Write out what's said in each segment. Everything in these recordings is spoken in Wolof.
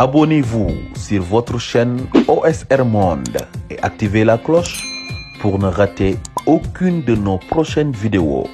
Abonnez-vous sur votre chaîne OSR Monde et activez la cloche pour ne rater aucune de nos prochaines vidéos.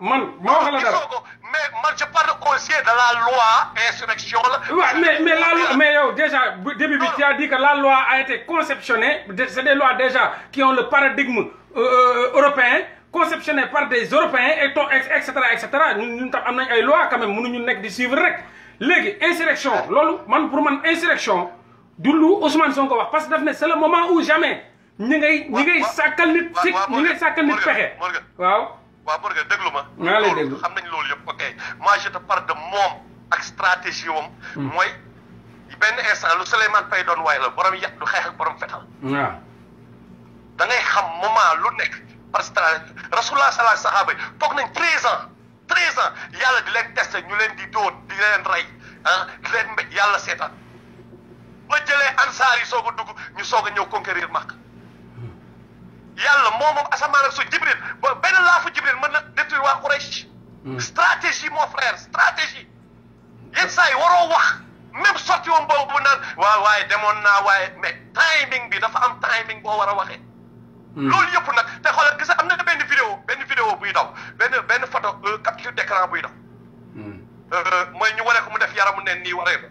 man moo wax la dara mais man je parle conseiller de la la. mais mais la loi mais yow déjà bu début bi tu as dit que la loi a été conceptionnée c'est des lois déjà qui ont le paradigme euh, euh, européen conceptionné par des européens et ton et cetera et cetera ñun ñun tam am nañ ay quand même mënuñu nekk di suivre insurrection loolu man pour man insurrection du lu Ousmane Sonko wax parce que daf ne c'est le moment ou jamais ñi ngay ñi ngay sàkkal nit. waaw ñi ngay sàkkal nit pexe waaw. maa lay déglu xam nañ loolu yëpp ok moi je te parle moom ak stratégie wam. Hmm. mooy benn instant lu Souleymane Faye doon waay la borom yàq du xeex ak borom fetal. waaw da ngay xam moment lu nekk par stratégie Rasulullah sallallahu alayhi wa sallam toog nañ treize ans treize ans yàlla di leen testé ñu leen di dóor di leen rey ah di leen mbéj yàlla seetaan ba jëlee ansaar yi soog a dugg ñu soog a ñëw conquérir Makka. yàlla moo moom asamaan ak suuf Jibril ba benn laafu Jibril mën na détruire waa Quraysh. Hmm. stratégie mon frère stratégie. yenn saa yi waroo wax même sorti woon boobu naan waaw waaye demoon naa waaye mais timing bi dafa am timing boo war a waxee. Hmm. loolu yëpp nag te ki gis am na benn vidéo benn vidéo buy daw benn benn photo euh, capture d'écran buy daw. Hmm. Euh, mooy ñu wane ko mu def yaramu neen nii waree.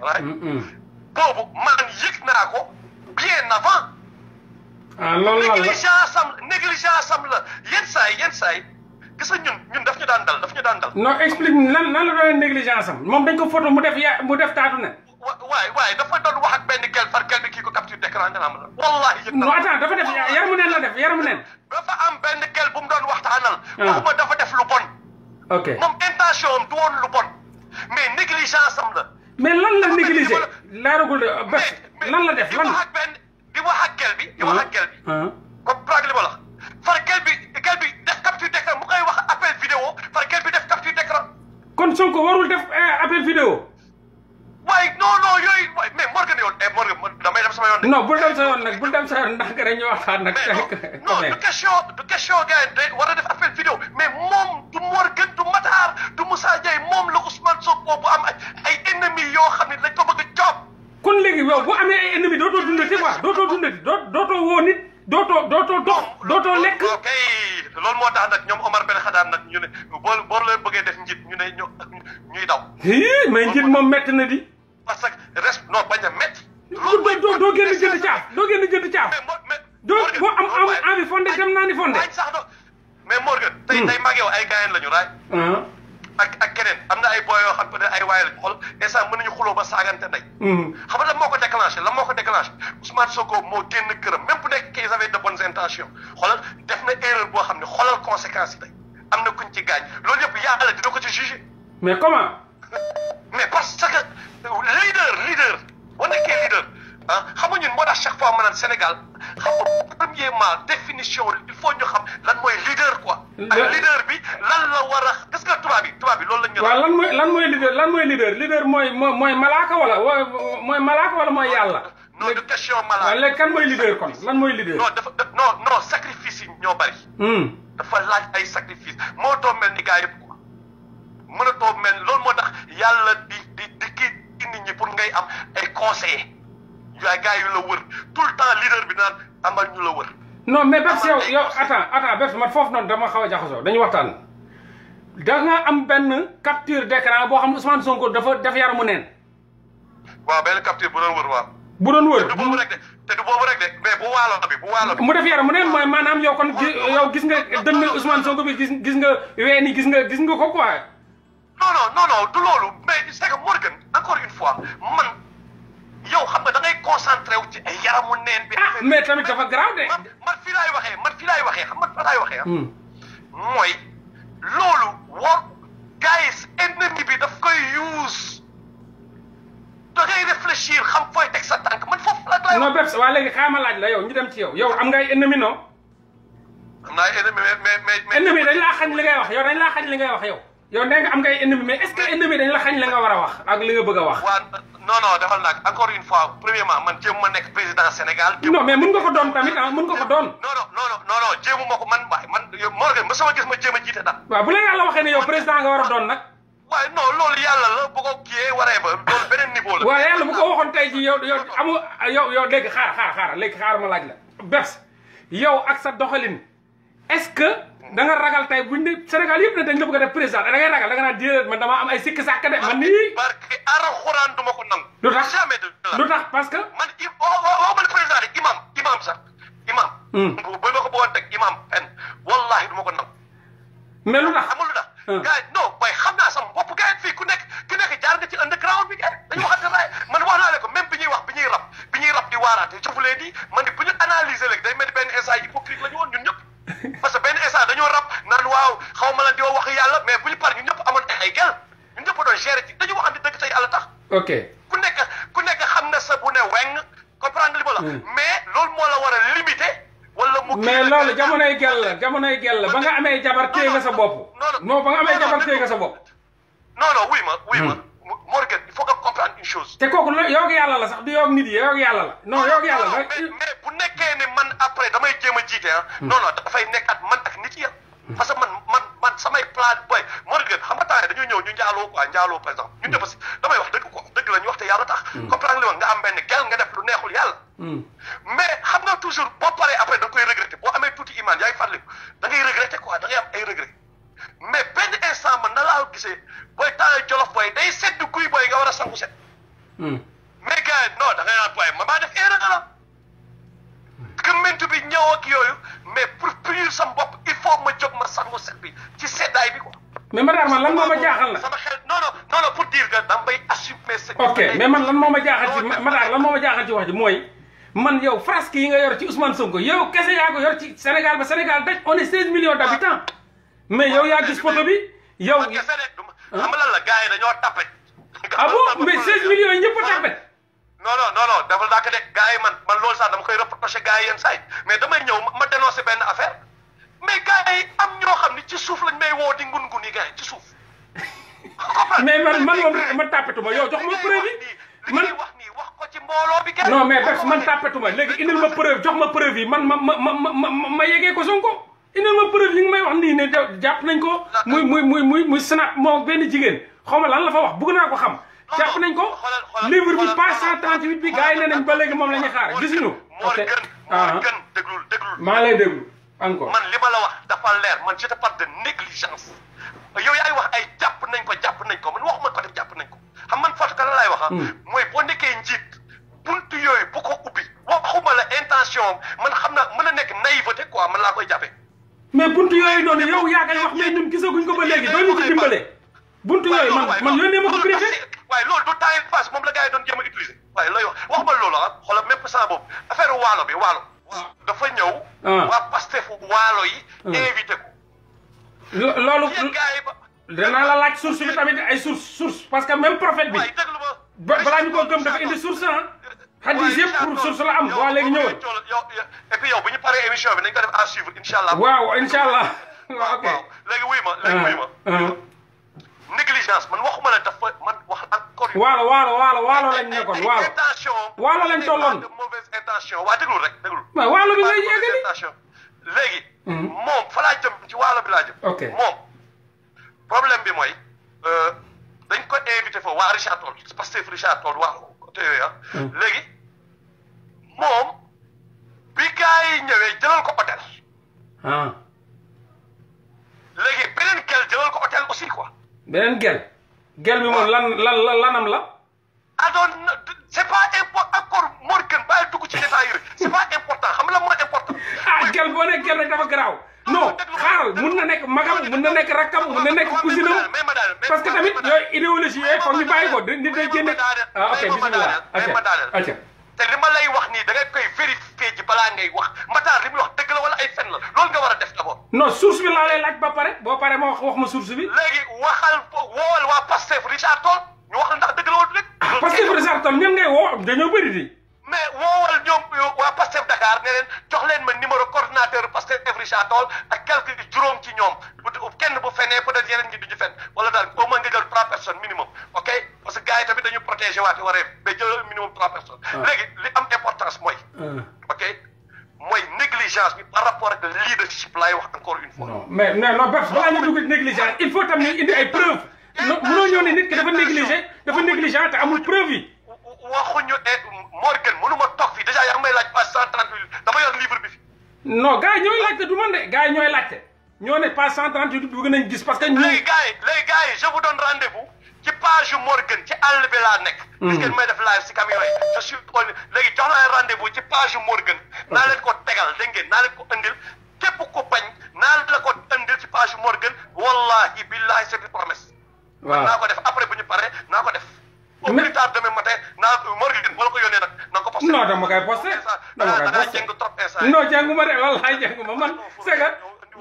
boobu man yëg naa ko bien avant. ah loolu la négligence am la yenn saa yi yenn saa yi gis nga ñun ñun daf ñu daan daf ñu daan dal. non explique lan la doon négligence am moom dañ ko photo mu def ya mu def taatu ne. wa waay waay dafa doon wax ak benn gel far gel bi kii ko capture d'écran nga xam la. wallaahi yëpp non attends dafa def yaramu neen la def yaramu neen. dafa am benn gel bu mu doon waxtaanal. Ah. waxuma dafa def lu bon. ok moom intention am du woon lu bon mais négligence am la. mais lan la négligé laaragul de lan la def lan. di wax ak gel bi. di wax ak gel bi. Ah. Ah. comprendre li ma la wax. far gel bi gel bi def capture d'écran mu koy wax appel vidéo far gel bi def capture d'écran. kon Sonko warul def eh, appel vidéo. waaye non non yooyu mais Morgan yoon eh Morgan damay dem sama yoon. non bul dem sa yoon nag bul dem sa yoon ndax rek ñu waxtaan nag. mais non du question du question gars yi war a def appel vidéo mais moom du Morgan du Matar du Moussa Ndiaye moom la Ousmane Sonko bu am ay ennemis yoo xam ne dañ ko bëgg a jàpp. kon léegi yow boo amee ay ennemis dootoo dundati quoi dootoo dundati dootoo woo nit dootoo dootoo dox dootoo lekk. loolu moo tax nag ñoom Omar Ben Khadaan nag ñu ne boo boo leen bëggee def njit ñu ne ñuy daw. hii mais njit moom métti na di. parce que res non bañ a métti. loolu mooy doo doo génn jënd caaf doo génn jënd caaf. doo boo am am envie fonde dem naa ni fonde. mais Morgan tey hmm. tey mag yow ay gaayen lañu raay. Ah. ak ak am na ay booy yoo xam ne ay waay lañ xool instant mën nañu xuloo ba saagante ndey. Mm-hmm. xam nga lan moo ko déclenché lan moo ko déclenché Ousmane Sonko moo génn këram même bu nekk qu'ils avaient de bonnes intentions xoolal def na erreur boo xam ne xoolal conséquences yi am na kuñ ci gaañ loolu yëpp yàlla dina ko ci jugé. mais comment. mais parce que leader leader boo nekkee leader. ah xam nga ñun moo tax chaque fois ma naan Sénégal xam nga premièrement définition il ñu xam lan mooy leader quoi. ak ah, leader bi lan la war a gis nga tubaab bi tubaab bi loolu la ñu. waaw lan mooy lan mooy leader lan mooy leader leader mooy mooy malaaka wala mooy malaaka wala mooy yàlla. non du question malaaka waaw léegi kan mooy leader kon lan mooy leader. non dafa non non sacrifice yi ñoo bëri. Hmm. dafa laaj ay sacrifice moo too mel ni gars yëpp quoi mënatoo mel loolu moo tax yàlla di di di kii nit ñi pour ngay am ay conseillers. yaay gars yu la wër tout le temps leader bi naan amal ñu la wër. non mais Bebs yow yow attends attends Bebs man foofu noonu dama xaw a jaxasoo dañu waxtaan. da am benn capture d'écran boo xam ne Ousmane Sonko dafa def yaramu neen. waaw benn capture bu doon wër waaw. bu doon wër te du boobu te du boobu mu def yaramu neen mooy maanaam yow kon gis nga dënn Ousmane Sonko bi gis gis nga weeni gis nga gis nga ko quoi. non non non non du loolu mais c'est que Morgan encore une fois yow xam nga da ngay concentré wu ci ay yaramu neen bi. Ah, mais tamit dafa garaaw de. man man fii laay waxee man fii laay waxee xam nga fa laay waxee. Hmm. mooy loolu war guys ennemi bi daf koy use da ngay réfléchir xam fooy teg sa tànk man foofu la doy. non bépp waa léegi xaaral ma laaj la yow ñu dem ci yow yow am nga ay ennemi non. am na ay ennemi mais mais mais. ennemi dañ laa xañ li ngay wax yow dañ laa xañ li ngay wax yow. yow nee nga am nga ay ennemi mais est-ce que ennemi dañ la xañ la nga war a wax ak li nga bëgg a wax. non non defal naa encore une fois premièrement man jéem ma nekk président Sénégal. non mais mun nga ko doon tamit ah mun nga ko doon. non non non man Morgan mosuma gis ma jéem a jiite dara. waaw bu la yàlla waxee ne yow président nga war a doon nag. waaye non loolu yàlla la bu ko kiiyee waree ba loolu beneen niveau la. bu ko waxoon tey jii yow yow amu yow yow léegi xaar xaar xaar léegi xaar ma laaj la. Bebs yow ak sa doxalin est-ce da nga ragal tey buñ ne Sénégal yëpp ne dañ la bëgg a def président ragal da man dama am ay sikki sàkk de man nii. Ah, barke alxuraan du ma ko nangu. lu tax lu tax parce man i waaw imam imam sax imam. Hmm. bu ma ko bëggoon teg imam fenn wallaahi du ma ko nangu. mais lu tax amul lu tax. Hmm. gars yi non waaye xam naa sama bopp gars yi fii ku nekk ku nekk jaar nga ci underground man wax naa leen ko même bi ñuy wax bi ñuy rab bi ñuy rab di waaraate je vous man bu ñu analyser léegi day mel la ñu woon ñun ñëpp parce que benn instant dañoo rab naan waaw xaw ma lan di wax yàlla mais bu ñu paree ñun ñëpp amoon ay gel ñun ñëpp doon gérer ci dañu waxante dëgg te yàlla tax. ok ku nekk xam na sa bu ne weng comprendre li ma la. Hmm. mais loolu moo la war a limité. wala mu mais loolu jamonoy gel la jamonoy gel la ba nga amee jabar téye nga sa bopp. non non ba nga amee jabar téye nga sa bopp. non ma wuy ma. Morgan il faut que comprendre une chose. te kooku yow yàlla la sax du yow nit yi yow yàlla la. non ah, yow bu nekkee ne man après damay jéem a jiite ah. Hmm. non non dafay nekk at man ak nit yi ah. hmm. parce que man man man samay plan booy Morgan xam nga temps dañoo ñu njaaloo quoi njaaloo par exemple. ñu def si damay wax dëgg ko la ñu wax te yàlla tax. Hmm. comprendre li ma nga am benn gel nga def lu neexul yàlla. mais xam nga toujours boo paree après da nga koy regretter boo amee tuuti imaan yaay fàttaliku am ay regret. mais benn instant man na laa gisee booy temps jolof booy day sedd guy booy nga war a sangu set. Hmm. mais gars non da ngay naan def erreur la. gëmmentu bi yooyu mais pour punir sam bopp il faut ma jóg ma sangu set bi ci seddaay bi quoi. mais man man lan moo ma jaaxal la sama que dama bay assumer. sa ok mais man lan moo ma jaaxal ci man lan moo ma jaaxal ci wax ji mooy. man yow frasque yi nga yor ci Ousmane Sonko yow kese yaa ko yor ci Sénégal ba Sénégal daj on est 16 millions mais yow yaa gis photo bi yow. parce que xam nga lan la gars yi dañoo tapet. ah bon mais 16 millions yi ñëpp a tapet. non non non dafa daaka de gars yi man man loolu sax dama koy reproché gars yi yenn saa yi mais damay ñëw ma dénoncé benn affaire mais gars yi am ñoo xam ni ci suuf lañ may woo di ngun-ngun yi gars yi ci suuf. mais man man moom man tapetuma yow jox ma preuve yi man wax nii wax ko ci mbooloo bi gars non mais man tapetuma léegi indil ma preuve jox ma preuve man ma ma ma ma ma yegee ko Sonko indil ma preuve may wax nii ne jàpp nañ ko muy muy muy muy muy snap moom benn jigéen xaw ma lan la wax bëgg naa ko xam jàpp nañ ko livre bi page cent trente-huit bi ne nañ ba léegi moom la ñuy xaar gisuñu moo gën ah. moo gën déglul déglul maa lay déglu man li la wax dafa leer man je part parle de négligence yow yaay wax ay jàpp nañ ko jàpp nañ ko man wax ko def jàpp nañ ko xam man Fatou Ka laay wax ah. hmm. mooy boo nekkee njiit buntu yooyu bu ko ubbi waxuma la intention man xam naa mën a nekk naïveté quoi man laa koy jàppee mais buntu yooyu noonu yow yaa koy wax mais ñun gisaguñ ko ba léegi doo ñu ci dimbale. buntu yooyu man man yónnee ma ko privé. waaye loolu du time pass moom la gars yi doon jéem a utiliser. waaye looy wax wax ba loolu ah xoolal même saa boobu affaire waalo bi waalo. Ah. dafa ñëw. Ah. waa Pastef waalo yi. Ah. invité ko. loolu danaa la laaj source bi tamit ay source source parce que même prophète bi. balaa ñu ko gëm dafa indi source ah. xadis yëpp pour source la am waaw léegi ñëwal. et puis yow bu ñu paree émission bi nañ ko def à suivre incha allah. waaw incha allah. waaw ok léegi wuy ma léegi wuy ma. Ah, ah. négligence man waxuma la dafa man wax encore. waalo waalo waalo waalo lañ nekkoon waalo. intention waalo lañ tolloon de mauvaise intention waa déglul rek déglul. waaw waalo bi ngay yeggali léegi. Hmm. moom fa laa jëm ci waalo bi laa jëm. ok moom problème bi mooy euh, dañ ko invité foofu waa Richard Toll parce que Richard Toll waalo côté yooyu ah. Hmm. léegi. moom bi gaa yi ñëwee jëlal ko hôtel. Ah. léegi beneen gel jëlal ko hôtel aussi quoi. beneen gel. gel bi moom lan lan la. alors c' la moo important. ah gel boo nee gel rek dafa garaaw. non xaaral mun na nekk magam mun na nekk rakkam mun na nekk cousin parce que tamit yooyu idéologie yooyu foog ko nit day génne ah ok ok ok. te li ma lay wax ni da ngay koy vérifier ji balaa ngay wax Matar li muy wax dëgg la wala ay fen la loolu nga war a def d'abord. non source bi laa lay laaj ba pare boo pare ma wax wax ma source bi. léegi waxal woowal waa Pastef Richard Toll ñu wax la ndax dëgg la wala du rek. Pastef Richard Toll ñan ngay woo dañoo bëri di. mais woowal ñoom waa Pastef Dakar ne leen jox leen ma numéro coordinateur Pastef juróom ci ñoom kenn bu fenee peut-être yeneen ñi duñu fen wala daal au moins nga minimum ok parce que gars yi tamit dañu protéger waate waree mais jël minimum trois personnes ah. léegi li am importance mooy ah. ok mooy négligence bi par rapport ak leadership laay wax encore une fois non dafa négligé amul preuve waxuñu Morgan mënuma toog fii dèjà yaa ngi may laaj page cent trente huit dama yor livre bi fi non gars yi ñooy laajte du man de gars yi ñooy laajte ñoo ne page cent trente huit bëgg nañ gis parce que. léegi gars yi léegi gars yi je vous donne rendez vous ci page yu Morgan ci àll bi laa nekk. Hmm. gis ngeen may def live si camion yi je suis léegi jox naa rendez vous ci page yu Morgan. Hmm. naa leen ko tegal dégg ngeen naa leen ko indil képp ko bañ naa la ko indil ci page yu Morgan wallahi billahi c'est une promesse. waaw naa ko def après bu ñu paree naa ko def. au plus tard demain matin naa Morgan boo la ko yónnee nag na nga ko posté. non dama koy posté. dama koy posté da ngaa jàng trop instant non jànguma de wallaahi jànguma man c'est que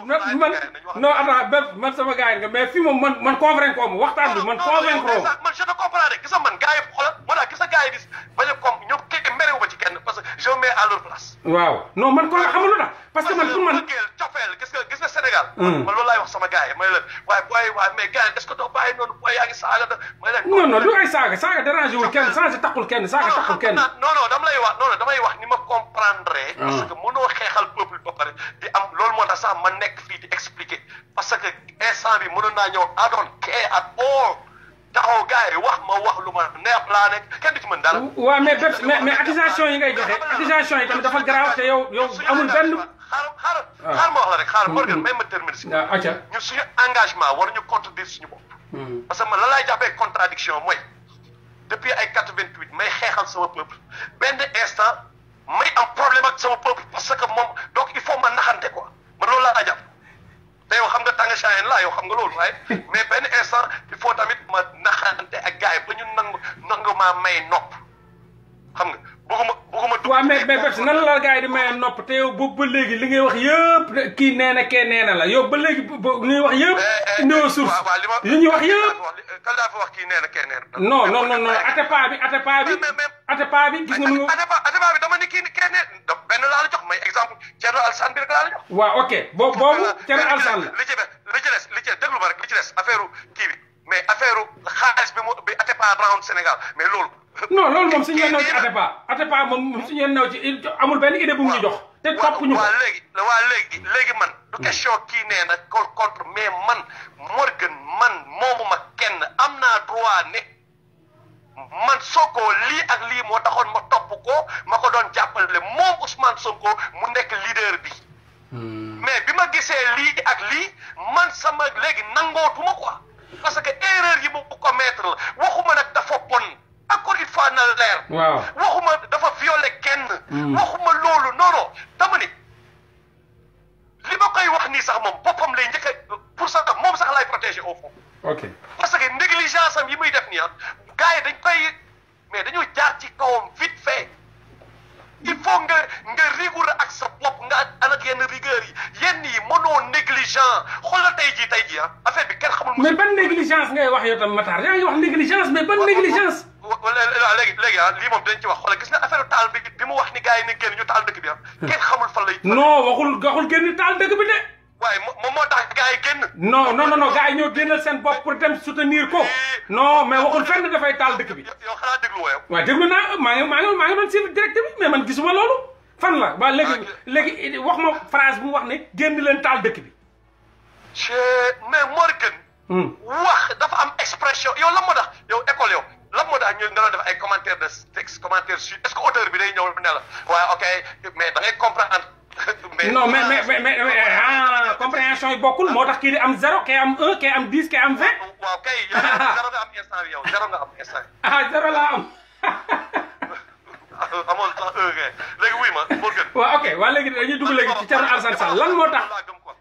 man non attends bépp man sama gars yi nga mais fii moom man man convaincre ko ma waxtaan bi man ah, convaincre man je te comprends rek gis man gars yi xoolal moo tax gis gars yi dis bañ a comp ñoom kii merewu ma ci kenn parce que je mets à leur place waaw non man ko xamal lu tax parce que man pour man bëggeel cofeel gis nga gis nga Sénégal hmm. man loolu laay wax sama gars yi may leen waaye booy waaye mais gars yi est-ce que doo bàyyi noonu booy yaa ngi saaga da may leen non non du ay saaga saaga dérangé wul kenn saaga taxul kenn saaga taxul kenn non non dama lay wax non non damay wax ni ma comprendre ah. parce que mënoo xeexal peuple ba pare di am loolu moo tax sax man nekk fii di expliquer parce que instant bi mënoon naa ñëw adoon kee at oo taxaw gars yi wax ma wax lu ma neex laa nekk kenn du ci mën dara. waaw mais bépp mais mais accusation yi ngay joxe accusation yi tamit dafa garaaw te yow yow amul benn. xaaral xaaral xaaral ma wax la rek xaaral ah. Morgan may ma terminer si. waaw ok ñun suñu engagement war ñu contredire suñu bopp. Hmm. parce que man la laay jàppee contradiction mooy depuis ay quatre-vingt-huit may xeexal sama peuple benn instant may am problème ak sama peuple parce que moom donc il faut ma naxante quoi. man loolu laa jàpp te yow xam nga tàng chayen la yow xam nga loolu waaye mais benn instant il faut tamit ma naxante ak gars yi ba ñu nangu nangu ma may nopp xam nga bëgguma bëgguma. waaw mais mais Pepsi nan la gars yi di maye nopp te yow boobu ba léegi li ngay wax yëpp kii nee na kee na la yow ba léegi bu ñuy wax yëpp. indiwoo eh, eh, eh, source li ñuy wax yëpp. kan a fi wax kii nee ke kee nee na. non non non non Atepa bi Atepa bi. Atepa bi nga nu. Atepa Atepa bi dama ni kii ke nee na benn laa la jox may exemple Thierno Alassane bi rek laa jox. waaw ok boobu Thierno Alassane la. li ci des li ci des déglu ma rek li ci des kii bi. mais affaire xaalis bi mu bi Atepa round Sénégal mais loolu. non loolu moom suñu naw ci Atepa Atepa moom suñu naw ci amul benn idée bu mu ñu te topp ñu ko waaw léegi waaw léegi léegi man. du question kii nee na contre mais man Morgan man moomu ma kenn am naa droit ne man Sonko lii ak lii moo taxoon ma topp ko ma ko doon jàppale moom Ousmane Sonko mu nekk leader bi. Hmm. mais bi ma gisee lii ak lii man sama léegi nangootuma ko parce que erreur yi mu commettre la waxuma ma dafa bon encore une fois na leer. waaw waxuma dafa violé kenn. Hmm. ma loolu non non li ma koy wax nii sax moom boppam lay njëkk a pour sax moom sax lay protéger au fond. ok parce que négligence am yi muy def nii ah gars yi dañ koy mais dañoo jaar ci kawam vite fait. il faut nga nga rigoureux ak sa bopp nga ànd ak yenn rigueur yi yenn yi mënoo négligent xoolal tey jii tey jii ah affaire bi kenn xamul. mais ban négligence ngay wax yow wax négligence mais ban négligence. wax xoolal gis nga affaire taal bi bi mu wax ni gars yi ne génn ñu taal dëkk bi ah. kenn xamul fan lay. non waxul waxul génn taal dëkk bi de. waaye moom moo tax gars yi génn. non non non gars yi ñoo génnal seen bopp pour dem soutenir ko. Eh. non mais waxul fenn dafay taal dëkk bi. yow xanaa déglu woo yow. waaw déglu naa maa ngi maa ngi maa ngi doon suivre direct bi mais man gisuma loolu. fan la waaw léegi ah, léegi eh, wax ma phrase bu mu wax ne génn leen taal dëkk bi. mais Mor Kane. Hmm. wax dafa am expression yow lan moo tax yow école yow. lan moo tax ñu dana def ay commentaire de texte commentaire suite est-ce que auteur bi day ñëw ne la waaye ok mais da ngay mais mais mais ah yi bokkul moo tax kii di am zéro kee am un kee am dix kee am vingt. waaw kay zéro nga am instant zéro nga am instant. Ah, zéro laa am. amoon sax un kay léegi wuy ma moo gën. waaw ok léegi dañuy dugg léegi ci Thierno Alassane Sall lan moo tax.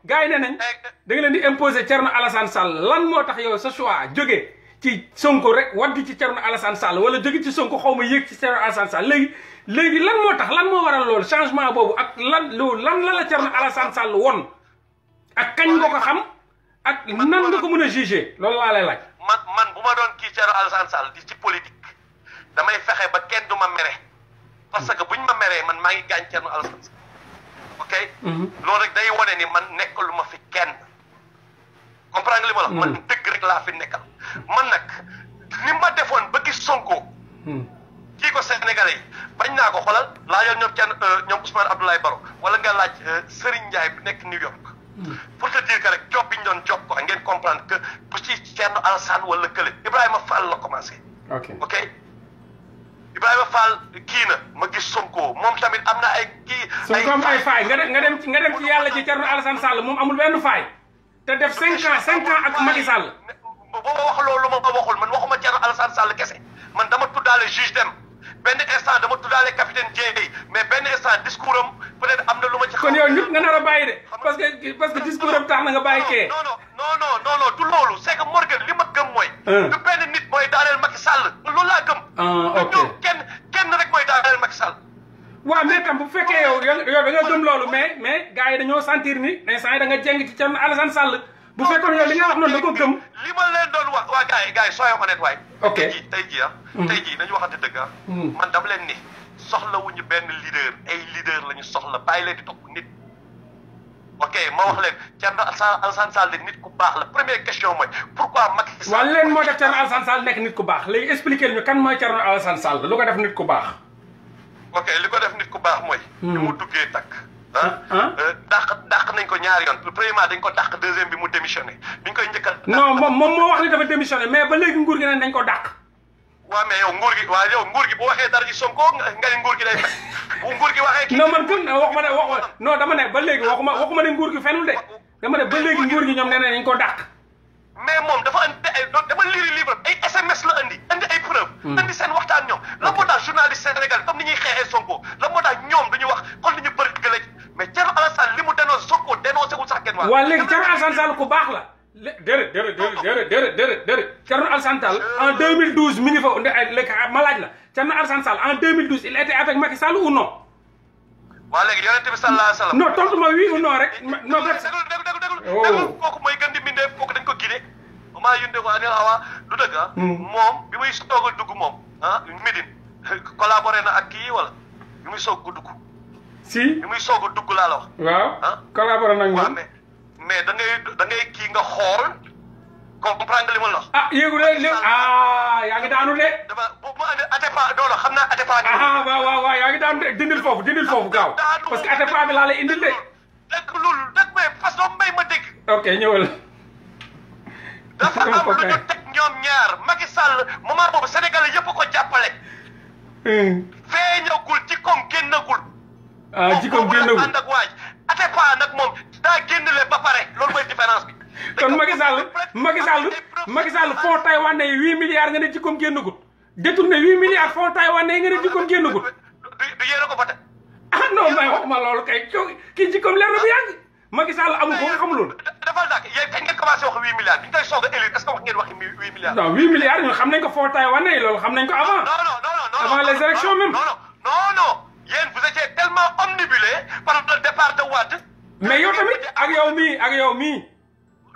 gars yi nee nañ eh, eh. da nga leen di imposer Thierno Alassane Sall lan moo tax yow sa choix jógee. ci Sonko rek wadd ci Thierno Alassane Sall wala jóge ci Sonko xaw ma yéeg ci Thierno Alassane Sall léegi léegi lan moo tax lan moo waral loolu changement boobu ak lan loolu lan la la Thierno Alassane Sall won ak kañ nga ko xam ak nan nga ko mën a jugé loolu laa lay laaj. man man bu ma doon kii Thierno Alassane Sall di ci politique damay fexe ba kenn du ma mere parce que buñ ma meree man maa ngi gaañ Thierno Alassane ok. Mm-hmm. loolu rek day wone ni man nekk lu ma fi kenn. comprendre nga li man hmm. dëgg rek laa fi nekkal man nag ni ma defoon ba gis Sonko. Hmm. kii ko Sénégalais bañ naa ko xolal laa ñoom kenn euh, ñoom Ousmane Abdoulaye Baro wala nga laaj euh, Serigne Ndiaye bi nekk New York. Hmm. pour te dire que rek job bi ñu doon job ko ngeen comprendre que bu ci Thierno Alassane wala Kële Ibrahima Fall la commencé. ok ok Ibrahima Fall kii na gis Sonko moom tamit am na ay. kii ay Sonko am ay faay nga dem nga dem ci yàlla ci Thierno Alassane Sall moom amul benn faay. te def cinq ans cinq ans ak Macky Sall. bu ma wax loolu ma waxul man waxuma Thierno Alassane Sall kese man dama tuddaale juge dem benn instant dama tuddaale capitaine Dieye mais benn instant discours am peut-être am na ma ci. kon yow ñëpp nga nar a bàyyi de parce que parce que tax na nga bàyyi kee. non non non non non Morgan li ma gëm mooy. du benn nit mooy daaneel Macky Sall loolu laa ok kenn kenn rek mooy daaneel Macky Sall. waaw mais tam bu fekkee yow yow da nga gëm loolu mais mais gars yi dañoo sentir ni instant yi da nga jeng ci Thierno Alassane Sall bu fekkoon yow li nga wax noonu da ko gëm li ma leen doon wax waa gars yi gars yi soyons honnête waay ok tey jii tey jii ah mm-hmm. tey jii dañu waxante dëgg ah mm-hmm. man dama leen ni soxlawuñu benn leader ay leader la soxla bàyyi leen di topp nit ok ma wax leen Thierno Alassane Sall de nit ku baax la première question mooy pourquoi Macky Sall waaw leen moo def Thierno Alassane nekk ko baax ok li ko def nit ku baax mooy. Hmm. mu duggee takk. ah, ah, ah. Euh, dàq dàq nañ ko ñaari yoon premièrement dañ ko dàq deuxième bi mu démissionné biñ koy njëkkal. non moom moom moo wax ne dafa démissionné mais ba léegi nguur gi naan dañ ko dàq. waaw mais yow nguur gi waaw yow nguur gi bu waxee dara ci Sonko nga ne nguur gi day fen bu nguur gi waxee. kii non man gun waxuma ne wax non dama ne ba léegi ne nguur gi fenul de dama ne ba léegi nguur gi ñoom nee nañ ko dàq. mais moom dafa andi ay dama liri livre ay SMS la andi andi ay preuve hmm. andi seen waxtaan ñoom la moo sénégal comme ni ñuy xeexee Sonko la moo tax ñoom wax kon li ñu bëri gëlaj mais Thierno Alassane li mu dénoncé Sonko dénoncé wul sax kenn waa waaw léegi Thierno Alassane ku baax la déedéet déedéet déedéet déedéet déedéet déedéet Thierno Alassane Sall en 2012 euh. mi ngi fa lekk ma laaj la Thierno Alassane Sall en 2012 il était avec Macky Sall ou non waa léegi yonent bi sallallahu alayhi wa sallam. non tontu wii ou non rek. non déglu déglu déglu oh. déglu kooku mooy gën di bindee kooku dañ ko gide maa yunde ko anil awa du dëgg ah. Hmm. moom bi muy soog a dugg moom ah Médine collaboré na ak kii wala bi muy soog a dugg. si bi muy soog a dugg laa la wax. waaw ah. collaboré na ak ñoom mais mais da ngay da ngay kii nga xool. comprendre ah yéegu leen lépp ah yaa ngi daanu de. dama bu xam naa Atepa. ah waaw waaw waaw yaa ngi daanu de dindil foofu dindil foofu gaaw parce que Atepa bi laa lay indil de. dëgg loolu dëgg may façon mbay ma dégg. ok ñëwal. dafa am lu ñu teg ñoom ñaar Macky Sall moment boobu Sénégal yëpp ko jàppale. Hmm. feeñagul jikkoom génnagul. ah jikkoom génnagul moom boobu la ànd ak waaj Atepa nag moom daa génn leen ba pare loolu mooy différence bi. kon Macky Sall Macky Sall Macky Sall fonds taïwanais yi huit milliards nga ne jikkoom génnagul détourné huit milliards fonds taïwanais yi nga ne jikkoom génnagul. du yéen a ko voté. ah non loolu kay kii jikkoom leer na bu yàgg Macky Sall amul ko nga xamul woon. dafa dàq huit milliards bi ñu koy soog a élire est ce que wax ngeen waxi huit milliards. yi loolu xam nañ ko avant. non non non non avant les élections même. non non non non yéen vous étiez tellement ak yow ak yow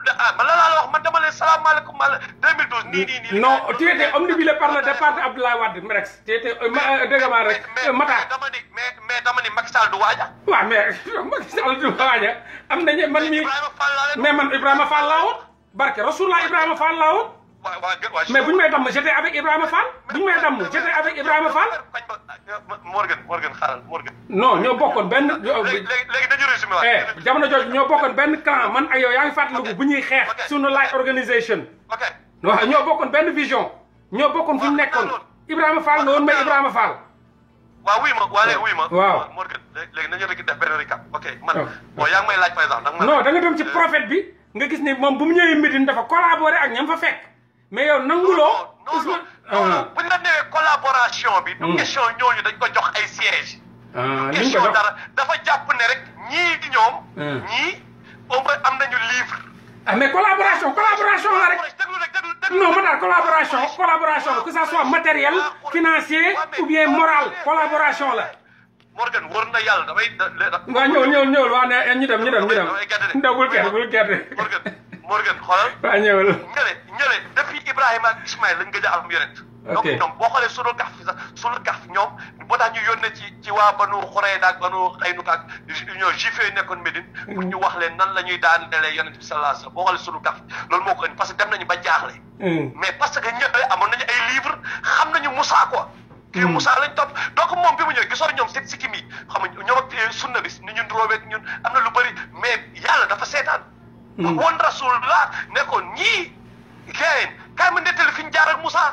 ah man la laa la wax man dama leen salaamaaleykum man la 2012. nii nii nii non tu étais omnibulé par le départ de Abdoulaye Wade Mrex. tu étais euh, euh, dégg maa rek. Euh, dama ni mais mais dama ni Macky Sall du waaja. waaw mais Macky Sall du waaja am nañu man mii. mais man Ibrahima Fall laa woon. barke Rasulullah Ibrahima Fall laa mais bu ñu may damm j'étais avec Ibrahima Fall bu ñu may damm j'étais avec Ibrahima Fall. Morgan Morgan xaaral Morgan. non bokkoon benn. léegi léegi dañu résumé waat. Eh, jamono ñoo bokkoon benn clan man ak yow yaa bu ñuy xeex. suñu live organisation. ok bokkoon benn vision. ñoo bokkoon fu ñu nekkoon Ibrahima Fall nga woon may Ibrahima Fall. waaw wuy ma waaw léegi wuy ma. léegi nañu rek def benn recap. ok man bon yaa ngi may laaj par nga dem ci euh, prophète bi nga gis ne moom bu mu ñëwee Médine dafa collaborer ak ñam fa fekk mais yow nanguloo. Ousmane non non ah. la nee collaboration bi. du hmm. question ñooñu dañ ko jox ay sièges. du ah, question dara dafa jàpp ne rek ñii di ñoom. Hmm. ñii au moins am nañu livre. ah mais collaboration collaboration la rek. non ma daal collaboration collaboration que ça soit matériel ah, financier ou bien moral collaboration la. Morgan wóor na yàlla damay. waaw ñëw ñëw ñëw waaw nee ñu dem ñu dem ñu dem. ndawul gerte bul gerte. Morgan Morgan xoolal. waaw ñëwal ñële ñële depuis Ibrahima ak Ismaël lañ gëj a am yonent. donc ñoom boo xoolee sunu gaf sax sunu gaf ñoom boo tax ñu yónnee ci ci waa banu Xurayda ak banu Xaynuka ak ñoo juif yooyu nekkoon Médine pour ñu wax leen nan la ñuy daanelee yonent bi sallallahu alayhi wasallam boo xoolee sunu gaf loolu moo ko indi parce que dem nañu ba jaaxle mm. mais parce que ñëpp amoon nañu ay livre xam nañu Moussa quoi kii hmm. Moussa lañ topp donc moom bi mu ñëwee gisoo ñoom seen sikkim yi xam nga ñoom ak euh, sunna bi ni ñun roobeeg ñun am na lu bëri mais yàlla dafa seetaan hmm. woon rasulullah ne ko ñii gayen kaay ma nettali fi ñu jaar ak Moussa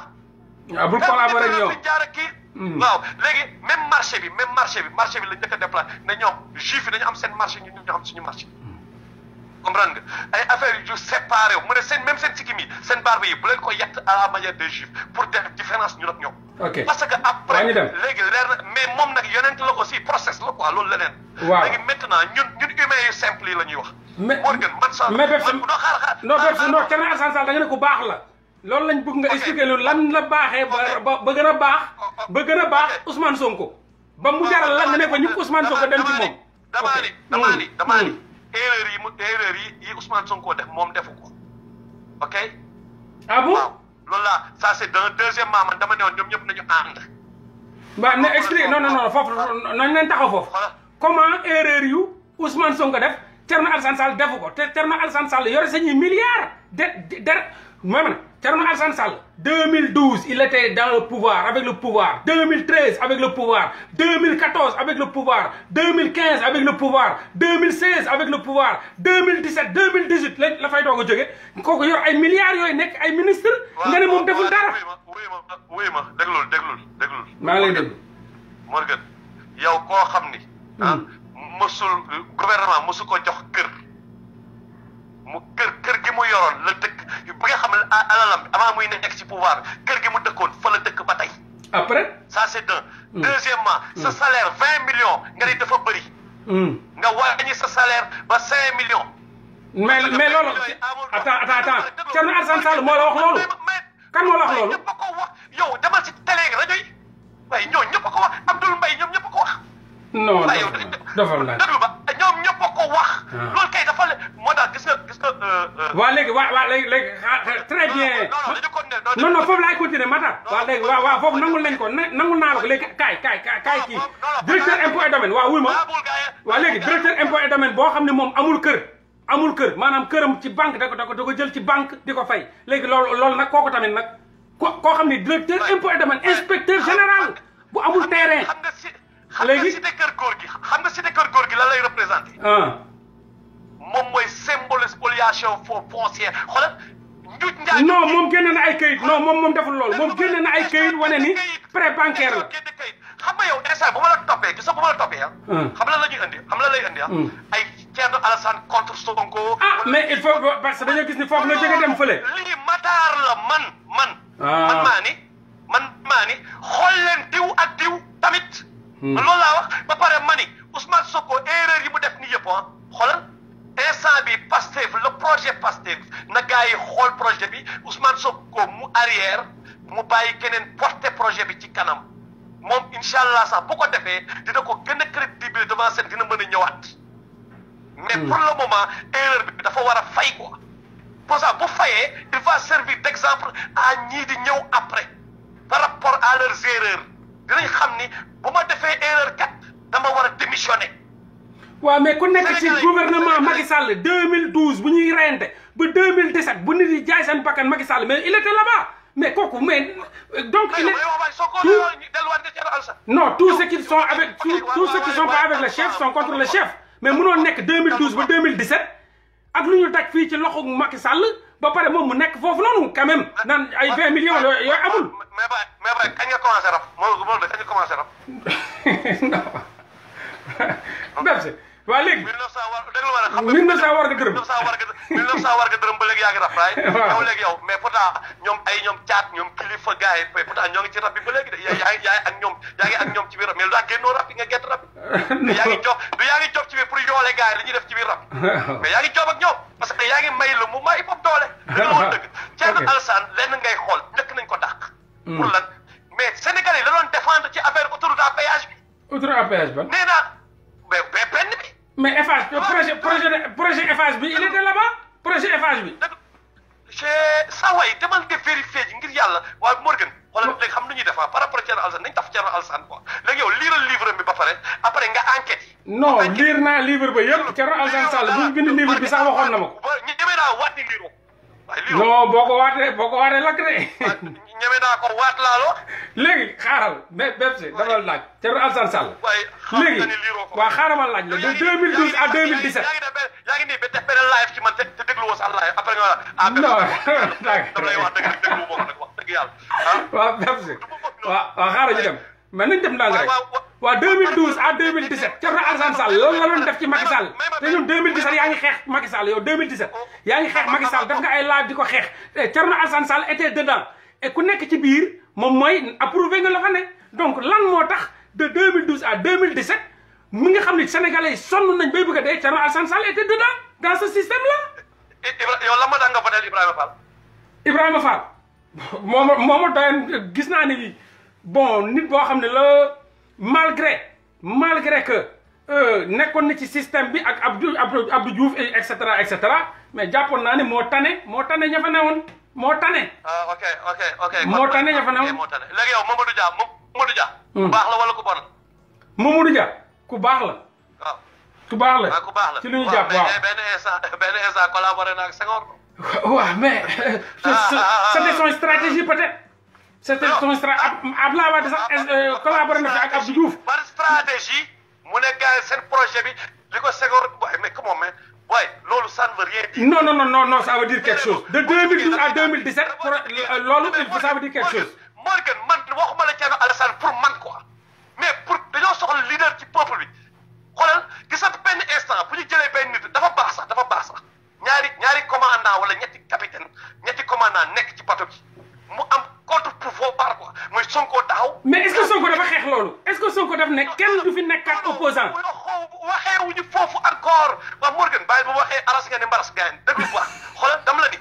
waaw ah, bul collaborer ak yow fi ñu jaar ak kii hmm. waaw léegi même bi même marché bi marché bi lañ njëkk a déplacé ne ñoom juif yi dañu am seen marché ñu ñu am suñu marché comprendre nga ay affaire ku baax la. loolu lañ bëgg nga expliquer loolu lan la baaxee ba ba gën a baax. ba gën a baax Ousmane ba mu jaral lan nga ne ko ñu Ousmane Sonko dem ci moom. ok damaa ni damaa ni damaa mm. ni erreur yi mu erreur yi yi Ousmane Sonko def moom defu ko ok. ah bon waaw loolu laa ça deuxième maam dama ne woon ñoom ñëpp nañu ànd. waaw na expliqué non non non foofu nañ leen taxaw foofu. comment erreur yu Ousmane Sonko def Thierno Alassane Sall def ko te Thierno Alassane Sall yore sañuy milliards de de de Thierno Alassane Sall 2012 il était dans le pouvoir avec le pouvoir 2013 avec le pouvoir 2014 avec le pouvoir 2015 avec le pouvoir 2016 avec le pouvoir 2017 2018 la la fay doog a jóge kooku yor ay milliards yooyu nekk ay ministre nga ne moom deful dara. wuy ma wuy ma déglul déglul déglul. maa ngi lay déglu yow koo xam ni. ah mësul hmm. gouvernement ko jox kër mu kër kër gi mu yoroon la bi nga xam ne alalam avant muy nekk ci pouvoir kër gi mu dëkkoon fa la dëkk ba tey. après. ça c' est un. Hmm. deuxièmement hmm. sa salaire vingt millions nga ne dafa bëri. Hmm. nga wàññi sa salaire ba cinq millions. mais mais loolu. attends attends attends Thierno Alassane Sall moo wax loolu. kan moo wax loolu. ñëpp ko wax yow demal ci télé rajo yi waaye ñooñu ñëpp ko wax Abdoul Mbaye ñoom ñëpp ko wax. non dafa la ñoom ñëpp a ko wax. Ah. loolu kay dafa la moo tax gis nga gis nga. Euh, euh. waa léegi waa waa léegi léegi très bien. non non foofu laay continuer Matar. waa léegi waa waa foofu nangul nañ ko nangul naa la ko léegi kaay kaay kaay kii directeur impôt et domaine waa wuy ma. waa léegi directeur impôt et domaine boo xam ne moom amul kër. amul kër maanaam këram ci banque da ko da ko jël ci banque di ko fay léegi loolu loolu nag kooku tamit nag ko koo xam ne directeur impôt et domaine inspecteur général bu amul terrain. léegi xam nga cité kër góor gi xam nga cité kër góor gi lan lay représenté. Ah. moom mooy symbole spoliation foncière xoolal. njuuj njaaj non moom génne na ay kayit non moom moom deful lool moom génne na ay kayit wane ni prêt bancaire la. xam nga yow instant bu ma la toppee gis nga bu ma la toppee ah. ah. xam la la ñuy andi xam la lay andi ah. Hmm. ay Thierno Alassane contre Sonko. ah mais il faut parce que dañoo gis ni foofu la jóge dem fële. lii mataar la man man. Ah. man maa ni man maa ni xool leen diw ak diw tamit. man hmm. wax ba pare ma ni Ousmane ko erreur yi mu def ni yëpp ah xoolal instant bi Pastef le projet Pastef na gars yi xool projet bi Ousmane ko mu arrière mu bàyyi keneen porter projet bi ci kanam moom incha allah sax bu ko defee dina ko gën a crédible devant seen dina mën a ñëwaat. mais hmm. pour le moment erreur bi dafa war a fay ko pour ça bu fayee il va servir d' exemple à ñii di ñëw après par rapport à leurs erreurs. dinañ xam ni bu ma defee erreur kat dama war a démissionner. waaw mais ku nekk ci gouvernement Macky bu ñuy reyante ba 2017 bu nit yi jaay seen bakkan Macky Sall mais il était là-bas mais kooku mais donc. il est non tous ceux qui sont avec tous ceux qui sont le chef sont contre le chef mais mënoo nekk 2012 ba 2017 ak lu ñu daj fii ci loxo Macky Sall. ba pare moom mu nekk foofu noonu quand même. Ah, naan ay ah, vingt ah, millions yooyu amul. mais ba mais ba kañ nga commencé rap moom moom de kañ nga commencé rap. non. merci. waa léegi. 1900 war dëgg la war a xam nga. 1900 war nga dërëm 1900 war nga dërëm 1900 war nga dërëm ba léegi yaa ngi raf raay. waaw yow léegi yow mais pourtant ñoom ay ñoom caat ñoom kilifa gars yi pourtant ñoo ngi ci rab bi ba léegi de yaa yaa yaa ak ñoom yaa ngi ak ñoom ci biir rab mais lu tax génnoo rab bi nga gett rab bi. yaa ngi jox du yaa ngi jox ci biir pour yoole gars yi li ñuy def ci biir rab. mais yaa ngi jox ak ñoom parce que yaa ngi may lu mu may bopp doole. dëgg la woon dëgg Thierno Alassane lenn ngay xool njëkk nañ ko dàq. Mm. pour lan mais Sénégalais yi da doon défendre ci affaire autoroute à péage bi. autoroute à péage ban nee naa benn bi. mais Eiffage ah, projet projet projet Eiffage bi il était là-bas projet Eiffage bi. c'est saa waay demal nga vérifier ji ngir yàlla waaye Morgan. wala léegi xam nañuy def ah, par rapport ak Thierno Alassane nañ taf Thierno Alassane quoi léegi yow liiral livre bi ba pare après nga enquête yi. non liir naa livre ba yëpp Thierno Alassane Sall bu ñu bind livre bi sax waxoon na ma ko. ñemee naa waat ni liiroo. waaye liiroo non boo ko waatee boo ko waatee lakk de. ñeme naa ko waat laalo léegi xaaral mais Bébé dama laaj léegi waaw xaaral ma laaj la de 2012 à 2017 yaa ngi xaaral ñu dem mais nañ dem ndànk rek waaw 2012 à 2017 la doon def ci Macky te ñun 2017 yaa ngi xeex Macky def nga ay live di ko xeex eh, Thierno Alassane Sall était ku nekk ci biir moom mooy approuvé nga la fa ne donc lan moo tax de deux mille 2012 à 2017 mi nga xam ne sénégalais yi sonn nañ bay bëgg a dee Thierno Alassane Sall était dedans dans ce système là. yow lan moo tax nga voteel Ibrahima Fall. Ibrahima Fall moom moom doyoon gis naa ni bon nit boo xam ne la malgré malgré que. Euh, nekkoon na ci système bi ak Abdou Abdou Diouf et cetera et cetera mais jàppoon naa ne moo tane moo tane ña fa moo tane. ah ok ok ok. moo tane ña fa ne moo tane léegi yow Mamadou Dia hmm. Mamadou Dia. ku baax la wala ah. ku bon. Mamadou Dia ku baax la. waaw ah, ku baax la ku baax la ci lu ñu jàpp waaw benn instant benn instant collaboré na ak Senghor. waaw mais. Ah, euh, c'était son stratégie peut-être. c'était son stratégie Abdoulaye Wade sax euh, collaboré na fi ak Abdou Diouf. par stratégie mu ne gars seen projet bi li ko Senghor mais comment mais. waaye loolu ça ne veut rien dire. non non non non ça veut dire quelque chose. de 2012 à 2017 pro euh, loolu ça veut dire quelque chose. mooy que man waxuma la Thierno Alassane dañoo soxla leader ci peuple bi xoolal gis nga benn instant bu ñu jëlee pen nit dafa baax sax dafa baax sax ñaari ñaari commandant wala ñetti capitaine ñetti commandant nekk ci bateau bi. mu am contre pouvoir par quoi mooy Sonko taxaw. mais est ce que Sonko dafa xeex loolu. est ce que Sonko daf ne kenn du fi nekkaat opposant. waxee wuñu foofu encore waa Morgan bàyyi bu waxee a nga ne mbaras gars yi déglu bu baax xoolal dama la ni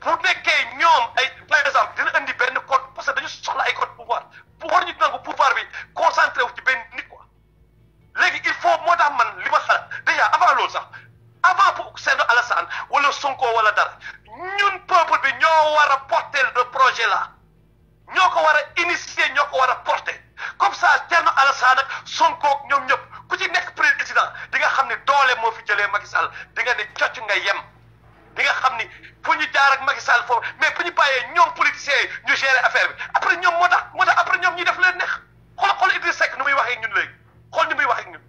bu nekkee ñoom ay par exemple dina indi benn code parce que dañu soxla ay code pouvoir bu war ñu nangu pouvoir bi concentré wu ci benn nit quoi léegi il faut moo tax man li ma xalaat déjà avant loolu sax. avant pour Seydi Alassane wala Sonko wala dara ñun peuple bi ñoo wara a porter le projet la ñoo ko war a initier ñoo ko war porté porter comme ça Thierno Alassane ak Sonko ak ñoom ñëpp ku ci nekk président di nga xam ne doole moo fi jëlee Macky Sall di nga ne nga yem di nga xam ni fu ñu jaar ak Macky Sall foofu mais bu ñu bàyyee ñoom politiciens yi ñu gérer affaire bi après ñoom moo tax moo tax après ñoom ñuy def leen neex xool xool Idriss Seck nu muy waxee ñun léegi xool ni muy waxee ñun.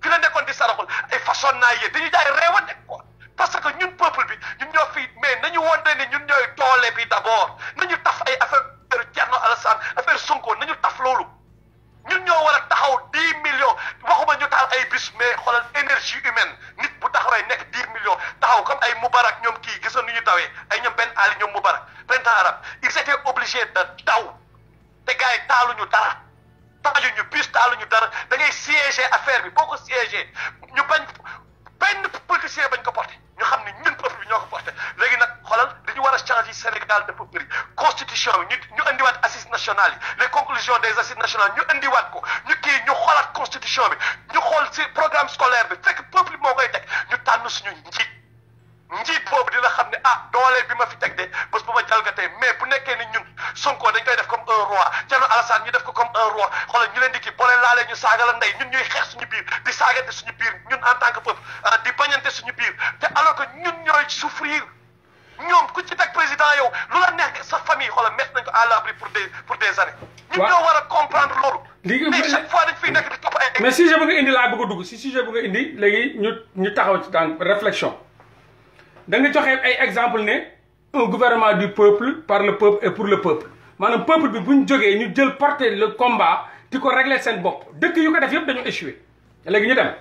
fi la nekkoon di saraxul ay façon naa yéen dañu jaay reewa nekk quoi parce que ñun peuple bi ñun ñoo fi mais nañu wonte ni ñun ñooy doole bi d' abord nañu taf ay affaire Thierno Alassane affaire Sonko nañu taf loolu ñun ñoo war taxaw dix millions waxuma ñu taal ay bis mais xoolal énergie humaine nit bu taxawee nekk dix millions taxaw comme ay Moubarak ñoom kii gisoon nu ñu tawee ay ñoom benn Ali ñoom Moubarak printemps arabe ils étaient obligés de daw te gars yi taaluñu dara. tajuñu bus taaluñu dara da ngay siégé affaire bi boo ko siégé ñu bañ benn politicien bañ ko porté ñu xam ne ñun peuple bi ñoo ko porté léegi nag xoolal dañu war a changer Sénégal dafa bëri constitution bi ñu ñu indiwaat assises nationales yi les conclusions des assises nationales ñu indiwaat ko ñu kii ñu xoolaat constitution bi ñu xool si programme scolaire bi fekk peuple bi moo koy teg ñu tànn suñu njiit njiit boobu dina xam ne a ah, doole bi ma fi teg de mais bu nekkee ni ñun Sonko dañ koy def comme ñu def ko comme un xoolal ñu leen di kii boo leen laalee ñu saaga la ndey ñun ñuy xeex suñu biir di saagante suñu biir ñun en tant que peuple ah, di bañante suñu biir te alors que ñun ñooy souffrir ñoom ku ci teg président yow lu la neex sa famille xoolal mettre nañ ko à l'abri pour des pour des années. ñun ñoo war a comprendre loolu. li mais chaque fois dañ fiy nekk di topp ay. mais sujet bu nga indi ñu ñu taxaw ci daan réflexion da nga joxe ay exemple ne un gouvernement du peuple par le peuple et pour le peuple maanaam peuple bi bu ñu jógee ñu jël porter le combat. di ko régler seen bopp dëkk yi ko def yëpp dañoo échoué léegi ñu dem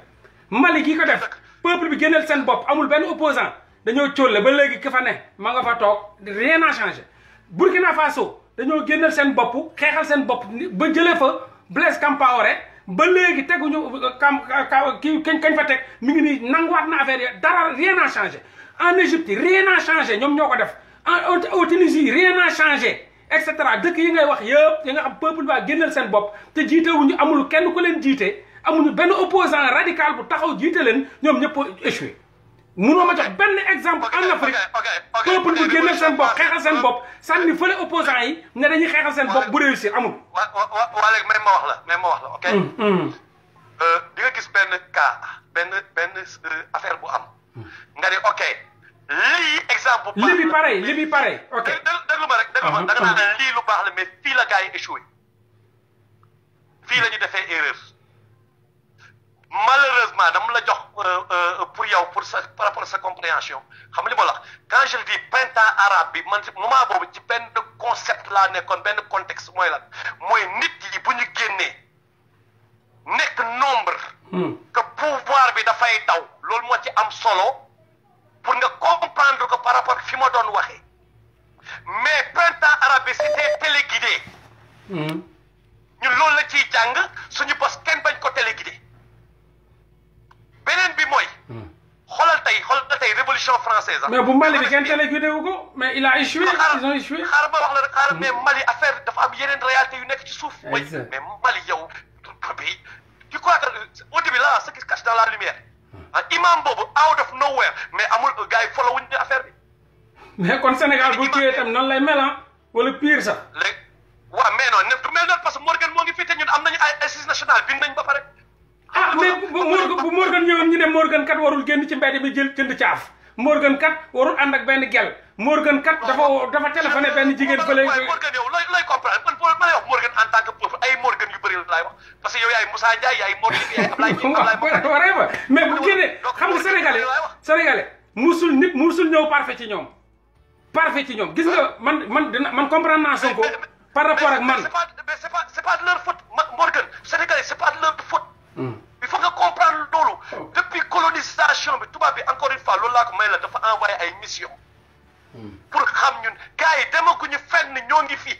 Mali kii ko def peuple bi génneel seen bopp amul benn opposant dañoo cóolle ba léegi ki fa ne ma nga fa toog rien n'a changé Burkina Faso dañoo génneel seen bopp xeexal seen bopp ba jëlee fa Blaise Compaoré ba léegi teguñu kam kii kañ kañ fa teg mi ngi nii nanguwaat na affaire yi dara rien n'a changé en Égypte rien n'a changé ñoom ñoo ko def en au Tunisie rien n'a changé et cetera dëkk yi ngay wax yëpp yi nga xam peuple ba génnal seen bopp te jiite wuñu amul kenn ku leen jiite amuñu benn opposant radical bu taxaw jiite leen ñoom ñëpp échoué munoo ma jox benn exemple en Afrique peuple bu génnal seen bopp xeexal seen bopp sànni fële opposant yi ne dañuy xeexal seen bopp bu réussir amul waa léegi may ma wax la may ma wax la ok mm, mm. Euh, di nga gis benn cas benn benn euh, affaire bu am mm. nga ne ok lii exemple bu baax li bi pare li pare ok déglu lii lu baax la mais fii la gars yi échoué fii la ñu defee erreur malheureusement dama la jox euh, euh, pour yow pour sa par rapport sa compréhension xam li ma la wax quand arab dis printemps arabe bi man si moment boobu ci benn concept la nekkoon benn contexte mooy lan mooy nit yi bu ñu génnee nekk nombre hmm. que pouvoir bi dafay daw loolu moo ci am solo pour nga comprendre ko par rapport fi ma doon waxee mais printemps arabe bi c'était téléguidé. Hmm. ñun loolu la ciy jàng suñu bos kenn bañ ko téléguidé beneen bi mooy. Hmm. xoolal tey xoolal tey révolution française ah. mais bu Mali bi kenn téléguidé wu ko mais il a échoué. ils ont échoué wax la rek mais hmm. Mali affaire dafa am yeneen réalité yu nekk ci suuf. mooy mais Mali yow du du pays. que au début là ce qui se cache dans la lumière. ah imam boobu out of nowhere mais amul gars yi follow affaire bi. mais kon Sénégal bu kiiwee itam noonu lay mel ah, wala pire sax. léegi waaw mais non du mel noonu Morgan moo ngi fii te ñun am nañu ay assise nationale bind nañ ba pare. ah mais bu Morgan bu Morgan ñëwoon ñu ne Morgan kat warul génn ci mbedd bi jël jënd caaf. Morgan kat warul ànd ak benn gel Morgan kat ah, dafa ah, dafa téléphoné ah, benn jigéen fële. waaw Morgan yow looy looy comprendre man man lay wax Morgan en tant que pauvre ay Morgan yu bëri laay wax parce que yow yaay Moussa Ndiaye yaay Morgan yaay Ablaye Ablaye. waaw mais bu génnee xam nga sénégalais sénégalais musul nit musul ñëw parfait ci ñoom. parfait ci ñoom gis nga man man dina man comprendre naa Sonko par rapport ak man mais c'est pas c'est pas de leur faute Morgan sénégalais c'est pas de leur faute. Hmm. population bi tubaab bi encore une fois loolu laa ko may la dafa envoyé ay mission hmm. pour xam ñun gars yi demaguñu fenn ñoo ngi fii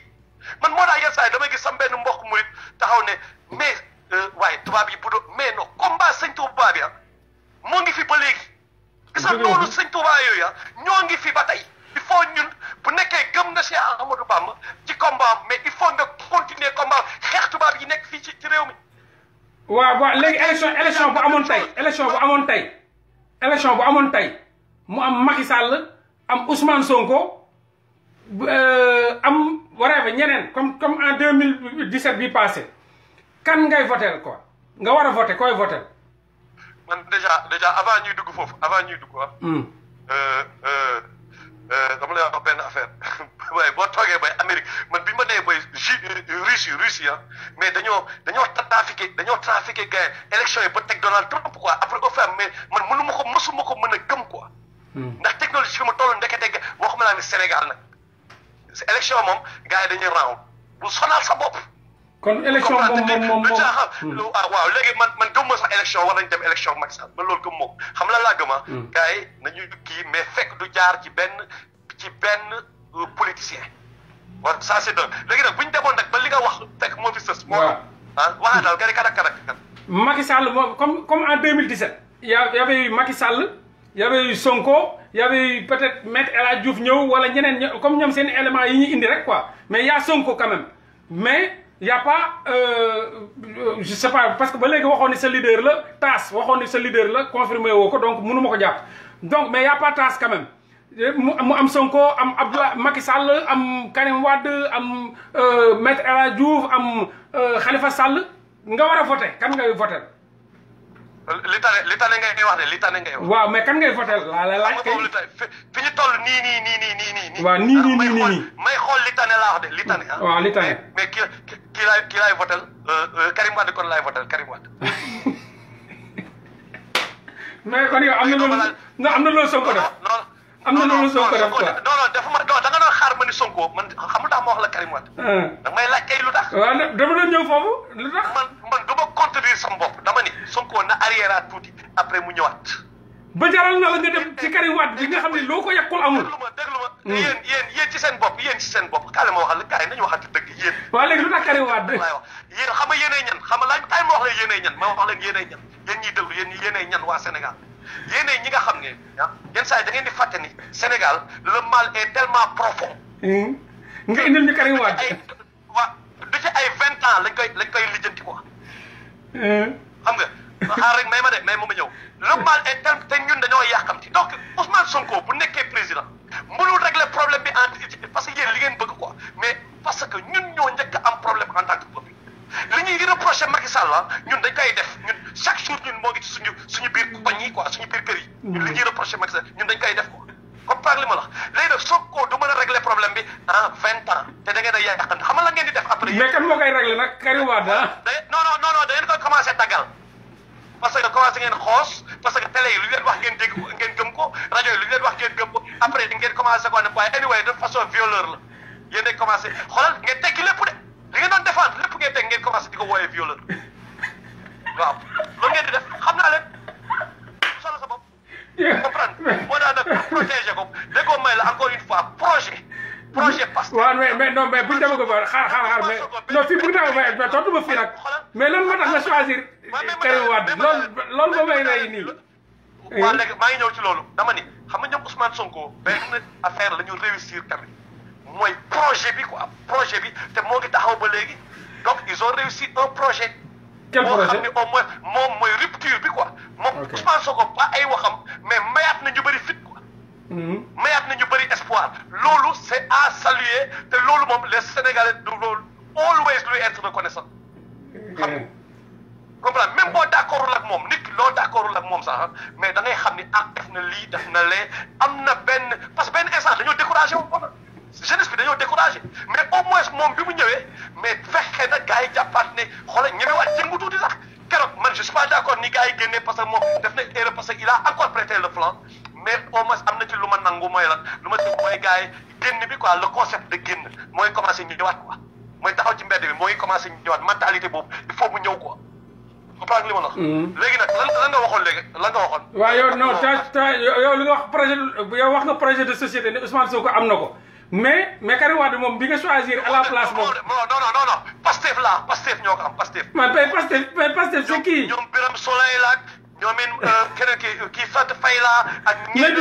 man moo tax yenn saa yi damay gis sam benn mbokk murit taxaw ne mais euh, waaye tubaab yi bu do mais non combat sëñ Tuubaa bi ah moo ngi fi ba léegi gisa loolu sëñ Tuubaa yooyu ah ñoo ngi fi ba tey il faut ñun bu nekkee gëm na Cheikh Ahmadou Bamba ci combat mais il faut nga continuer combat xeex tubaab yi nekk fii ci ci réew mi waaw waaw léegi élection élection bu amoon tey élection bu amoon tey élection bu amoon tey mu am Macky Sall am Ousmane Sonko euh, am ba ñeneen comme mille en 2017 bi passé kan ngay votel ko nga war a voté koy votel man déjà déjà avant ñuy dugg foofu avant ñuy dugg ah. Hmm. Euh, euh, Euh, dama lay wax benn affaire waaye boo toogee bay Amérique man bi ma nee bay ju euh, Russie Russie ah mais dañoo dañoo trafiqué dañoo trafiqué gars élection yi ba teg Donald Trump quoi après au fait mais man mënu ma ko mësuma ko mën a gëm quoi. Hmm. ndax technologie fi ma toll ndekete waxuma naa ne Sénégal nag élection moom gars yi dañuy raaw bu sonal sa bopp. kon élection moom moom moom ah, waaw léegi man man gëmuma sax élection war nañ dem élection Macky Sall man loolu gëmuma ko xam la laa gëma hmm. gars yi nañu kii mais fekk du jaar ci benn ci benn euh, politicien waaw ça c'est donc léegi nag bu ñu demoon nag ba li nga wax fekk moo fi sës moo ah waxaa daal gari kanak kanak kan Macky Sall moom comme comme en 2017 y avait eu Macky Sall y avait eu Sonko ya avait peut-être maître El Hadj Diouf ñëw wala ñeneen comme ñoom seen éléments yi ñu indi rek quoi mais ya a Sonko quand même y' a pas euh, je sais pas parce que ba léegi waxoon ni sa leader la taas waxoon ni sa leader la confirmé woo ko donc mënu ma ko jàpp donc mais y' a pas taas quand mu am Sonko am Abdoulaye Macky Sall am Karim Wade am euh, Maître El Hadji Diouf am euh, Khalifa Sall nga war a voté kan ngay voté. li tane li tane ngay wax de li ngay wax. waaw mais kan ngay voté la la laaj kay. fi nii nii nii nii nii nii. waaw nii nii nii nii ah, may xool li tane laa wax de li tane. Ah. waaw li tane mais kii kii laay kii laay voté euh, euh, Karim Wade kon laay voté Karim Wade. mais kon yow am na loolu non am na loolu Sonko def. am na loolu Sonko def quoi non non dafa ma non danga doon xaar ma Sonko man xamul tax ma wax la Karim Wade. Ah. danga may laaj kay lu tax. waaw doon ñëw foofu lu tax. man man contredire sama bopp dama ni Sonko na arrière tuuti après mu ñëwaat. ba jaral na la nga dem ci Karim Wade bi nga xam ne loo ko yàqul amul. déglu ma déglu ma yéen yéen yéen ci seen bopp yéen ci seen bopp kaale ma waxal la gars yi nañu waxal dëgg yéen. waaw léegi lu tax Karim Wade. yéen xam nga xam nga laaj kaay ma wax la yéenay ñan ma wax leen yéenay ñan yéen ñiy déglu ñi nga xam ne ah yenn saa yi da ngeen di fàtte ni Sénégal le mal est tellement profond. Hmm. nga indil ñu Karim Wade. du ci ay vingt ans lañ koy lañ koy lijjanti quoi Eh. xam nga xaar rek may ma de may ma ma ñëw normal et tel te ñun dañoo yàqamti donc Ousmane Sonko bu nekkee président mënul régler problème bi en parce que yéen li ngeen bëgg quoi mais parce que ñun ñoo njëkk am problème en tant que peuple li ñuy reproché Macky Sall ah, ñun dañ koy def ñun chaque jour ñun moo ngi ci suñu suñu biir koñ yi quoi suñu biir kër yi. ñun li ñuy reproché Macky Sall ñun dañ koy def comme par li ma la léegi nag du mën a régler problème bi en vingt te da ngeen a yàqan xam nga lan ngeen di def après. mais kan moo koy régler nag Karim ah. ngeen koy commencé taggal parce que commencé ngeen lu leen wax ngeen dégg ngeen gëm ko rajo yi lu leen wax ngeen gëm ko après ngeen commencé ko ne waaye anyway de façon violeur la yéen a commencé xoolal ngeen tekki lépp de li ngeen doon défendre lépp ngeen teg di ko wooyee violeur waaw loolu ngeen di def xam na leen. comprendre moo tax nag protéger ko déggoo may la encore une fois projet. projet parce que waaw mais mais non mais bu ñu demee ko ba xaar xaar xaar mais non fii bu ñu demee ba mais tontu ma fii nag mais lan moo tax nga choisir. Karim Wade loolu loolu ba may lay nii. waaw eh? léegi maa ngi ñëw ci loolu dama ni xam nga ñoom Ousmane Sonko benn affaire la ñu réussir tamit mooy projet bi quoi projet bi te moo ngi taxaw ba léegi donc ils ont réussi un projet. quel projet boo xam ne au moins moom mooy rupture bi quoi. moom Ousmane Sonko ba ay waxam mais mayaat na ñu bëri fit quoi. Mm-hmm. mayaat na ñu bëri espoir loolu c' est à saluer te loolu moom les Sénégalais du loolu always luy être reconnaissant. xam nga comprendre même boo d' accordul moom nit loo d' accordul moom sax ah, mais da xam ni ah def na lii def na lee am na benn parce que benn instant dañoo découragé woon. jeunesse e dañoo découragé mais au moins moom bi mu ñëwee mais fexe na gars yi jàppaat ne xoolal ñemewaat jëngu tuuti sax keroog man je suis pas d' accord ni gars yi génnee parce que moom def na a encore prêté le flanc mais au moins am na ci lu ma nangu mooy lan lu ma déglu mooy gars yi génn bi quoi le concept de génn mooy commencé ñu ñëwaat quoi mooy taxaw ci mbedd bi mooy commencé ñu ñëwaat mentalité mu ñëw quoi. comprendre li ma la mm-hmm. léegi nag lan lan nga waxoon léegi lan nga waxoon. waaw yow non ta ta yow projet yow wax nga am na ko. mais mais Karim moom bi nga choisir à la place boobu. non non non non Pastef la Pastef ñoo ko am Pastef. mais Pastef mais Pastef c'est kii. ñoom Birame Souleye la ak ñoom it euh, keneen kii kii Fat Faye la ak. mais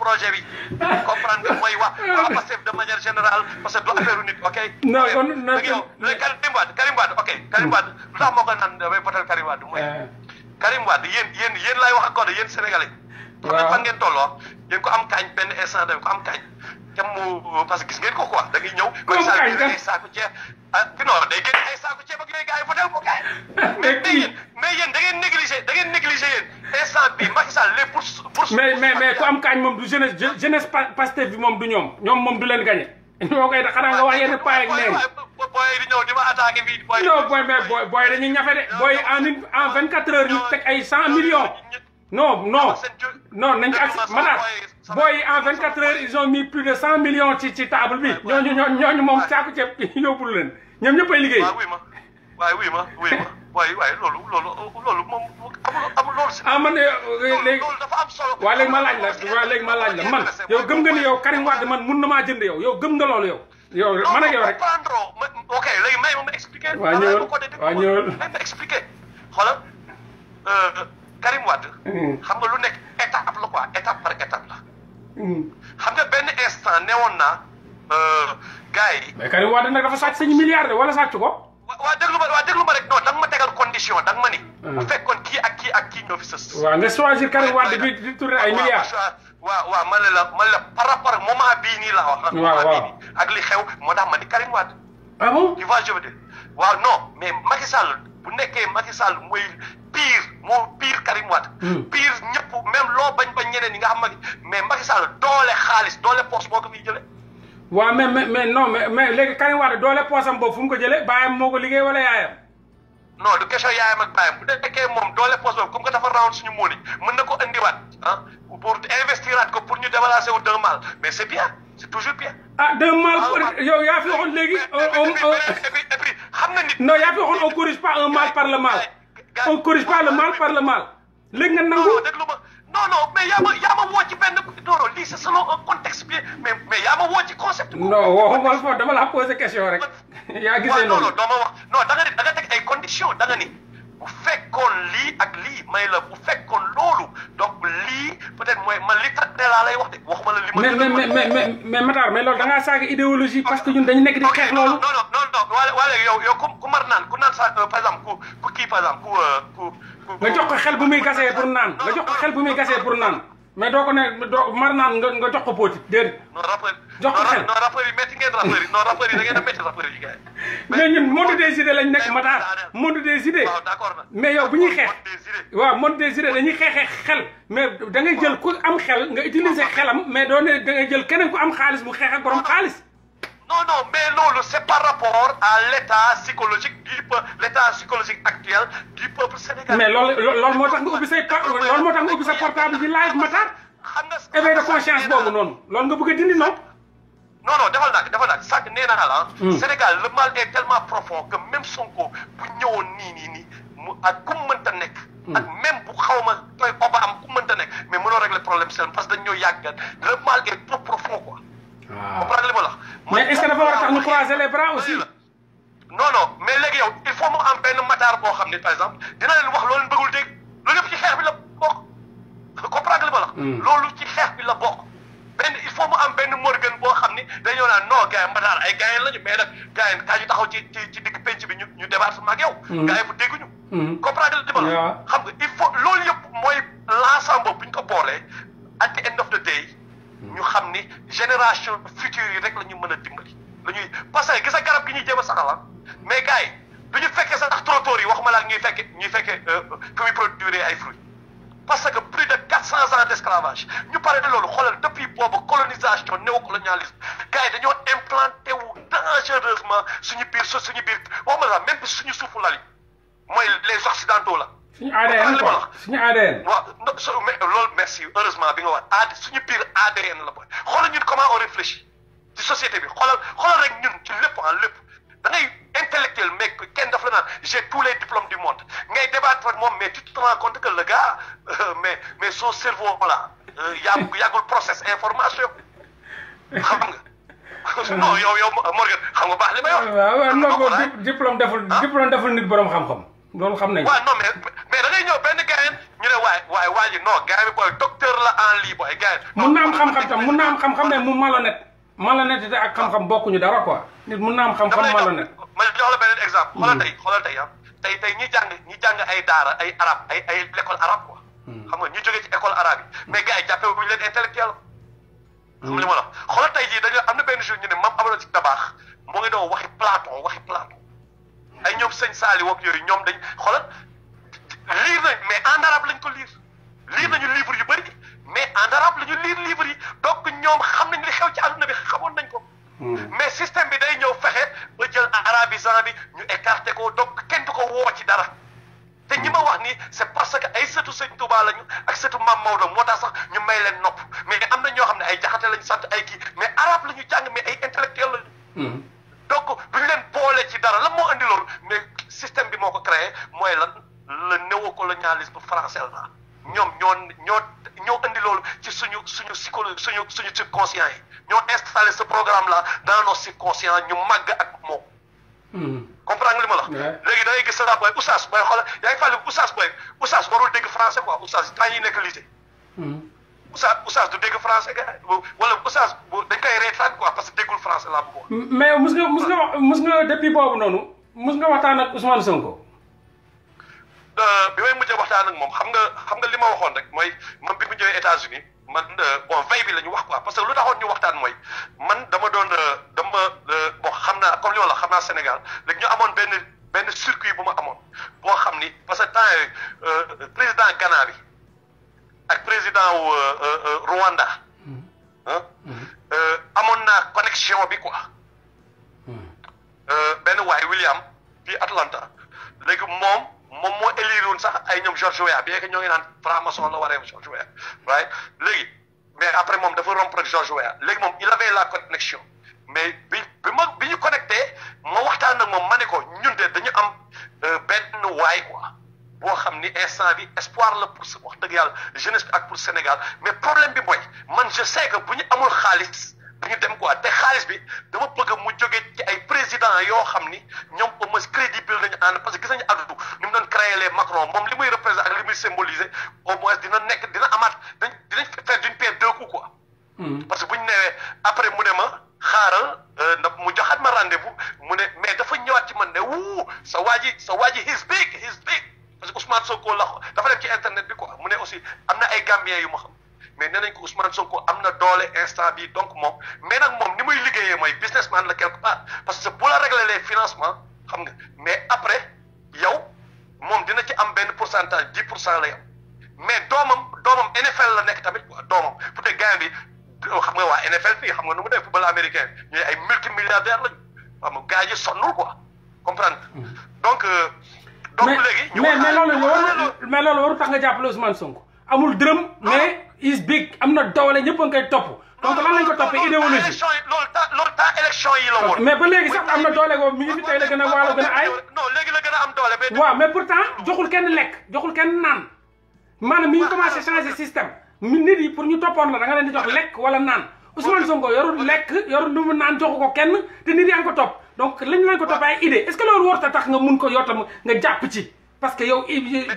projet bi. comprendre nga mooy wax waa Pastef de manière générale parce que du affaire nit ok. non kon non yow Karim Wade Karim mooy. Karim Wade yéen laay wax ak kon yéen sénégalais. waaw ngeen tolloo ngeen ko am kaañ benn instant da ko am kaañ. te mu parce que gis ngeen ko quoi da ngay ñëw. comme kaañ ay ko ah, gars yi. mais yéen mais yéen da ngeen négligé da ngeen am kaañ moom du jeunesse jeunesse Pastef moom du ñoom ñoom moom du leen gagné. ñoo koy xanaa nga wax yenn paa yeeg neen. booy ñafe de. booy en vingt quatre heures ñu teg ay cent millions. no no non nañ ci accès maanaam en vingt quatre heures ils ont mis plus de cent millions ci ci table bi ñooñu ñooñu ñooñu moom saaku ceeb yóbbul leen ñoom ñëpp ay liggéey. waaye wuy ma wuy ma waaye waaye loolu loolu loolu moom amul amul loolu ah, man euh, léegi waaye léegi ma laaj la waaye léegi laaj la man yow gëm gën ni yow Karim Wade man mun na maa jënd yow yow gëm nga loolu yow. yow man ak yow rek ok léegi may ma expliquer. waaw ñëwal waaw Mm. xam nga lu nekk étape la quoi étape par étape la. Mm. xam nga benn instant newoon naa euh, gars yi. mais Karim Wade nag dafa sàcc sañu milliard wala sàcc ko. waa déglu ma waa déglu ma rek non danga ma tegal condition danga ma ni. Mm. bu kii ak kii ak kii fi sës. waaw nga choisir Karim Wade bi di tourner la man la par rapport ak moment bii nii laa wax. waaw waaw moment li xew moo tax ma ni Karim Wade. ah waa tu vois je veux dire waaw bu nekkee Macky Sall mooy pire moo pire Karim Wade. Hmm. pire ñëpp même loo bañ bañ ñeneen yi nga xam ne mais Macky Sall doole xaalis doole poche moo ko fiy jëlee. waaw mais mais non mais mais doole poche am boobu fu ko jëlee baayam moo ko liggéey wala yaayam. non du question yaayam ak baayam bu nekkee moom doole poche boobu comme que dafa rawoon suñu moon yi mën na ko andiwaat ah pour investiraat ko pour ñu débarrasser wu d'un mal mais c'est bien. c'est toujours bien. ah d'un mal ah, yow yaa fi waxoon léegi. Oh, oh, xam na nit. non yaa fi waxoon on corrige pas un mal par le mal. on corrige pas le mal par le mal. léegi nga nangu. non yaa ma yaa ma woo ci benn non lii c'est selon un contexte bien mais mais yaa ma woo ci concept. non waxuma foofu dama la posé question rek. yaa gisee noonu non non non non da nga ni da teg ay conditions da ni. bu fekkoon lii ak lii may la bu fekkoon loolu donc lii peut-être mooy man li tax ne laa lay wax de waxuma la li ma. mais mais mais mais Matar mais loolu da ngaa idéologie parce que ñun dañu nekk di xeex loolu. non no non non waa waa yow yow ku ku mar naan ku naan sa euh, par exemple ku ku kii par exemple ku euh, ku. ko xel bu muy gasee pour naan nga jox xel bu muy gasee pour naan. mais doo ko ne doo mar naan nga nga jox ko pooti déedéet. non rappeurs jox ko xel non rappeurs yi métti a mais lañ nekk Matar monde des idées. waaw yow bu ñuy xeex. waaw monde des idées dañuy xeexee xel. mais da ngay jël ku am xel nga utiliser xelam mais doo ne ngay jël keneen ku am xaalis mu xeex ak borom xaalis. non non mais loolu c' est par rapport à l' état psychologique du peuple sénégalais. mais loolu loolu moo tax nga ubbi say moo tax nga ubbi portable di live Matar. xam nga éveil de conscience boobu noonu nga bëgg a dindi noonu. non non defal naag defal naag sànq nee naa la hmm. Sénégal le mal est tellement profond que même Sonko bu ñëwoon nii nii nii mu ak ku mu mënta nekk. Hmm. ak même bu xaw ma tooy oba am ku mu mënta nekk mais mënoo régler problème seen parce que dañ ñoo yàgg le mal est trop profond comprendre li ma la mais est-ce que dafa war a tax ñu croiser les bras aussi non non mais yow il faut mu am benn mataar boo xam ne par exemple dina leen wax loolu leen bëggul dégg loolu yëpp ci xeex bi la hmm. ci xeex bi la bokk benn il faut mu am benn morgan boo xam ni dañoo naan non gars yi mbataar ay gars yi lañu mais nag gars yi ñu taxaw ci ci ci digg penc bi ñu ñu débat sama ak yow hmm. gars yi bu dégguñu hmm. li ma la xam nga il faut loolu yëpp mooy l'ensemble bu ñu ko boolee at the end of the day ñu xam ni génération future yi rek la ñu mën a dimbali. la ñuy parce que sa garab gi ñu jéem a saxal ah. mais gars yi ñu fekke sax trottoir yi waxuma la ak ñuy fekkee ñuy fekkee euh, euh, fi muy produire ay fruits. parce que plus de quatre cent ans d' esclavage ñu pare de loolu xoolal depuis boobu colonisation néocolonialisme gars yi dañoo implanté wu dangereusement suñu biir suñu biir waxuma la même suñu suufu lali mooy les occidentaux la. suñu ADN quoi suñu ADN. waaw loolu merci heureusement bi nga wax AD suñu biir ADN la booy xoolal ñun comment on réfléchit ci société bi xoolal xoolal rek ñun ci lépp en ah, lépp da ngay intellectuel mais kenn daf la naan j'ai tous les diplômes du monde ngay débattre ak moom mais tu te rends compte que le gars euh, mais mais son cerveau voilà euh, yàggul yàggul process information xam nga. non yow yow Morgan xam nga baax li may wax. waaw waaw non ah. diplôme deful ah. diplôme deful nit borom xam-xam. loolu xam nañ waaw non mais mais da ngay ñëw benn gars ñu ne waay waay waa ji non gars bi booy docteur la en lii booy gars yi. mun na am xam-xam tam mun na am xam-xam mais mu malhonnête malhonnête ak xam-xam bokkuñu dara quoi nit mun na am xam-xam malhonnête. ma jox la beneen exemple. Mm. xoolal tey xoolal tey ah tey tey ñi jàng ñi jàng ay daara ay arab ay ay l'école arabe quoi. Mm. xam nga ñu jógee ci école arabe yi mais gars yi jàppee bu ñu leen intellectuel. xam li ma la wax mm. xoolal tey jii dañoo am na benn jour ñu ne mam Amadou Dabakh mu ngi doon waxi Platon waxi Platon ay ñoom sëñ saali woog yooyu ñoom dañ xoolal liir nañ mais en arabe lañ ko liir liir nañu livre yu bëri mais en arabe la ñu liir livre yi donc ñoom xam nañ li xew ci àdduna bi xamoon nañ ko hmm. mais système bi day ñëw fexe ba jël arabisant bi ñu écarté ko donc kenn tu ko woo ci dara te ñi ma wax ni c'est parce que ay sëtu sëñ Touba lañu ak sëtu Maam Maodo moo tax sax ñu may leen nopp mais am na ñoo xam ne ay jaxate lañu sant ay kii mais arabe la ñu jàng mais ay intellectuel lañu hmm. donc bu ñu leen boolee ci dara lan moo andi loolu mais système bi moo ko créé mooy lan la néocolonialisme français la ñoom ñoo ñoo ñoo andi loolu ci suñu suñu psychologie suñu suñu subconscient yi ñoo installé ce programme la dans nos subconscients ñu màgg ak moom. Hmm. comprendre nga li ma la. léegi da ngay gis sa booy oustaz booy xoolal yaa ngi fàttali oustaz booy oustaz warul dégg français quoi yi nekk lycée. Hmm. oustaz oustaz du dégg français gars wala oustaz dañ koy reetaan quoi parce que déggul français laa bëggoon. mais mus nga mus nga mus nga depuis boobu noonu mus nga waxtaan ak Ousmane Sonko. Euh, bi may mujjee waxtaan ak moom xam nga xam nga li ma waxoon rek mooy man bi mu ñëwee États-Unis man euh, bon veille bi la ñu wax quoi parce que lu taxoon ñu waxtaan mooy man dama doon euh, dama bon xam naa comme li ma la xam naa Sénégal léegi ñu amoon benn benn circuit bu ma amoon boo xam ni parce que temps président Ghana bi. ak président wu euh, euh, euh, Rwanda hmm. Hmm. amoon naa connexion bi quoi hmm. benn waay William fii Atlanta léegi moom moom moo éliroon sax ay ñoom George Weah bi que ñoo ngi naan franc-maçon la waree George Weah right léegi mais après moom dafa rompre ak George Weah léegi moom il avait la connexion mais bi bi ma bi ñu connecté ma waxtaan ak moom ma ne ko ñun am benn waay ko boo xam ni instant bi espoir la pour wax dëgg yàlla jeunesse bi ak pour Sénégal mais problème bi mooy man je sais bu ñu amul xaalis bu ñu dem quoi te xaalis bi dama bëgg mu jógee ci ay président yoo xam ni ñoom au moins crédible nañu ànd parce que gis nañu àddu ni mu doon créé les Macron moom li muy représenté ak li muy symbolisé au moins dina nekk dina amaat dañ dinañ faire d'une pierre deux hmm. parce que bu ñu newee après mu ne ma xaaral euh, ndax mu joxaat ma rendez-vous mu ne mais dafa ñëwaat ci man ne sa waa sa waa ji parce que Ousmane Sonko la dafa dem ci internet bi quoi mu ne aussi am na ay Gambiens yu ma xam mais nee nañ ko Ousmane Sonko am na doole instant bi donc moom na nag moom ni muy liggéeyee mooy businessman la quelque part parce que bu la régler les financements xam nga mais après yow moom dina ci am benn pourcentage dix pour cent lay am mais doomam doomam NFL la nekk tamit quoi doomam bu dee gain bi xam waa NFL fii xam nga nu mu def football américain ñooy ay multimilliardaires lañ xam nga gars yi sonnul quoi comprendre mm. donc. Euh, donc mais mais loolu waru mais loolu waru tax nga jàppale Ousmane Sonko amul dërëm ah. mais is big am na doole ñëpp a ngi koy topp donc lan lañ ko toppee ah, idéologie loolu ta loolu ta élection yi la mais ba léegi sax am na doole boobu mi ngi fi tey la gën a waalo gën a joxul kenn lekk joxul kenn naan maanaam mi ngi commencé changer système nit yi pour ñu toppoon la da nga leen di jox lekk wala naan Ousmane Sonko yorul lekk yorul lu naan joxu ko kenn te nit yaa ngi ko topp donc lañ lañ ko topp ay idée est ce que loolu warut a tax nga mun ko yottam nga jàpp ci parce que yo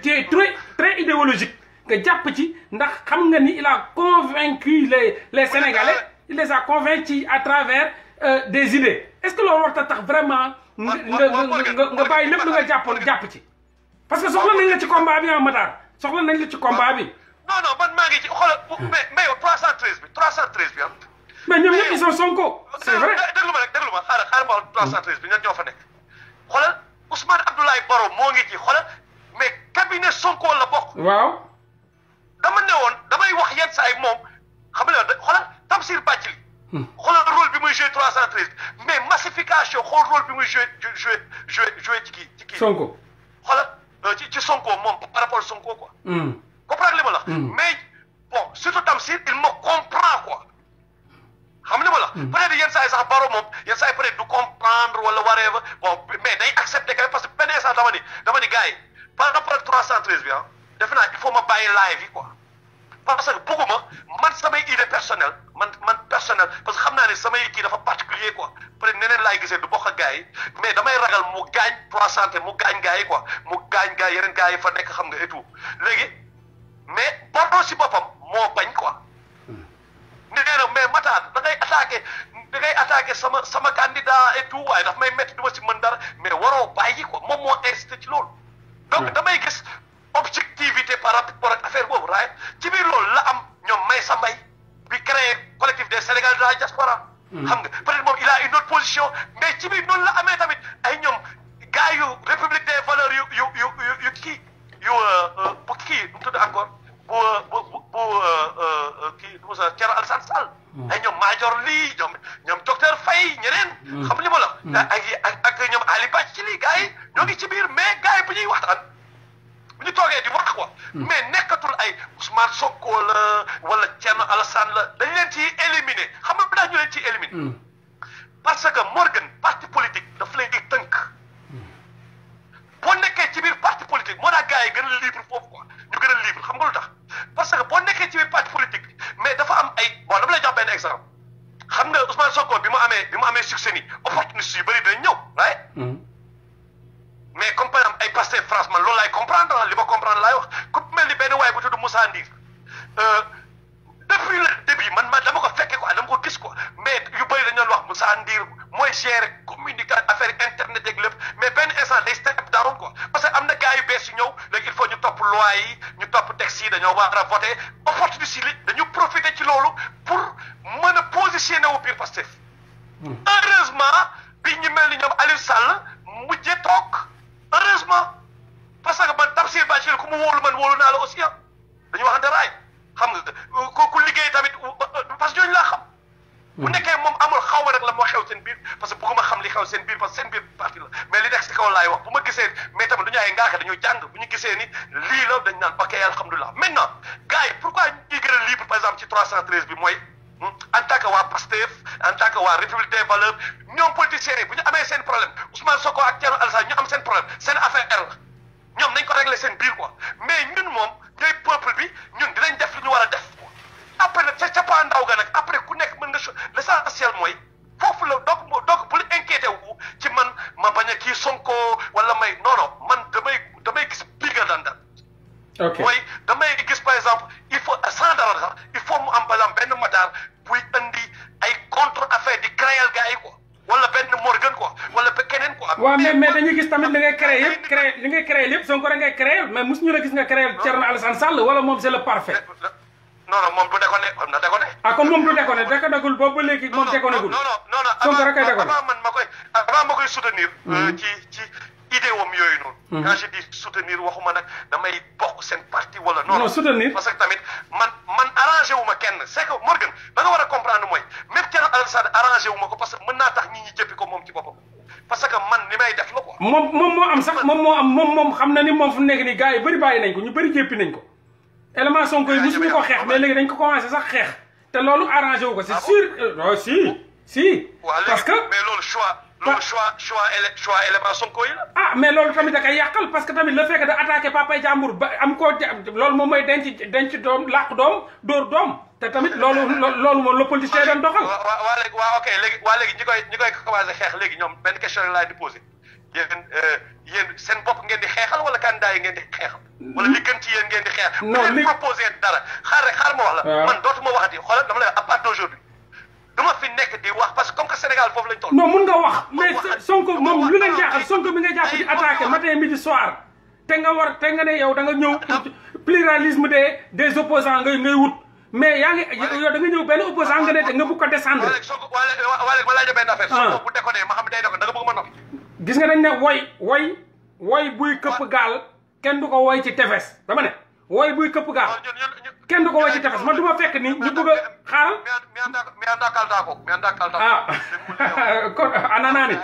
tu es très très nga jàpp ci ndax xam nga ni il a convaincu les les sénégalais il les a convaincus à travers euh, des idées est ce que loolu warut a tax vraiment nga nga bàyyi lépp lu nga jàppoon jàpp ci parce que soxla nañ la ci combat bi ah Matar soxla nañ la ci combat bi non non man maa ngi ci xoolal mais mais yow ma ñoom ñëpp ils sont Sonko. c'est vrai déglu ma rek déglu ma xaaral xaaral ma bi ñoom ñoo fa nekk. xoolal Ousmane Abdoulaye Baro moo ngi ci xoolal mais cabinet Sonko la bokk. waaw. dama ne woon damay wax yenn saa yi moom xam nga da xoolal Tamsir Bathily. Hmm. xoolal rôle bi muy joué 313 mais massification xool rôle bi muy joué joué joué joué ci kii ci euh, ci ci Sonko moom par rapport Sonko quoi. Hmm. comprendre li ma la. Hmm. mais bon surtout Tamsir il me comprend quoi. xam li ma la hmm. peut-être yenn saa yi sax baro moom yenn saa yi peut-être comprendre wala wareeva bon mais day accepté que parce que benn instant dama ni dama ni gars yi par rapport ak 313 bi ah defe naa il faut ma bàyyi live yi quoi parce que bugguma man samay idée personnelle man man personnel parce que xam naa ne samay kii dafa particulier quoi peut-être neneen laay gisee du bokk ak gars yi mais damay ragal mu gaañ 313 mu gaañ gars yi mu gaañ gars yeneen gars yi fa nekk xam nga et tout léegi mais baro si boppam moo bañ quoi ne na mais Matar da ngay attaqué da ngay attaqué sama sama candidat et tout waaye daf may métti du ma si mën dara mais waroo bàyyi ko moom moo insisté ci loolu. donc damay gis objectivité par rapport ak affaire boobu raay ci biir loolu la am ñoom may sa mbay bi créé collectif des Sénégalais de la diaspora. Mm. xam nga peut-être moom a position mais ci biir noonu la amee tamit ay ñoom gars yu république des valeurs yu yu yu yu kii yu euh, euh, bu kii mu tudd encore. bu bu bu bu kii Moussa Thierno Alassane Sall. Hmm. ay ñoom Major lii ñoom ñoom docteur Faye ñeneen. Hmm. xam li ma ak hmm. ak ak ñoom Ali Bach ci lii yi ñoo ci biir mais gars yi bu ñuy waxtaan bu ñu toogee di wax quoi. mais nekkatul ay Ousmane Sonko la wala Thierno Alassane la dañ leen ciy éliminer xam nga daal ñu leen ciy éliminer. parce que Morgan parti politique daf lay di tënk. boo nekkee ci biir parti politique moo tax gars yi gën a libre foofu ñu gën a libre xam nga lu tax parce que boo nekkee ci biir parti politique mais dafa am ay bon dama lay jox benn exemple xam nga Ousmane Sonko bi mu amee bi mu amee succès ni opportuniste yu bëri dinañ ñëw waaye. Hmm. mais comme par exemple ay Pastef France man loolu laay comprendre li ma comprendre laay wax ku mel ni benn waay bu tudd Moussa Ndir euh, depuis le début man ma dama ko fekkee quoi dama ko gis quoi mais yu bëri dañu doon wax Moussa Ndir mooy gérer. muy dikkaat affaire internet yeeg lépp mais benn instant day step down quoi parce que am na gars bees yu ñëw léegi il faut ñu topp loi yi ñu topp texte yi dañoo war a voter opportunité li dañu profiter ci loolu pour mën a positionné wu biir Pastef hmm. heureusement bi ñu mel ni ñoom Aliou Sall mujje toog heureusement parce que man Tafsir Bachir ku mu wóolu man wóolu naa la aussi ah dañu waxante raay ku liggéey tamit parce que ñooñu xam. bu nekkee moom amul xaw ma rek la moo xew seen biir parce que bëgguma xam li xew seen biir la mais li nekk si kaw laay wax bu ma gisee mais tamit ñu ay bu ñu gisee lii la ok alhamdulilah maintenant gars yi pourquoi ñuy gën a libre par exemple ci 313 bi mooy hmm, en tant que waa Pastef en tant que waa République des valeurs ñoom politiciens bu ñu amee seen problème Ousmane Sonko ak Thierno Alassane ñu am seen problème seen affaire la ñoom nañ ko régler seen biir quoi mais ñun moom ñooy peuple bi dinañ def li ñu war a def. après nag ca cappaandaw ga nag après ku nekk mën nga su l' essentiel mooy foofu la donc donc bul inquiété wu ci man ma bañ a kii Sonko wala may non non man damay damay gis bigger than ok mooy damay gis par exemple il faut cent dollars sax il faut mu am benn madaar buy andi ay contre affaire di créer gars yi quoi wala benn Morgan quoi wala ba keneen quoi. waaw mais gis tamit li ngay créer yëpp créer Sonko da ngay créer mais mosu ñu la gis nga créer Thierno Alassane non non moom du déconné kon na déconné. ah kon moom du déconné déconnagul boobu ba léegi moom déconnagul. non non non non avant man ma koy avant ma koy soutenir. Mm-hmm. Euh, ci idée wam yooyu noonu. Mm-hmm. quand je soutenir waxuma nag damay bokk seen parti wala. non non soutenir parce que tamit man man arrangé wu ma kenn c'est que Morgan da a war a comprendre mooy même Thierno Alassane arrangé wu ma ko parce que mën naa tax nit ñi ko moom ci boppam. parce que man ni may def la quoi. moom moom moo am sax moom xam na ni moom fu nekk ni gars yi bëri bàyyi nañ ko ñu bëri jéppi nañ ko. élément Sonko yi mosuñu xeex mais léegi dañ ko commencé sax xeex te loolu arrangé wu ko c'est sûr waaw si si parce que mais loolu choix loolu choix choix choix élément Sonko yi la ah mais loolu tamit da koy yàqal parce que tamit le fait que da attaqué papay jàmbur ba am koo loolu moom mooy denc denc doom làq doom dóor doom te tamit loolu loolu moom la politicien doon doxal waa ok léegi waa léegi ñi koy ñi koy xeex léegi ñoom benn question laay di posé yéen euh, yéen seen bopp ngeen di xeexal wala candidat ngeen di xeexal. wala li gën ci yéen ngeen di xeexal. non li bu leen proposé dara xaar rek xaar ma wax la. man dootuma waxati xoolal dama lay wax à part d'aujourd'hui di wax parce que comme que Sénégal foofu lañ toll. non mun nga nga jaaxal Sonko mi nga jàpp di soir. te nga war te nga ne yow da nga ñëw pluralisme des des opposants ngay wut. mais yaa ngi yow da benn opposant nga ne nga bëgg ko descendre. waaw waaw waaw léegi benn affaire. Sonko gis nga dañ ne woy woy woy buy këpp gaal kenn du ko woy ci tefes dama ne woy buy këpp gaal kenn du ko woy ci tefes man du ma fekk ni ñu bëgg a xaaral ah kon ana naa ni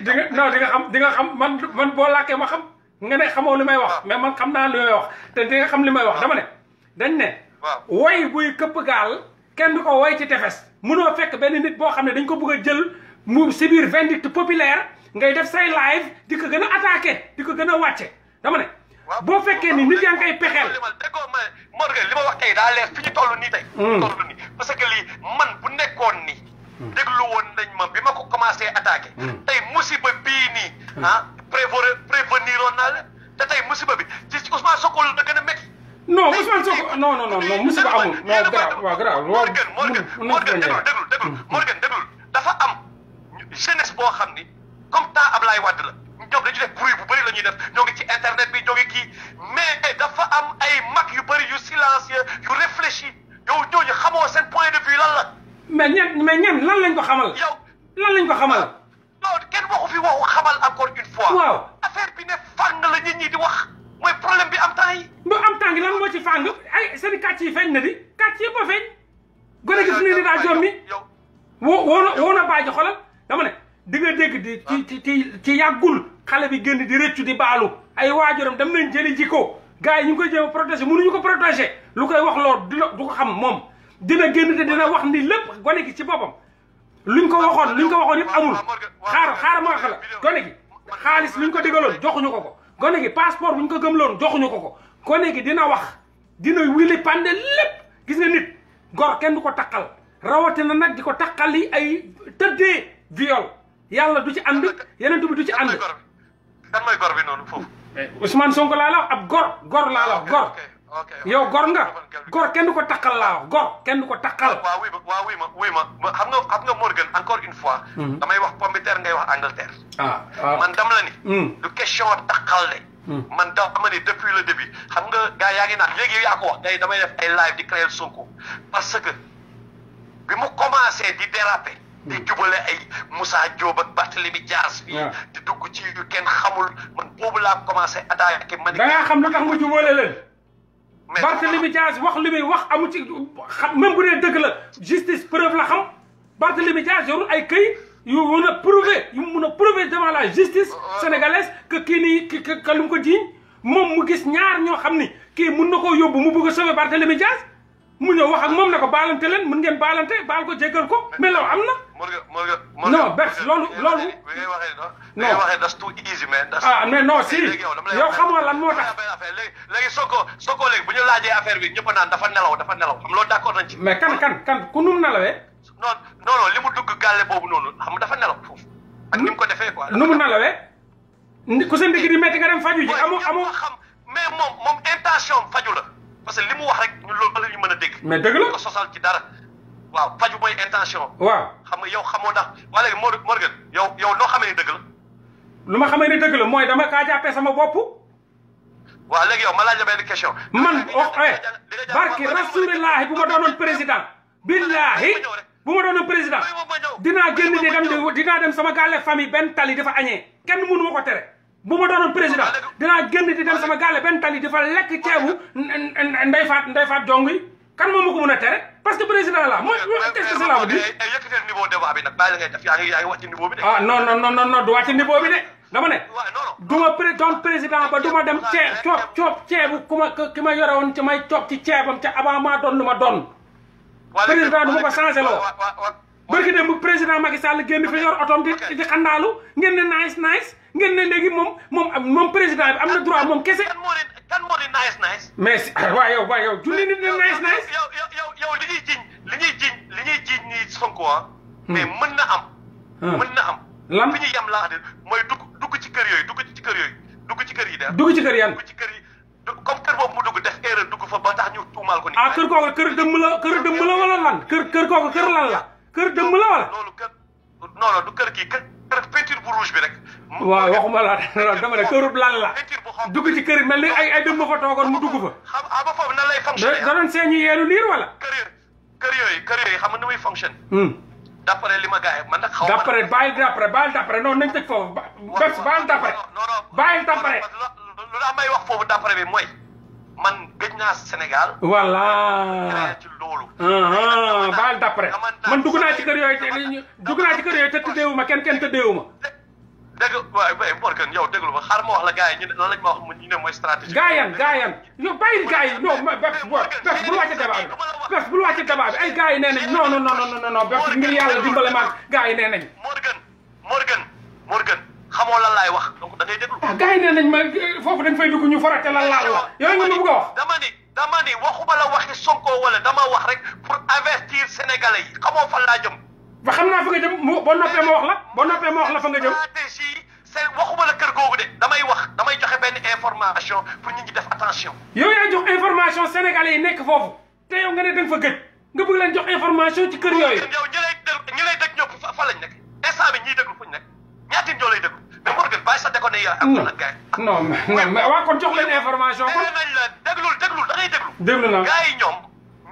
di nga di nga xam man man boo làkkee ma xam nga ne xamoo li may wax mais man xam naa li wax te di xam li may wax dama ne dañ ne woy buy këpp gaal kenn du ko woy ci tefes mënoo fekk benn nit boo xam ne dañ ko bëgg a jël mu si biir vindicte populaire ngay def say live di ko gën a attaqué di ko gën a wàcce dama ne. boo fekkee ni nit yaa ngi koy pexeel. d'accord mais Morgan li ma wax tey daa leer fi ñu toll nii tey. Hmm. toll parce que lii man bu nekkoon ni hmm. déglu woon nañ ma bi ma ko commencé attaqué. Hmm. tey musiba bii nii. ah prévenir prévenir woon naa la te tey musiba bi ci Ousmane Sonko la gën a métti. non Ousmane Sonko non non non non musiba amul. non grave waaw grave Morgan Morgan Morgan déglul déglul Morgan déglul dafa am jeunesse boo xam ni. comme temps Ablaye Wade la ñoom dañu def bruit bu bëri la ñuy def ñoo ngi ci internet bi ñoo ngi kii mais dafa am ay mag yu bëri yu silencieux yu réfléchi yow ñooñu xamoo seen point de vue lan la. mais ñen mais ñen lan lañ ko xamal. yow lan lañ ko xamal. non kenn waxu fi waxu xamal encore une fois. waaw affaire bi ne fàng la nit ñi di wax mooy problème bi am temps yi. bu am temps gi lan moo ci fàng ay seen kàcc yi feeñ na di kàcc yëpp a feeñ. gone gi suñu ni daa jom mi woo woo na woo na bàyyi xolal dama ne. di nga dégg di ci ci ci yàggul xale bi génn di rëccu di baalu ay waajuram dem nañ jëli ji ko gars yi ñu ngi koy jéem a protéger mënuñu ko protéger lu koy wax loolu dina du ko xam moom dina génn te dina wax ni lépp gone gi ci boppam ñu ko waxoon luñ ko waxoon yëpp amul xaar xaar ma wax la gone gi xaalis luñ ko digaloon joxuñu ko ko gone gi passeport ñu ko loon joxuñu ko ko gone gi dina wax dina wili pande lépp gis ne nit gor kenn du ko taqal rawatina nag di ko takkali ay të viol yàlla du ci ànd yeneen bi du ci ànd. kan mooy gor bi noonu foofu. Eh, Ousmane Sonko laa la wax ab gor gor laa la ah, wax gor. yow gor nga gor kenn du ko takkal laa wax gor kenn du ko takkal. Ah, waaw wuy ma waaw wuy ma wuy ma xam nga xam nga Morgan encore une fois. Hmm. damay wax pomme de terre ngay wax Angleterre. ah waaw ah. man dam la ni. Hmm. du question takkal de. Hmm. man da ma ni depuis le début xam nga gars yaa ngi naan léegi yow yaa ko wax damay def ay live di créer Sonko parce que bi mu commencé di déraper. di jubale ay Moussa Diop ak Barthélemy Dias. waaw ah. di dugg ci yu kenn xamul man boobu laa commencé attaqué. man da ngaa xam lu tax nga jubale leen. mais Barthélemy Dias wax li muy wax amu ci xam même bu dee dëgg la justice preuve la xam Barthélemy Dias yorul ay këy yu mun a prouver yu mun a prouver devant la justice euh, euh. sénégalaise que kii nii que que lu ko jiiñ moom mu gis ñaar ñoo xam ni kii mun na koo yóbbu mu bëgg a sauver Barthélemy Dias. mu ñëw wax ak moom ne ko baalante leen mën ngeen baalante baal ko jéggal ko mais loolu am na. non bés loolu loolu. non ah mais non si yow xamoo lan moo tax. léegi soo ko ko léegi bu ñu laajee affaire bi ñëpp naan dafa nelaw dafa nelaw xam loolu d'accord nañ ci. mais kan kan kan ku nu mu nelawee. non non non li mu dugg gàlle boobu noonu xam dafa nelaw foofu. ak ni mu ko defee quoi. nu mu nelawee. ku sa ndigg di métti nga dem faju ji amoo amoo. mais moom moom intention faju la. parce li mu wax rek ñun loolu la ñu mën a dégg. mais dëgg la ko sosal ci dara. waaw paju mooy intention. waaw xam nga yow xamoo ndax waa léegi Morgan yow yow noo xamee ni dëgg la. lu ma xamee ni dëgg la mooy dama kaa jàppee sama bopp. waaw léegi yow ma laa la benn question. man oh eh barki rasulillahi bu ma doonoon président. billahi bu ma doonoon président dinaa génn di dem dinaa dem sama gaale famille benn tali dafa añee kenn mënu ma ko tere. bu ma doon président dinaa génn di dem sama gaale benn tali di fa lekk ceebu ndey faat ndey faat jong kan moom ma ko mën a tere parce que président la mooy qu'est-ce que cela veut dire yëkkateel niveau débat bi nag bàyyi la ngay def yaa ngi yaa ngi wàcc niveau bi de ah non non non non non dama ne du ma pré doon président ba du ma dem ceeb coob coob ceebu ku ma ki ma yore woon ci may coob ci ceebam ca avant maa doon ma doon président du ma ko changé loo bërki dem ma président Macky Sall génn fi yor otom di di xandaalu ngeen ne ngeen ne léegi moom moom moom président am na droit moom kese. kan moo di kan moo di nice nice. mais ah, yow yow julli nit ne nice nice. yow yow li ñuy jiñ li ñuy jiñ li ñuy jiñ nii Sonko ah. hmm. mais mën na am. Hmm. mën na am. lan fi ñu yem laa xam mooy dugg dugg ci kër yooyu dugg ci kër yooyu dugg ci kër yi daal. dugg ci kër yan ci kër yi comme kër boobu mu dugg def erreur dugg fa ba tax ñu tuumaal ko. ah kër kooku kër dëmm la kër dëmm la wala lan kër kër kooku kër lan la kër dëmm la wala. loolu kër non non du kër kii kër def peinture bu rouge bi rek. waaw waxuma la dama ne këru lan la. dugg ci kër mel ni ay ay dëmm fa toogoon mu dugg fa. ba foofu nan lay fonctionné. da doon seen wala. kër yooyu kër yooyu kër yooyu xam nga ni muy fonctionné. d' après li ma gars non nañ foofu ba. bàyyil d' après. non non lu la may wax foofu d' bi mooy. man gëj naa Sénégal. voilà ci loolu. Uh-huh. baal d'après man dugg naa ci te dugg naa ci kër yooyu te tëddeewu ma kenn kenn tëddeewu ma. dégg waaye waaye Mborgane yow déglu ma xaar ma wax la gars yi ñu ne lan lañ ma wax ñu ne mooy stratégie. gaa yan gaa yan yow bàyyi gaa nee nañ non non non non xamoo lan laay wax donc da ngay déglu. ah gars yi nee nañ ma foofu dañ fay dugg ñu wax dama ni dama ni waxuma la waxi Sonko wala dama wax rek pour investir Sénégalais yi xamoo fan laa jëm. ba xam naa fa nga jëm mu boo noppee ma wax la boo noppee ma wax la fa jëm. stratégie seen waxuma de damay wax damay joxe benn information pour ñu ngi def attention. yow yaa jox information Sénégalais yi nekk foofu te yow nga ne da nga fa gëj nga bëgg leen jox information ci kër yooyu. yow ñi ñaata ñoo lay déglu mais Morgan bàyyi sa déconné ya ak ak gars yi. non non jox leen information. kon eh, nañ la ngay ñoom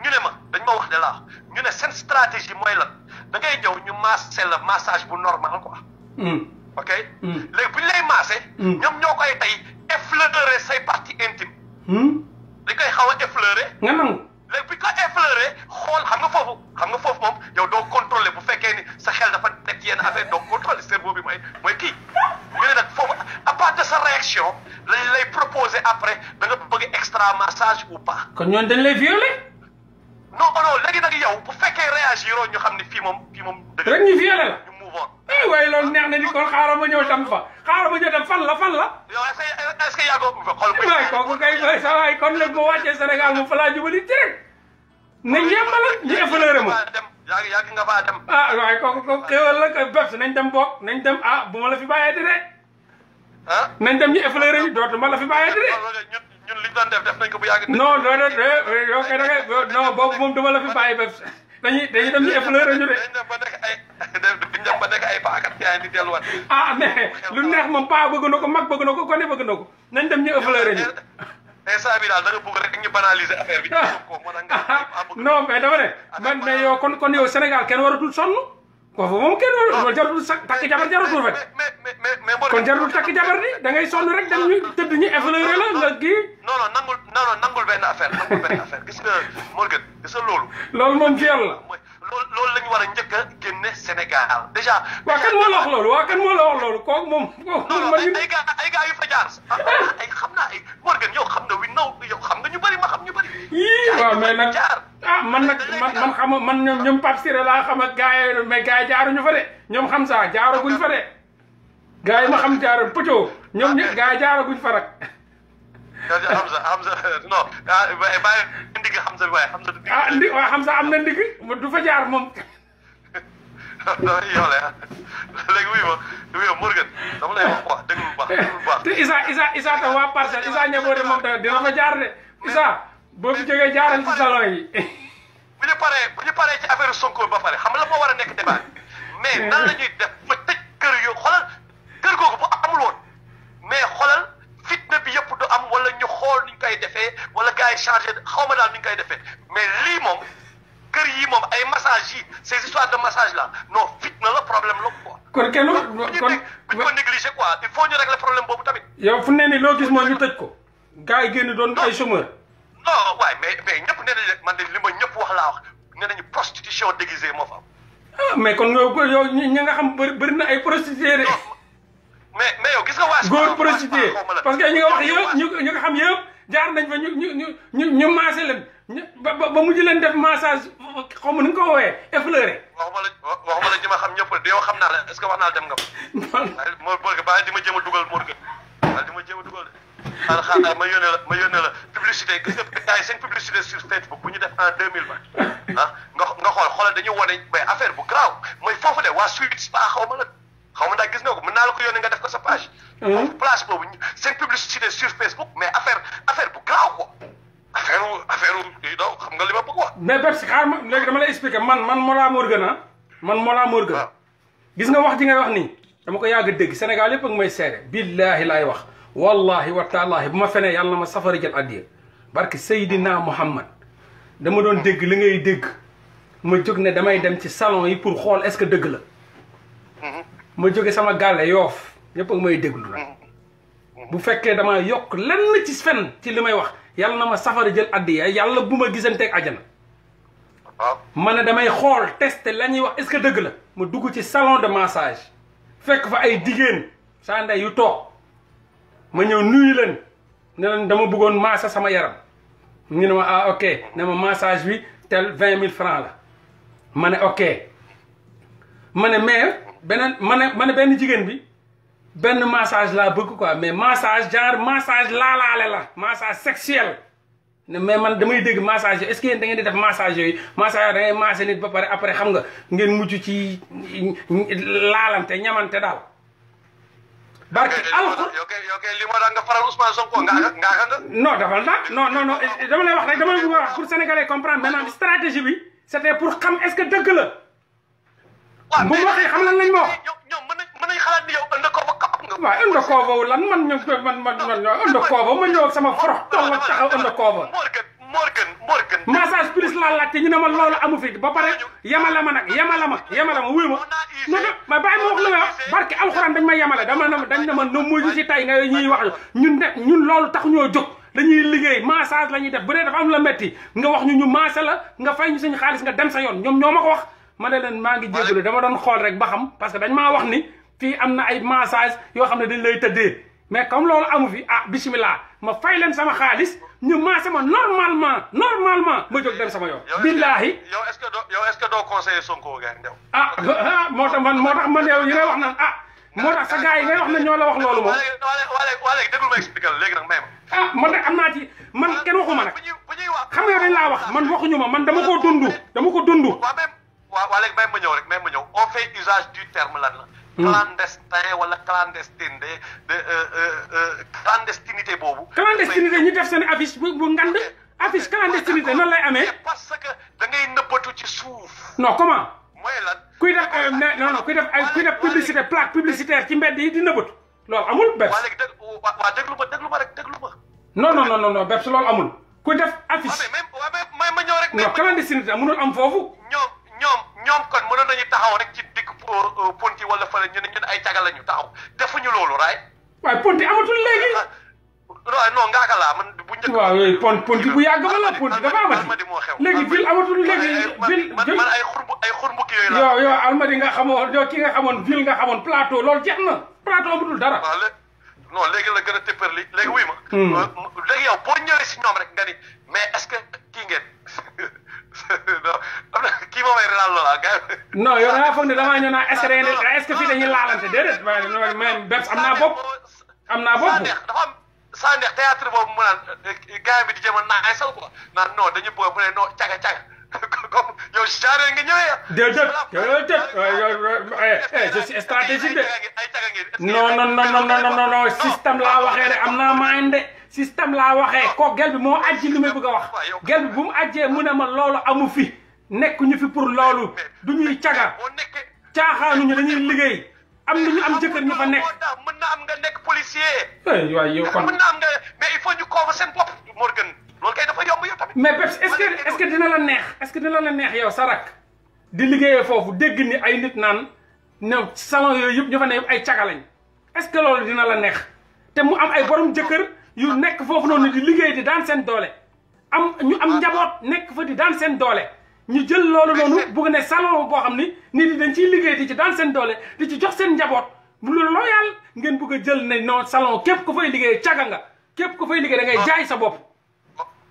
ñu ne ma dañ ma wax ne la ñu ne seen stratégie mooy lan da ngay ñëw ñu massé la massage bu normal quoi. Hmm. ok. Hmm. léegi bu ñu lay massé. Hmm. ñoom ñoo koy tey effleurer say parties intimes. dañ koy xaw a effleurer. léegi bi ñu ko effleuré xool xam nga foofu xam nga foofu moom yow doo contrôlé bu fekkee ni sa xel dafa nekk yenn affaire doo contrôlé cerveau bi mooy mooy ki ñu ne nag foofu à part de sa réaction lañ lay proposé après da nga bëgg extra massage ou pas. kon ñoon dañ lay violé. non non léegi nag yow bu fekkee réagiroo ñu xam ne fii moom fii moom. dëgg rek ñu pouvoir. eh waaye loolu neex kon xaaral ma ñëw tam fa xaaral ma ñëw tam fan la fan la. yow est-ce que est ko xool. waaye kooku kay sa waay kon nag bu wàccee Sénégal mu fa laa jubali direct. nañ nga faa dem. ah waaye nañ dem bokk nañ dem ah bu ma la fi bàyyee di de. ah nañ dem ñu effleuré ñu dootu ma la fi bàyyee di de. ñun liñ doon def def nañ ko bu yàgg. non non fi bàyyi bépp. dañuy dañuy dem ci effleuré ñu de. dañ dem ba nekk ay dañ dem ba nekk ay paakat yaa ngi delluwaat. ah mais lu neex moom paa bëgg na ko mag bëgg na ko gone bëgg na ko nañ dem ñu effleuré ñu. instant bi daal da nga bëgg rek ñu banaliser affaire bi. non mais dama ne ah, man mais yow kon kon yow Sénégal kenn waratul sonn. foofu moom kenn waru loolu jarul sa takk jabar jarul suuf rek kon jarul takk jabar ni da ngay sonn rek dem ñu tëdd ñu effleuré la nga kii non non nangul non non nangul benn affaire nangul been affaire gis nga Morgan gis nga loolu loolu moom ci yàlla loolu loolu la ñu war a njëkk a génne Sénégal déjà. waaw kan moo la wax loolu waaw la wax loolu moom. kooku moom man ay gars ay gars fa jaar. ay xam naa ay Morgan yow xam na xam nga ñu bëri ma xam ñu bëri. yii waaw mais nag ah, man nag man man xama man ñoom ñoom Pape Siré xam ak gars yi mais gars yi jaaruñu fa ñoom xam saa jaaraguñ fa de. gars yi ma xam jaar pëccoo ñoom ñëpp ah, gars yi jaaraguñ fa jooju Hamza Hamza non ah bàyyi ndig Hamza bi waaye Hamza. ah ndig waaw Hamza am na ndig du fa jaar moom. non la ah. léegi wuyu ma wuyu ma Morgan dama lay wax quoi déglu bu baax déglu bu baax. te Isa Isa Isa tam waa parcelle Isa ñëwoon moom tamit dina fa jaar de Isa boo fi jógee jaaral ci salon yi. bu ñu paree bu ñu paree Sonko ba pare xam la moo war a nekk débat mais nan la ñuy def ba tëj kër yu xoolal kër googu bu amul woon mais xoolal. fitna bi yëpp du am wala ñu xool ni ñu koy defee wala gars yi changé xaw ma daal ni koy defee mais lii moom kër yi moom ay massage yi ces histoires de massage là non fitna la problème la quoi. kon kenn ku kon bu ñu ko négligé quoi il faut ñu régler problème boobu tamit. yow fu ne nii loo gis mooy ñu tëj ko. gars yi ay chômeur. non waay mais mais ñëpp nee nañu man de li ma ñëpp wax la wax nee nañu prostitution déguisée moo fa am. ah mais kon yow yow ñi nga xam bëri bëri na ay prostituées mais mais yow gis nga waa. góor prostitué parce que ñu nga wax yëpp ñu ñu xam yëpp jaar nañ fa ñu ñu ñu ñu ñu leen ñu ba ba mujj leen def massage xaw ma nu nga ko woowee effleuré. waxuma la xam ñëpp de xam naa la est ce naa dem nga fa. Mor Mor ma jéem a dugal Mor Gueye baal di a dugal xaaral ma yónnee la ma yónnee la publicité gis nga gars ah, xool xoolal dañu wane mais affaire bu garaaw mooy foofu de waa Sweet Spa xaw ma la. xaw ma daal gis nga ko mën naa la ko yónnee nga def ko sa hmm? boobu seen publicité sur Facebook mais affaire affaire bu garaaw xam nga li ma bëgg wax. mais Pepsi xaar ah, ma léegi dama lay expliquer man man Mollah Morgun ah man Mollah Morgun. gis nga wax ji ngay wax nii dama ko yàgg a dégg Sénégal yëpp ak may seere billaahi laay wax wallahi wa taalaahi bu ma fenee yàlla na ma safara jël addiya barke Seydina Muhammad dama doon dégg li ngay dégg ma jóg ne damay dem ci salon yi pour xool ce que dëgg la. ma jóge sama gàlle yoof ñëpp nga may déglu nag mm-hmm. bu fekkee dama yokk lenn ci fen ci li may wax yàlla na ma safara jël addiya yàlla bu ma gisante àjjana ah. ma ne damay xool testé la ñuy wax est-ce que dëgg la ma dugg ci salon de massage fekk fa ay jigéen saa ndey yu toog ma ñëw nuyu leen ne leen dama bëggoon massage sama yaram ñu ne ma ah ok ne ma massage bi tel vingt mille francs la ma ne ok ma ne mais beneen ma ne ma ne benn jigéen bi benn massage laa bëgg quoi mais massage genre massage laalaale la massage sexuel ne mais man damay dégg massage yooyu est-ce que yéen da ngeen di def massage yooyu massage yooyu da ngay massé nit ba pare après xam nga ngeen mujj ci laalante ñamante daal. barke alxuraan yow kay yow kay li ma daan nga faral Ousmane Sonko nga nga nga. non dafa ndax non non non dama lay wax rek dama lay wax pour sénégalais comprendre maintenant stratégie bi c'était pour xam est-ce que dëgg la. waaw bu ma waxee am lan nañ mën nañ xalaat ni yow undercover kap nga. waaw undercover lan man ñu man man man undercover ma ñëw ak sama forox toll ak taxaw undercover. Morgan Morgan Morgan. massage plus laa laajte ñu ne ma loolu amu fi ba pare ma nag yamala ma yamala ma wuyu ma. non non ma bàyyi ma wax la nga barke ma dañ ne ma nu muy si tay ñuy wax ñun de ñun loolu tax ñoo jóg. dañuy liggéey massage la ñuy def bu dee dafa am la metti nga wax ñu ñu massé la nga fay ñu suñu xaalis nga dem sa yoon ñoom ñoo ma ko wax ma ne leen maa ngi jégalu dama doon xool rek ba xam parce que dañ maa wax ni fii am na ay massage yoo xam ne dañ lay tëddee mais comme loolu amu fi ah bisimilah ma fay leen sama xaalis ñu maase ma normalement normalement ma jóg dem sama yoon. billahi yow est-ce que doo yow est-ce que doo conseiller Sonko gars yi ah ah moo tax man moo tax man yow wax na ah. moo tax sa gars yi ngay wax na ñoo la wax loolu moom. waa léegi déglu ma expliqué léegi nag may ma. ah man de am naa ci man kenn waxuma nag xam nga dañ laa wax man ñu ma man dama koo dund dama ko dund. waaw waaw léegi may ma ñëw rek may ma ñëw on fait usage du terme lan la. Hmm. clandestin wala clandestine de de euh, euh, euh, clandestinité boobu. clandestinité ñu def seen affiche bu bu ngand affiche clandestinité nan lay amee. parce que da ngay nëbbatu ci suuf. non comment. mooy lan kuy def non non kuy def ay kuy def publicité plaque publicitaire ci mbedd yi di nëbbatu. loolu amul beps waaw léegi dégg waaw déglu ma déglu ma rek déglu ma. non non non non beps loolu amul. kuy def affiche. waaw mais mais ma rek. am foofu. ñoom. ñoom ñoom kon a nañu taxaw rek ci dikk euh, euh, Ponti wala fële ñu ne ñun ay caga la ñu taxaw defuñu loolu raay. waaye Ponti amatul léegi. non ah, non ngaaka laa man bu njëkk. waaw pon Ponti bu yàgg ba la Ponti dafa amati léegi ville amatul léegi ville. man man ay xurbu ay xurbu kii yooyu la. yow yow almadi nga xamoon ki nga xamoon ville nga xamoon plateau loolu jeex na plateau léegi la gën a tëppër li léegi wuy ma. Hmm. Euh, léegi yow boo ñëwee si ñoom rek nga ni mais est-ce que kii ngeen. kii moom ay laal la gars non yow da ngaa foog ne damaa ñëw naa ah, est-ce que est-ce que fii dañuy laalante déedéet waaye man Bebs am naa bopp. am naa bopp dafa am saa neex théâtre boobu mu naan eh, eh, gars bi di jéem a naan ay sal quoi naan non dañu bëgg mu ne non caga caga comme yow genre nga ñëwee. déedéet déedéet je suis stratégique de. non non non non non non système laa waxee de am naa main de. système laa waxee ah. ko gel bi moo ajji lu may bëgg a wax gel bi bu mu ajjee mu ne ma loolu amu fi nekk ñu fi pour loolu du ñuy caga ñu dañuy liggéey am na ñu am jëkkër ñu fa nekk. mën na am nga nekk policier. Eh, waaye yow kon mën am nga mais il faut ñu koo fa seen bopp Morgan loolu mais Peps est-ce que que dina la neex est que dina la neex yow sa rak di liggéeyee foofu dégg ni ay nit naan ñoom salon yooyu yëpp ñu fa ne ay caga lañ est que loolu dina la neex te mu am ay borom jëkkër. yu nekk foofu noonu di liggéey di daan seen doole am ñu am ah. njaboot nekk fa di daan seen doole ñu jël loolu noonu bugg ne salon boo xam ni nit yi dañ ciy liggéey di ci daan seen doole di ci jox seen njaboot bu loolu loyal ngeen bugg a jël ne non salon képp ku fay liggéey caga nga képp ku fay liggéey da ngay ah. jaay sa bopp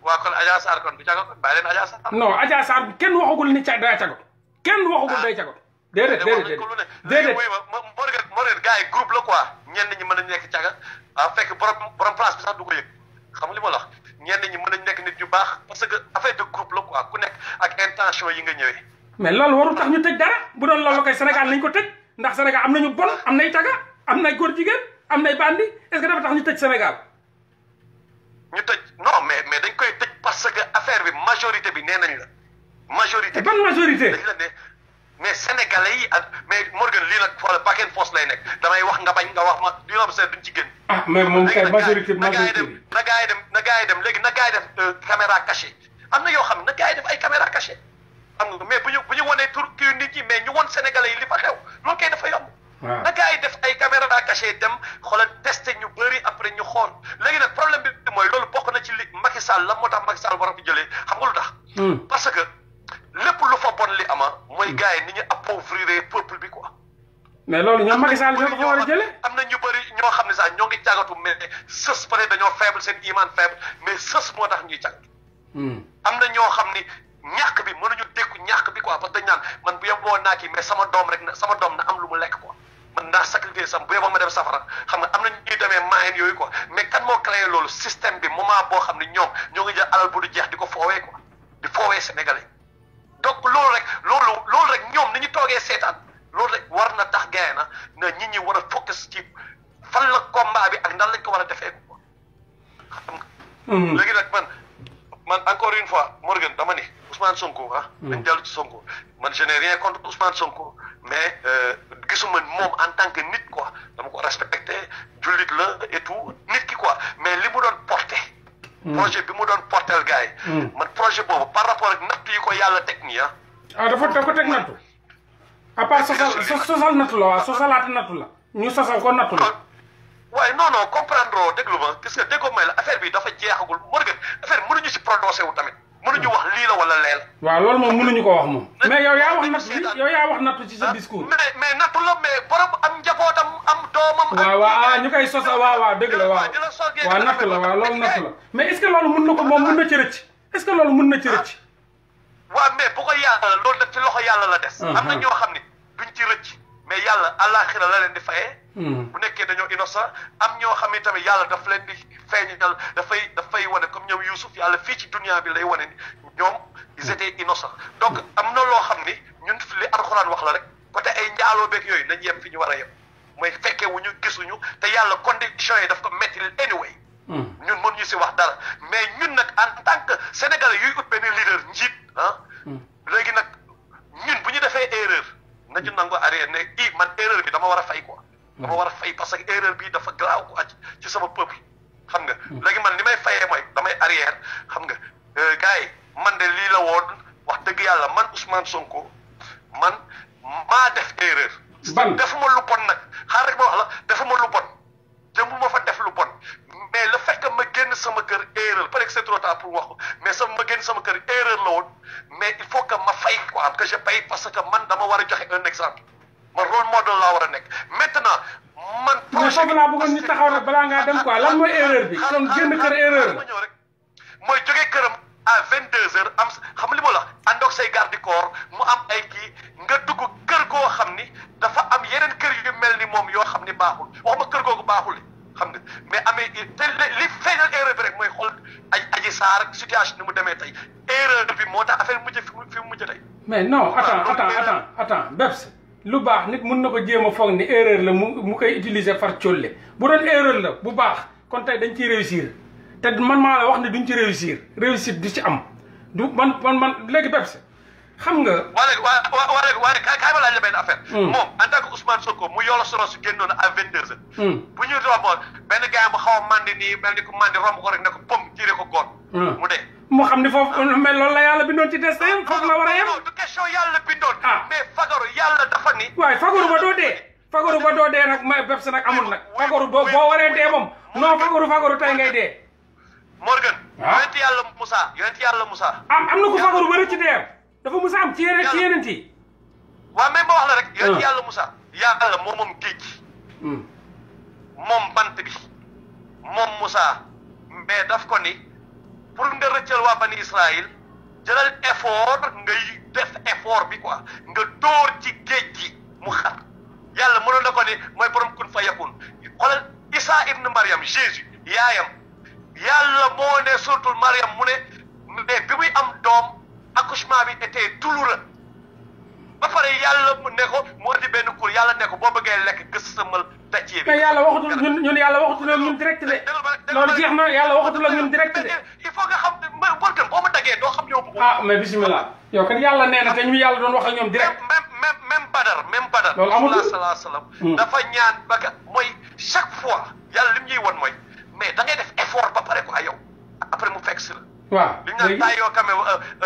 waaw kon Adja Sarr kon du caga bàyyi leen Adja Sarr non Adja Sarr kenn waxagul ni ca day cagot kenn waxagul ah. day cagot déedéet déedéet déedéet ma Morgan Morgan gars yi groupe la quoi ñenn ñi mën nañ nekk caga ah fekk borom borom place bi sax du ko yëg xam nga li ma ñi mën nañ nekk nit ñu baax parce que affaire de groupe la quoi ku nekk ak intention yi nga ñëwee. mais loolu warul tax ñu tëj dara bu doon loolu kay Sénégal nañ ko tëj ndax Sénégal am nañu bon am nay caga am nay góor jigéen am nay bandi est-ce que dafa tax ñu tëj Sénégal. ñu tëj non mais mais dañ koy tëj parce que affaire bi majorité bi nee nañ la. majorité ban majorité dañ la ne. mais sénégalais yi ak mais Morgan lii nag wala back and forth lay nekk damay wax nga bañ nga wax ma du yomb seet duñ ci génn. ah mais moom kay majorité majorité bi na gaa yi dem na gaa yi dem léegi na gaa yi def euh, caméra cachée am na yoo xam ne na gaa yi def ay caméra cachée am nga mais bu ñu bu ñu wanee tur kii nit ñi mais ñu won sénégalais yi li fa xew loolu kay dafa yomb. waaw ah. na gaa yi def ay caméra cachée dem xoolal testé ñu bëri après ñu xool léegi nag problème bi mooy loolu bokk na ci li Macky Sall la moo tax Macky Sall war a fi jëlee xam nga lu tax. Hmm. parce que. lépp lu fa bon li ama mooy hmm. gars yi ni ñu appauvrir peuple bi ko mais loolu ñoo ko war am na ñu bëri ñoo xam ne sax ñoo ngi cagatu mais sës peut dañoo faible seen iman faible mais sës moo tax ñuy cagatu. Hmm. am na ñoo xam ni ñàkk bi mënuñu dékku ñàkk bi quoi parce que dañ naan man bu yeboo naa kii mais sama doom rek na sama doom na am lu mu lekk ko man naa sacrifier sam bu yeboo ma dem safara xam nga am na ñuy demee maayen yooyu ko mais kan moo créé loolu système bi moment boo xam ne ñoom ñoo ngi jël alal bu du jeex di ko foowee quoi di foowee donc loolu rek loolu loolu rek ñoom ni ñu toogee seetaan loolu rek war na tax gaay na na nit ñi war a focus ci fan la combat bi ak nan lañ ko war a defee ko xam nga. man encore une fois Morgan dama ni Ousmane Sonko ah. dañ hmm. dellu ci Sonko man je n'ai rien contre Ousmane Sonko mais euh, gisuma moom en tant nit quoi dama ko respecté jullit la et tout nit ki quoi mais li mu doon porté. Hmm. projet bi mu doon portel gars yi. Hmm. man projet boobu par rapport ak natt yi ko yàlla teg nii ah. ah dafa dafa teg nattu. à sosal nattu la waaw sosalaat nattu la ñu sosal ko nattu la. waaye non non comprendre loo déglu ma gis nga déggoo may la affaire bi dafa jeexagul Morgan affaire bi mënuñu si prononcé wu tamit. mënuñu wax lii la wala leel waaw loolu moom mënuñu ko wax moom. mais yow yaa wax nattu yow yaa wax nattu ci sa discours. mais mais nattu la mais borom am njabootam am doomam. waaw waaw ñu koy sos waaw waaw dëgg la waaw waaw nattu la waaw loolu nattu la mais est ce que na ko moom mën na ci rëcc est ce que loolu mën na ci rëcc. Ah. waaw mais bu ko yàlla loolu nag ci loxo yàlla la des. Ah, am ah. ñoo xam ne duñ ci mais yàlla àllaaxira la leen di fayee. Hmm. bu nekkee dañoo innocent am ñoo xam ni tamit yàlla daf leen di feeñal dafay dafay wane comme ñoom Youssouf yàlla fii ci dunia bi lay wane ni ñoom ils étaient innocents donc am na loo xam ni ñun li alxuraan wax la rek côté ay njaaloo beeg yooyu nañ yem fi ñu war a yem mooy fekkee wu ñu gisuñu te yàlla condition yi daf ko métti anyway hmm. ñun ñu si wax dara mais ñun nag en tant que sénégalais yuy ut benn leader njiit ah. Hmm. léegi nag ñun bu ñu defee erreur. na ci nangu arrière ne i man erreur bi dama war a fay quoi dama war fay parce que erreur bi dafa garaaw quoi ci sama peuple xam nga mm. léegi man li may fayee mooy damay arrière xam nga euh, gars yi man de lii la woon wax dëgg yàlla man Ousmane Sonko man ma def erreur defuma lu bon nag xaar rek ma wax la defuma lu bon jëm ma fa def lu bon mais le fait génn sama kër erreur peut-être c'est trop tard pour wax ko mais sama ma génn sama kër erreur la mais il faut que ma fay quoi que je paye parce que man dama war a joxe un exemple man rôle modèle la war a nekk maintenant. man projet bi mais foofu laa bëggoon ñu taxaw nag balaa ngaa dem quoi lan mooy erreur bi. kon génn kër erreur la ñëw rek mooy jógee këram à 22h am xam li ma la àndoog say garde corps mu am ay kii nga dugg kër goo xam ni dafa am yeneen kër yu mel ni moom yoo xam ni baaxul waxuma kër googu baaxul. xam nga mais amee te li bi rek mooy xool ay aji saar ak situation ni mu demee tey erreur bi moo tax affaire mujj fi mu fi mu mujj tey. mais non attends attends attends attends Bebs lu baax nit mun na ko jéem a foog ni erreur la mu mu koy utiliser far colle bu doon erreur la bu baax kon tey dañ ciy réussir te man maa la wax ne duñ ci réussir réussite du ci am du man man man léegi Bebs. xam nga. waaye waaye waaye waaye kaay ma laaj la benn affaire. Hmm. moom en tant que mu yoola solo su génnoon à 22 hmm. bu ñu romboon benn gars bu xaw a mandi nii mel ni ku mandi romb ko rek ne ko pom jiire ko góor. Hmm. mu dee. moo xam ni foofu ah. mais loolu la yàlla bindoon ci destin foofu la war a yem. du question yàlla bindoon. ah mais fagaru yàlla dafa ni. waaye fagaru ba doo dee. fagaru ba doo dee nag ma bépp nag amul nag. fagaru boo boo waree dee moom. non fagaru fagaru tey ngay dee. Morgan. waaw ah. yonent yàlla Moussa yonent na ku fagaru dee dafa musa am ci yeneen ci wax la rek. yàlla ah. yàlla musa. yàlla moom moom géej gi. Hmm. moom bant bi. moom musa. mais daf ko ni pour nga rëccal waa bani Israël jëlal effort ngay def effort bi quoi nga dóor ci géej gi mu xat yàlla mënoon na ko ni mooy borom kun fa yakun xoolal Isa ibn Mariam Jésus yaayam yàlla moo ne surtout Mariam mu ne mais bi muy am doom. accouchement bi était douloureux ba pare yàlla mu ne ko mu indi benn kuur yàlla ne ko boo bëggee lekk gës sëmal dajee bi. mais yàlla waxatul ñun ñun yàlla direct de. loolu jeex na yàlla waxatul ak ñun direct de. il faut nga xam ne mbër tam boo ah, ñu yàlla doon wax ak ñoom direct. même même même Badar même Badar. loolu amatul hmm. mooy chaque fois yàlla lim ñuy won mais da ngay def effort ba pare ko yow après mu fekk waaw li ñu naan taay yoo kame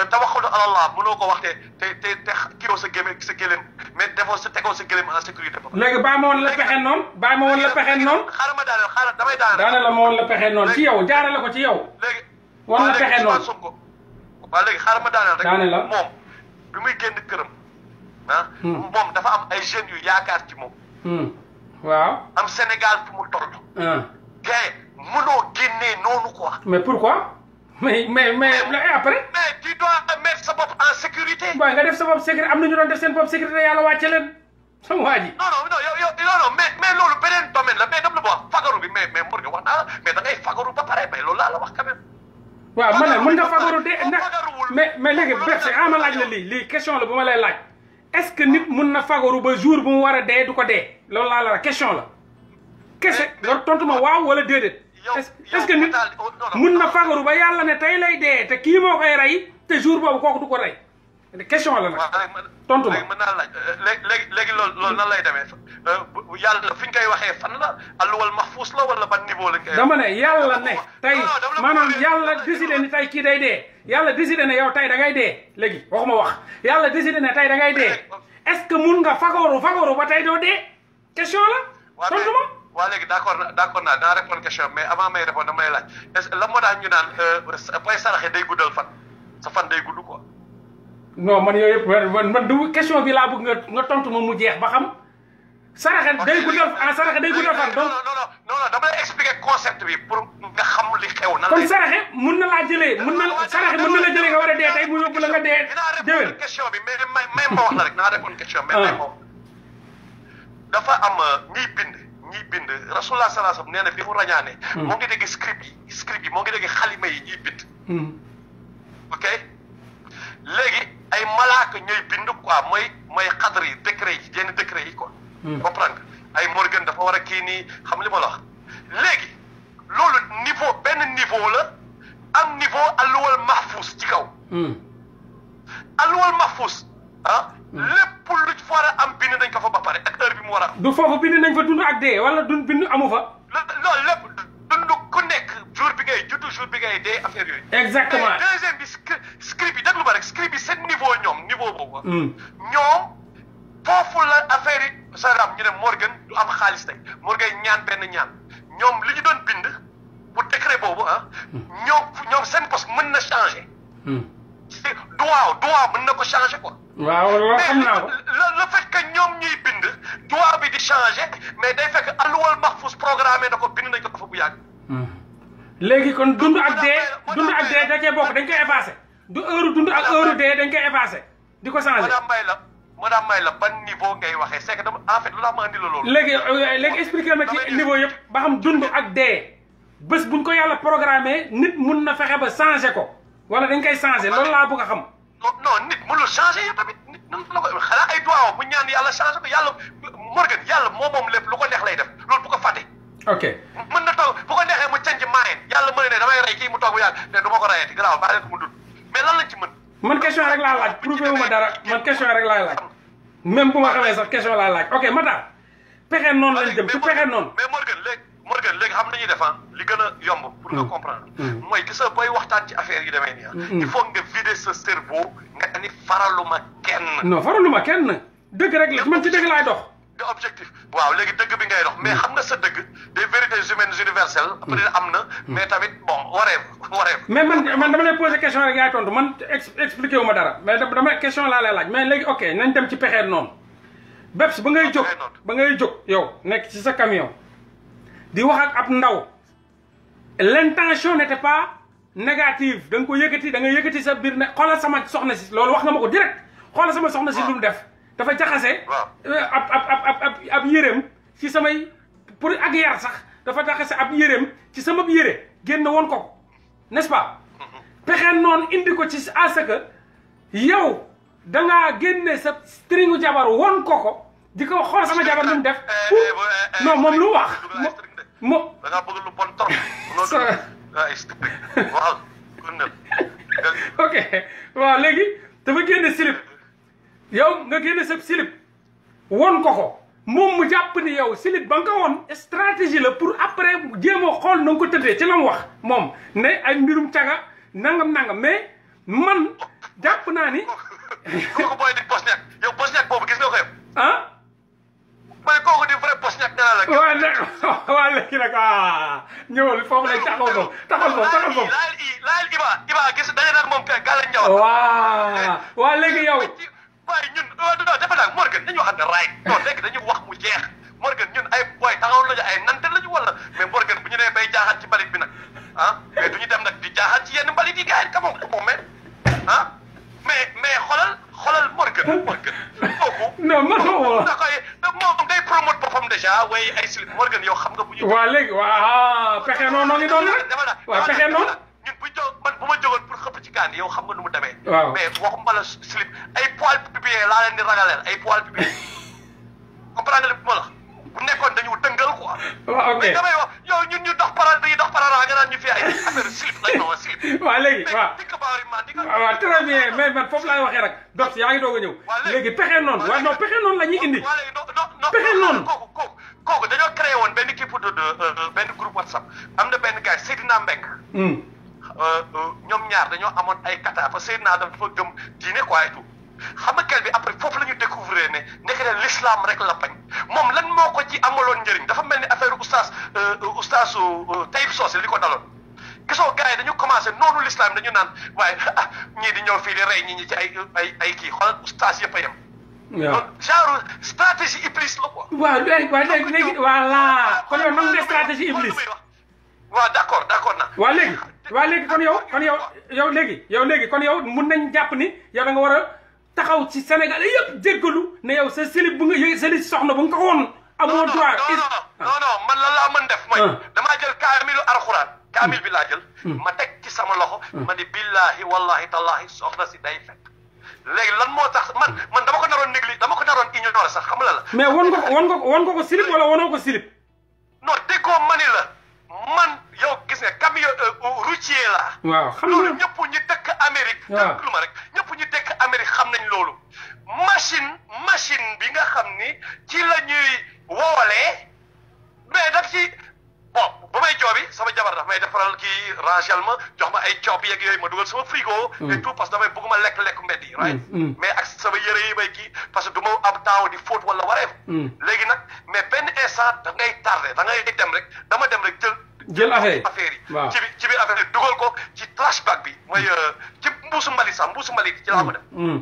tawaxalu alallah mënoo ko wax te te te te kiiwoo sa gémé sa gëléem mais defoo sa tegoo sa gëléem en sécurité ba. léegi bàyyi ma woon la pexe noonu. bàyyi ma woon la pexe noonu. xaaral ma daaneel xaaral damay daaneel. daaneel la ma woon la pexe noonu ci yow jaarale ko ci yow. léegi woon la pexe noonu waaw léegi xaaral ma daaneel rek. daaneel la moom bi muy génn këram ah. Hmm. moom dafa am ay jeunes yu yaakaar ci moom. Hmm. waaw am Sénégal fu mu toll. gars ah. yi mënoo génnee noonu quoi. mais pourquoi. mais mais mais après. mais tu dois mettre sa bopp en sécurité. waaye am na ñu doon def seen bopp sécurité yàlla wàcce leen sama waa ji. non non non yow yow non non mais mais loolu beneen domaine la mais dama la ko wax fagaru bi mais mais Morgun wax naa la mais da laaj la lii lii question la bu ma lay laaj est que nit mun na fagaru ba jour bu mu war a dee du ko dee loolu laa la la question la. kese nga tontu ma waaw wala déedéet. est-ce que nit mun na fagaru ba yàlla ne tey lay dee te kii moo koy rey te jour boobu kooku du ko rey question la nag. tontu ma mën naa laaj euh, léegi léegi loolu loolu nan lay demee euh, yàlla fi ñu koy waxee fan la alluwal mahfuus la wala ban niveau lañ koy. dama ne yàlla ne ah, tey maanaam yàlla décidé ni tey kii day dee yàlla décidé ne yow tey da ngay dee léegi ma wax yalla décidé ne tey da ngay dee est-ce que mun nga fagaru fagaru ba tey doo dee question la tontu waa léegi d' accord d' accord naa daa répondre question mais avant may répondre dama lay laaj est ce que lan moo tax ñu naan euh, pay saraxe day guddal fan sa fan day gudd quoi. non man yooyu yëpp man man du question bi laa bëgg nga nga tontu ma mu jeex ba xam. saraxe day guddal ah saraxe day guddal fan. donc non non non dama lay expliquer concept bi pour nga xam li xew. nan kon saraxe mun na laa jëlee mun na saraxe mun na la jëlee nga war a dee tey mu yóbbu la nga dee. jëwel question bi mais may ma wax la rek naa répondre question. mais ah. may ma wax dafa am euh, ñiy bind. ñiy bind rasulullah sallallahu alayhi wasallam nee na bi mu rañaane hmm. moo ngi dégg script yi script yi moo ngi dégg xalima yi ñiy bind hmm. ok léegi ay malaaka ñooy bind quoi mooy mooy xadar yi décret yi yenn décret yi quoi hmm. comprendre ay Morgan dafa war a kii nii xam li ma la wax léegi loolu niveau benn niveau la am niveau alluwal mahfuus ci kaw alluwal lépp lu ci war a am bind nañ ko fa ba pare ak heure bi mu war a am. du foofu bind nañ fa dund ak dee wala dund bind amu fa. loolu lépp dund ku nekk jour bi ngay juddu jour bi ngay dee affaire yooyu. exactement deuxième bi script bi déglu ma rek script bi seen niveau ñoom niveau boobu. Hmm. ñoom foofu la affaire yi sa ram ñu ne Morgan du am xaalis tey Morgan ñaan benn ñaan ñoom li ñu doon bind bu décret boobu ah. Hmm. ñoom ñoom seen poste mën na changer. Hmm. droit droit mën na ko changé ko waaw loolu xam naa ko la le fait que ñoom ñuy bind droit bi di changé mais day fekk alluwal mahfous programmé na ko bind nañ ko dafa bu yàgg. Hmm. léegi kon dund ak dee dund ak dee da cee bokk dañ koy effacé du heure dund ak heure dee dañ koy effacé di ko changé. madame Mbaye la madame may la ban niveau ngay waxee c'est que dama en fait lu la ma andi la loolu. léegi euh, léegi expliqué ma ci niveau yëpp ba xam dund ak dee bés buñ ko yàlla programmé nit mun na fexe ba changé ko. wala dañ koy changé loolu laa bëgg a xam. non nit mënul changé yow tamit nit nan la ko xanaa ay doigts ko yàlla Morgan yàlla moo moom lépp lu ko neex lay def loolu bu ko fàtte. ok mën na toog bu ko neexee mu canc maayeen yàlla mën ne damay rey kii mu toog bu yàgg te du ma ko reyati garaaw baa leen mu dund mais lan lañ ci mën. man question laa laaj prouvé wu ma dara man question rek laa laaj même bu ma xamee sax question laa laaj ok Matar pexe noonu lañ jëm ci pexe noonu. mais mooy que léegi ah, a yomb. pour nga mm. comprendre. Mm. mooy gis nga booy waxtaan ci affaire yu demee nii. Ah. Mm. il faut nga vider sa cerveau nga ni faraluma kenn. non faraluma kenn waaw léegi dëgg bi ngay dox mais xam nga sa dëgg des vérités humaines universelles. peut am na mais tamit bon wareef wareef. mais man man dama lay poser question rek yaay tontu man expliqué wu dara mais dama question laa laaj mais léegi ok nañ dem ci pexeer noonu. bépp ba ngay jog ba ngay jóg yow nekk ci sa camion. di wax ak ab ndaw l'intention n'était pas négative da ko yëkkati da nga yëkkati sa biir ne xoolal sama soxna si loolu wax nga ma ko direct xoolal sama soxna si lu mu def dafa jaxase euh, ab ab ab yéreem ci samay pour ak yar sax dafa jaxase ab yéreem ci sama yére génn woon ko n'est-ce pa mm-hmm. pexeen noonu indi ko ci à que yow dangaa génne sa stringu jabar woon ko ko di ko xool sama jabar lu mu def eh, eh, eh, non moom lu wax mo da ngaa bëgg lu bon ok waaw léegi dafa génne yow nga génne sa slip won ko ko moom mu jàpp ni yow slip ba ko won strategi la pour après jéem a xool na nga ko tëddee ci la wax moom ne ay mbirum caga nangam nangam mais man jàpp naa ni. ko booy Bosniak yow Bosniak boobu gis nga ko yow. ah. ma ne kooku di vrai poste ñàkk dana la. waaw nag waaw léegi nag ah ñëwul foofu lañ taxawal foofu taxawal foofu taxawal foofu. laal i laal Iba Iba gis daje nag moom kay gàllankoor. Ndiawar waaw waaw léegi eh, yow. waaye ñun non dafa daal Morgan dañu waxante raay. non léegi dañu wax mu jeex Morgan ñun ay booy taxawal lañu ay nante lañu wala mais Morgan bu ñu nee bay jaaxal ci mbalit bi nag ah mais du ñu dem nag di jaaxal ci yenn mbalit yi gars yi ka moom moom ah. mais mais xoolal xoolal Morgan Morgan. kooku non man ma woo. da koy moom day promote boppam dèjà waaye ay slip Morgan yow xam nga. bu ñu waa léegi waa ah, pexe noonu ngi doon rek. waa pexe noonu. ñun bu ñu man ma jógoon pour xëpp ci gaan yow xam nga nu mu demee. waaw mais waxuma la slip ay poil pubien laa leen di ragaleel ay poil pubien comprendre nga li ma la. bu nekkoon dañu dëngal quoi. waaw ok yow ñun ñu dox para dañuy dox para nga naan ñu fi ay affaire slip lañ ma wax slip. waaw léegi waaw waaw waaw très bien mais man foofu laay waxee rek. dox yaa ngi doog a ñëw. léegi pexe noonu waaw non pexe noonu la ñuy indi. pexe noonu kooku kooku kooku dañoo créé woon benn kii pour de euh, euh, whatsapp am na benn gars Seydina Mbeng. Hmm. Euh, ñoom ñaar dañoo amoon ay kata fa naa dafa gëm diine quoi et tout. xam xamakel bi après foofu la ñu découvrir ne ndekete l'islam rek la bañ moom lan moo ko ci amaloon njariñ dafa mel ni affaire oustaz euh, oustaz euh, euh, Taïb Socé li ko daloon gisoo gars yi dañu commencé noonu l'islam dañu naan waaye ah, ñii di ñëw fii di rey ñi ñi ci ay ay kii xoolal oustaz yëpp a yem waaw genre stratégie iblis la quoi. waaw léegi waaw léegi léegi d' accord d' accord naa. waaw léegi kon yow kon yow yow léegi yow léegi kon yow mun nañ jàpp ni yow da nga war a. taxaw ci Sénégal yëpp jéggalu ne yow sa slip bu nga sa li soxna bu nga ko woon amoo droit ah. non non man lan laa mën def mooy ah. damaa jël kaamilu alxuraan kaamil bi laa jël hmm. ma teg ci sama loxo hmm. ma ni billahi wallahi tallahi soxna si day fekk léegi lan moo tax man man dama ko naroon négli dama ko naroon ignoré sax xam la la mais wan nga ko wan nga ko wan nga ko slip wala wanoo ko slip non déggoo mani la man yow gis nga camion euh, routier laa waaw xam nga ñëpp ñu dëkk Amérique déglu ma rek machine machine bi nga xam ni ci la ñuy woolee mais daf ci bon bu may joobi sama jabar daf may defaral kii rangel ma jox ma ay coob yeeg yooyu ma dugal sama frigo. Mm. et tout parce que damay bëgg ma lekk lekk mbedd yi. right mm, mm. mais ak sama yëre yi may kii parce que du ma am temps di fóot wala wareef. léegi nag mais benn instant da ngay tar da ngay dem rek dama dem rek jël. jël affaire yi waaw ci bi ci biir affaire dugal ko ci trash bag bi mooy euh, ci mbuusu mbalit sa mbuusu mbalit ci laa ko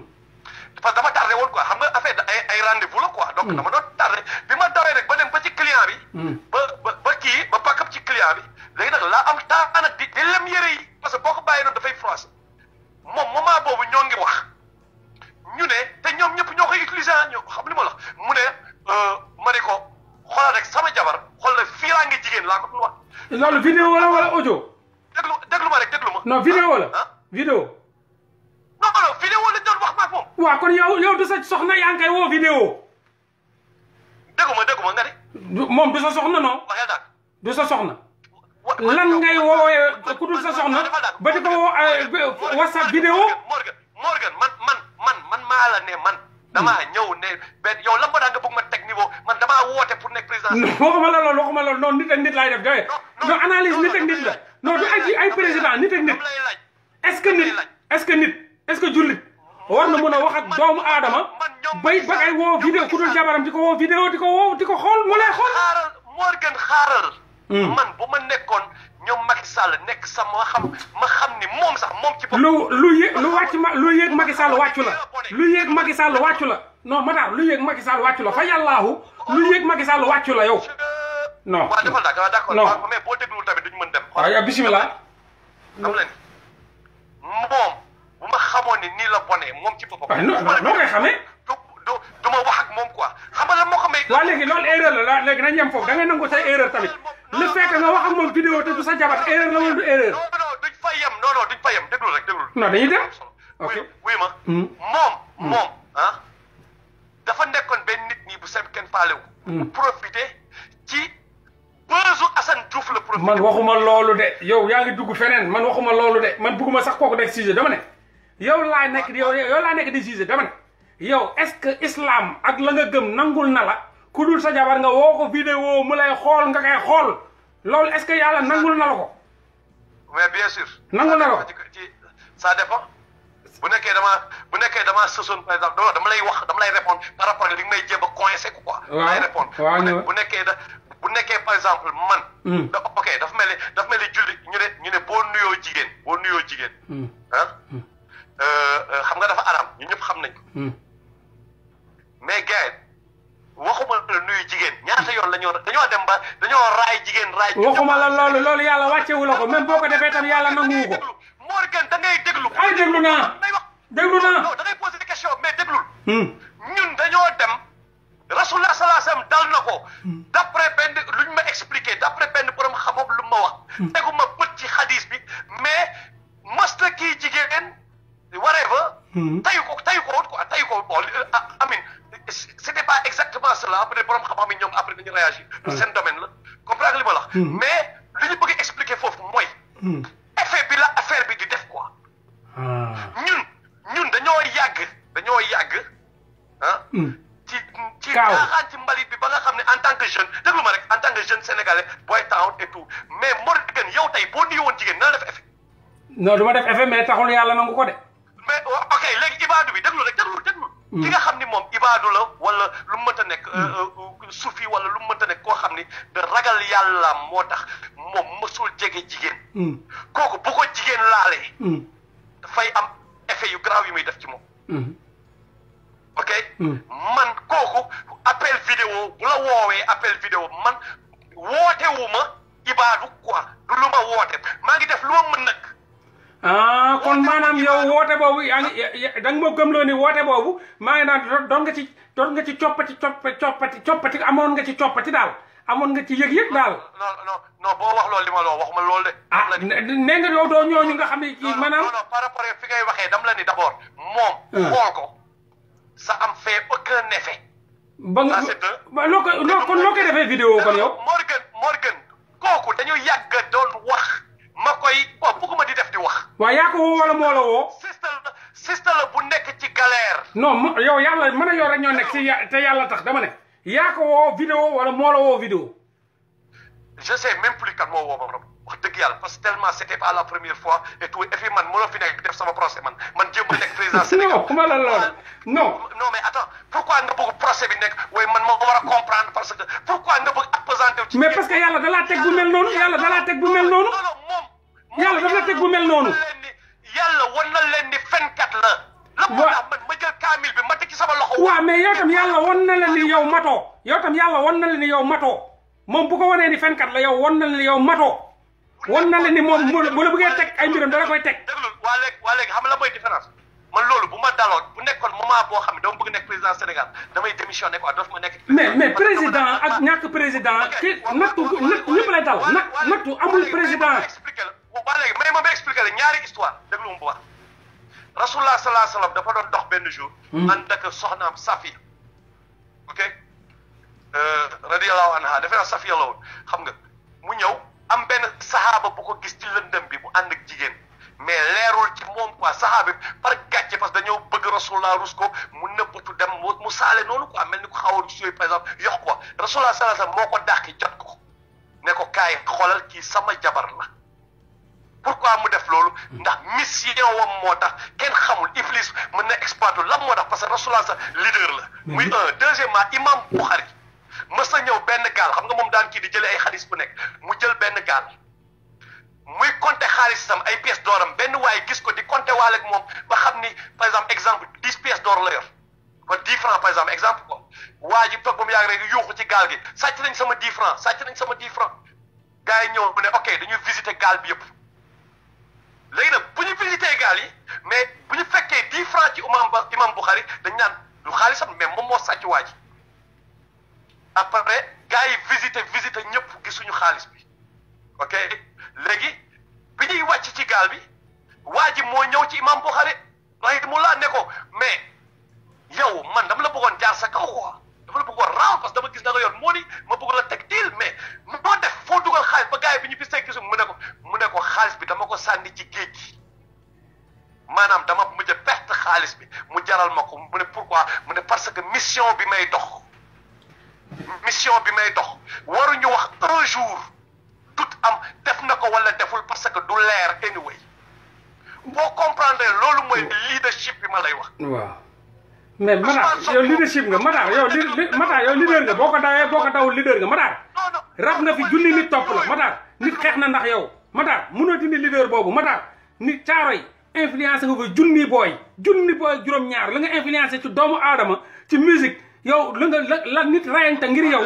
parce que dama tardé woon quoi xam nga affaire ay ay rendez-vous hmm. bi ma dawee rek ba dem ba ci client bi. Hmm. ba ba kii ba pàkkam ci client bi léegi laa am temps nag di di lem yére yi parce que boo ko bàyyi noonu dafay froissé moom moment boobu ñoo ngi wax ñu ne te ñoom ñëpp ñoo koy utilisé ah ñoo xam li ma la mu ne euh, ma ne ko xoolal rek sama jabar xool la fii laa ngi jigéen laa ko doon wax. loolu vidéo wala wala audio. déglu déglu ma rek déglu ma. non vidéo la ah? vidéo. non non vidéo lañ doon wax ma ak moom. waaw kon yow yow du sa soxna yaa ngi koy woo vidéo. dëgguma dëgguma nga ni. moom du sa soxna non. waxee daal sa soxna. lan ngay woowee ku dul sa soxna ba di ko woo whatsapp vidéo. Morgan Morgan man man man man maa la ne man. damaa ñëw ne benn yow lan ba daan ma teg niveau man damaa woote pour nekk président. waxuma la loolu waxuma la loolu non nit ak nit laay def doye. non analyse nit ak nit ce que nit est-ce que nit. est-ce que jullit war na mën a wax ak doomu aadama bay ba ay woo vidéo ku dul jabaram di ko woo vidéo di ko woo di ko xool mu lay xool. xaaral moo gën xaaral. Hmm. man bu ma nekkoon ñoom Macky Sall nekk sax ma xam ma xam moom sax moom lu lu yé lu ma lu yéeg Macky Sall wàccu la lu yéeg Macky Sall wàccu la non Matar lu yéeg Macky Sall wàccu la fa yàllaahu lu yéeg Macky Sall wàccu la yow. non waaw defal naa waaw d'accord mais boo dégluwul tamit duñu mën moom. xamoon ne nii la bonee moom ci boppam. waaw ah, non non koy xamee. du du ma wax ak moom quoi xam nga moo ko may. waaw léegi loolu erreur la la léegi nañ yem foofu da ngay nangu say erreur tamit le fait que nga wax ak moom vidéo te du sa jabar erreur la wala du erreur. non non duñ fa yem non non duñ fa yem déglu rek déglu. non dañuy dem ok wuy ma. Hmm. moom hmm. moom ah. dafa nekkoon benn nit ñi bu seen kenn faale wu. bu hmm. profité ci. bësu Assane Diouf la profité. man waxuma loolu de yow yaa ngi dugg feneen man waxuma loolu de man bugguma sax kooku nekk sujet dama ne. yow laa nekk yow yow laa nekk di juger dama ne yow est-ce que islam ak la nga gëm nangul na la ku dul sa jabar nga woo ko woo mu lay xool nga koy xool loolu est-ce que yàlla nangul na la ko. mais bien sûr. nangul na la ko ça dépend bu nekkee damaa bu nekkee damaa sësoon par exemple dama lay wax dama lay répondre par rapport ak li nga may jéem a coincé quoi. waaw bu nekkee da bu nekkee par exemple man. Hmm. da ok dafa mel ni dafa mel ni julli ñu ne ñu ne boo nuyoo jigéen boo nuyoo jigéen. Hmm. ah. Hmm. Euh, euh, xam nga dafa araam ñu ñëpp xam nañ ko hmm. mais gars waxuma la nuyu jigéen ñaata yoon la ñoo dañoo dem ba dañoo raay jigéen raay waxuma la loolu loolu yàlla wàccewu la ko même boo ko defee tam yàlla nanguwu ko Morgan da ngay déglu ay déglu naa déglu naa non da ngay posé des questions mais déglul hmm. ñun dañoo dem rasulullah salaa sallam dal na ko hmm. d' après benn luñ ma expliqué d' après benn borom xam-xam lu ma wax teguma bët ci xadis bi mais masta kii jigéen whatever. Hmm. tayu ko tayu ko woon quoi tayu ko bon amin c'était pas exactement cela après borom xam-xam yi ñoom après dañu réagir. Hmm. seen domaine la comprendre li ma la. Hmm. mais li ñu bëgg a expliquer foofu mooy. effet bi la affaire bi di def ko ah. ñun ñun dañoo yàgg dañoo yàgg ah. ci ci caaxaan ci mbalit bi ba nga xam ne en tant que jeune déglu ma rek en tant que jeune sénégalais booy taxaw et tout mais Morgan yow tey boo nuyu woon jigéen nan la def effet. non du ma def ko de. mais ok léegi ibaadu bi déglu rek déglu déglu. Mm. ki nga xam ni moom ibaadu la wala lu mu mënta nekk. Mm. Euh, euh, sufi wala lu mu mënta nekk koo xam ni da ragal yàlla moo tax moom mësul jege jigéen. Mm. kooku bu ko jigéen laalee. dafay am effet yu grave yu muy def ci moom. ok. man kooku appel vidéo bu la woowee appel vidéo man woote wu ma ibaadu quoi lu ma woote maa ngi def lu ma mën nag. Ah, kon maanaam yow woote boobu yaa ngi da nga ma gëmloo ni woote boobu maa ngi naan doon nga ci doon nga ci coppati coppati coppati amoon nga ci coppati daal amoon nga ci yëg-yëg daal. non non non boo wax loolu li ma la wax waxuma lool de. ah nee nga yow doo ñooñu nga xam ne kii maanaam. par rapport fi ngay waxee dam la ni d' abord. moom. xool ah. am fait aucun effet. ko loo ko defee vidéo kon yow. Morgan Morgan kooku dañu yàgg doon wax. ma koy oh bëgguma di def di wax. waaw yaa woo wala moo woo. sista la sista bu nekk ci galère. non yow yàlla mën a yow nekk te yàlla tax dama ne. yaa woo vidéo wala moo woo vidéo. je sais même kan moo woo ma wax dëgg yàlla parce tellement c' était pas la première fois et man mënoo fi nekk def sama procès man man jéem a nekk président Sénégal. non la lool non. mais attends pourquoi nga bëgg procès bi nekk parce que pourquoi nga bëgg appesanté. mais parce que yàlla da laa yàlla daf la teg bu mel noonu. yàlla wan na leen ni fenkat la. waaw la ma jël kaamil bi ma teg ci sama loxo. waaw mais yow tam yàlla wan na leen ni yow matoo yow tam yàlla wan na leen ni yow matoo moom bu ko wanee ni fenkat la yow wan na leen ni yow matoo. wan na leen ni moom bu la bëggee teg ay mbiram dara koy teg. déglu waa léegi waa léegi xam la mooy différence man loolu bu ma daloon bu nekkoon moment boo xam ne dama bëgg nekk président Sénégal damay démissionné quoi dootu ma nekk. mais mais président ak ñàkk président. ki nattu nattu ñëpp lay dal. nattu amul président. ba léegi may ma ma expliqué la ñaari histoire déglu ma bu baax rasulullah salaa salaam benn jour. Hmm. ànd ak soxnaam Safiya. ok euh, radiyallahu anha dafay wax Safiya la nga mu ñëw am benn saxaaba bu ko gis ci lëndëm bi mu ànd ak jigéen mais leerul ci moom quoi saxaaba par gàcce parce que dañoo bëgg rasulullah rus ko mu nëbbatu dem mu saale noonu quoi mel ni ko xawoon ci yooyu par exemple yox quoi rasulullah salaa salaam moo ko dàq jot ko ne ko kaay xoolal kii sama jabar la. pourquoi mu def loolu ndax mission wam moo tax kenn xamul Iblis mën na exploité lan moo tax parce que Rasulullah sa leader la muy un deuxièmement imam Bukhari mës na ñëw benn gaal xam nga moom daan kii di jëlee ay xaalis bu nekk mu jël benn gaal muy xaalis sam ay pièces d'oram benn waaye gis ko di compté waale ak moom ba xam ni par exemple exemple dix pièces d'or la yor kon dix francs par exemple exemple quoi waa ji toog ba mu yàgg rek yuuxu ci gaal gi sàcc nañ sama dix francs sàcc nañ sama dix francs gars yi ñëw mu ne ok dañuy visiter gaal bi yëpp léegi nag bu ñu visité gaal yi mais bu ñu fekkee dix francs ci imam ba imam Bukhari dañ naan du xaalisam mais moom moo sàcc waa ji après gars yi visité visité ñëpp gisuñu xaalis bi ok léegi bi ñuy wàcc ci gaal bi waa ji moo ñëw ci imam Bukhari raxit mu laa ne ko mais yow man dama la bëggoon jaar sa kaw dafa la bëgg a raw parce dama gis da nga yor moo ni ma bëgg la teg mais moo def foo dugal xaalis ba gars bi ñu bis tey gisu mu ne ko mu ne ko xaalis bi dama ko sànni ci géej dama mujj a perte xaalis bi mu jaral ma ko mu ne pourquoi mu ne parce que mission bi may dox mission bi may dox waruñu wax un jour tout am def na ko wala deful parce que du leer anyway boo comprendre loolu mooy leadership bi ma lay wax mais Matar ah, yow ah, ah. leadership nga Matar yow li Matar yow leader nga boo ko dawee boo ko dawul leader nga Matar rab nga fi junni nit topp la Matar nit xeex na ndax yow Matar mënoo dindi leader boobu Matar nit caaro yi influencé nga fa junni booy junni booy juróom-ñaar la nga influencé ci doomu aadama ci musique yow la nga la nit rayante ngir yow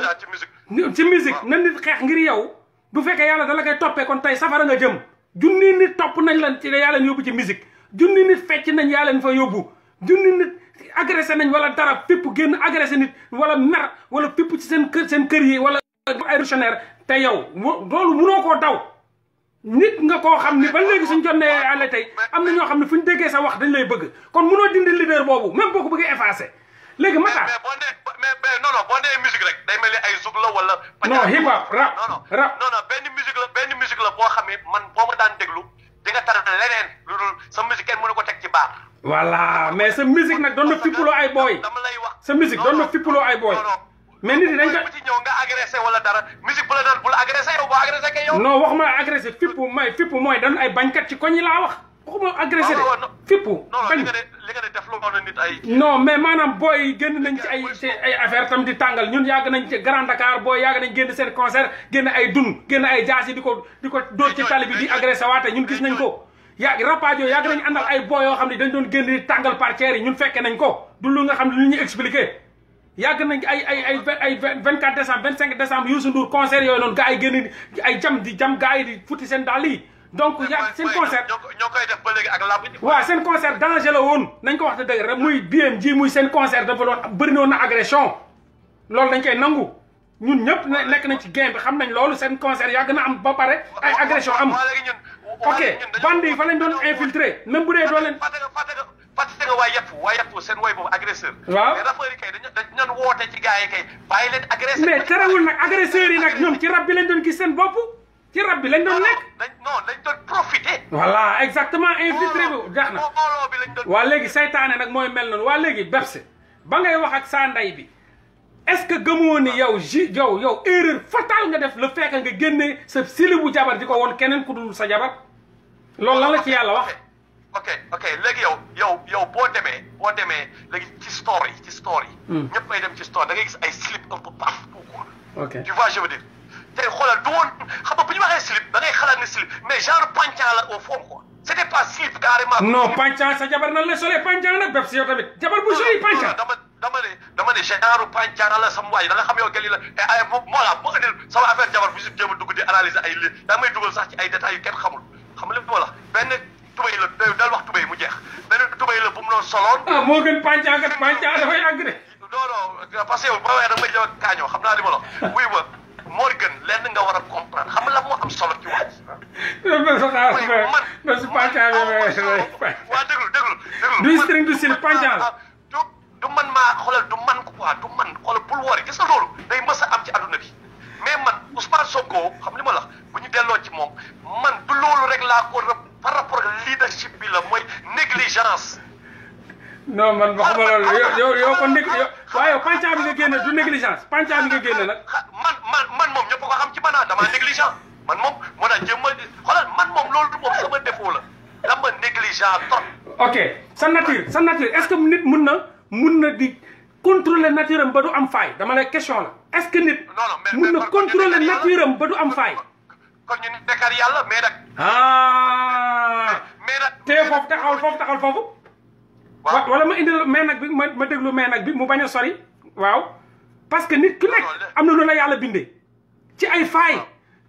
ci musique na nit xeex ngir yow bu fekkee yàlla dala koy toppee kon tey safara nga jëm junni nit topp nañ la ci yàlla yóbbu ci musique junni nit fecc nañ yàlla fa yóbbu junni nit agressé nañ wala dara fépp génn agressé nit wala mer wala fépp ci seen kër seen kër yi wala ay réactionnaire te yow loolu munoo koo daw nit nga koo xam ni ba léegi suñ jot ne àll tey am na ñoo xam ne fu ñu déggee sa wax dañ lay bëgg kon munoo dindi leader boobu même boo ko bëggee effacé léegi Matar. mais boo nee mais non non boo rek day mel ni ay zouk la wala. non hip hop rap rap non la benn musique boo xam man boo ma daan déglu. di nga taral leneen lu dul sa musique kenn mënu ko teg ci baar. voilà mais sa musique nag doon na fippuloo ay booy. dama lay wax sa musique doon na fippuloo ay booy. mais nit ñi dañ ko ci ñëw dara musique bu la daan bu la agressé yow boo agressé kay yow. non waxuma agressé fippu may fippu mooy dañu ay ci koñ yi laa wax. waxuma agressé de fippu bañ non mais maanaam booy génn nañ ci ay affaire tam di tàngal ñun yàgg nañ ci Grand Dakar booy yàgg nañ génn seen concert génn ay dun génn ay jaas yi di ko di ci tali di agressé waate ñun gis nañ ko yaa rapaaj yooyu yàgg nañ àndal ay booy yoo xam ne dañ doon génn di tàngal parceres yi ñun fekke nañ ko du lu nga xam ne lu ñuy expliqué yàgg nañ ay ay ay ay vingt quatre décembre vingt seen dàll yi donc yàgg seen concert ñoo woon nañ ko wax te dëgg rek muy BMG muy seen concert dafa doon bëri noon na agression loolu dañ koy nangu ñun ñëpp nekk nañ ci game bi xam nañ loolu seen concert yàgg na am ba pare ay agression am ok bande yi fa lañ doon infiltré même bu dee leen mais rappeurs yi nag agresseurs yi nag ñoom ci rab bi doon gis seen bopp. ci rab bi lañ doon lekk. non lañ doon profité. voilà exactement infiltré bi jax na waa léegi saytaane nag mooy mel noonu waa léegi Bebs ba ngay wax ak saa ndey bi est-ce que gëmoo ni yow ji yow yow erreur fatale nga def le fait nga génne sa sili bu jabar di ko woon keneen ku dul sa jabar loo lan la ci yàlla wax. ok ok léegi yow yow yow boo demee boo demee léegi ci store yi ci store yi. Hmm. ñëpp may dem ci store da ngay gis ay slip un peu partout quoi. ok tey xoolal du woon xam nga bu ñu waxee slip da ngay xalaat ne slip mais genre pancan la au fond quoi c' était pas slip carrément. non pancan sa jabar nan la solee pancan nag bépp si yow tamit jabar bu soli pancan. dama dama ne dama ne genre pancan la sama waay da nga xam yow gën la et ay eh, eh, moom moo la moo indil sama affaire jabar bu si jéem a dugg di analyser ay li daa may dugal sax ci ay détails yu kenn xamul xam nga li moo la benn tubéy la dal wax tubéy mu jeex benn tubéy la bu mu doon soloon. ah moo gën pancan kat pancan dafay àgg de. non non parce que yow boo waxee da nga may jëm ak kaañoo xam naa li ma la wuy ma. moo gën lenn nga war a comprendre xam nga lan moo am solo ci waaj. man man su pàncaane waaw déglu déglu man maa xoolal du man quoi du man xoolal bul wari gis nga loolu day mës a am ci àdduna bi mais man Ousmane Sonko xam li ma la bu ñu delloo ci moom man du loolu rek laa ko par rapport ak leadership bi la mooy négligence. non man ba xamal yo yow yow kon nekk yow waaye yow pancaa bi nga génne du négligence pancaa bi nga génne nag. Ah, man man moom ñëpp ko am ci man ah damaa négligent man moom moo tax jéem a xoolal man moom loolu du moom sama défaut la dama négligent trop. ok sa nature sa nature est-ce que nit mun na mun na di contrôler nature am ba du am faay dama lay question la est-ce que nit. mun na contrôler nature am ba du am faay. ko ñu nekkal yàlla mais nag. ah. mais nag te foofu taxawal foofu taxawal foofu. wa wala ma indi la mais nag bi ma ma déglu mais nag bi mu bañ a sori. waaw parce que nit ku nekk am na lu la yàlla bindee. ci ay faay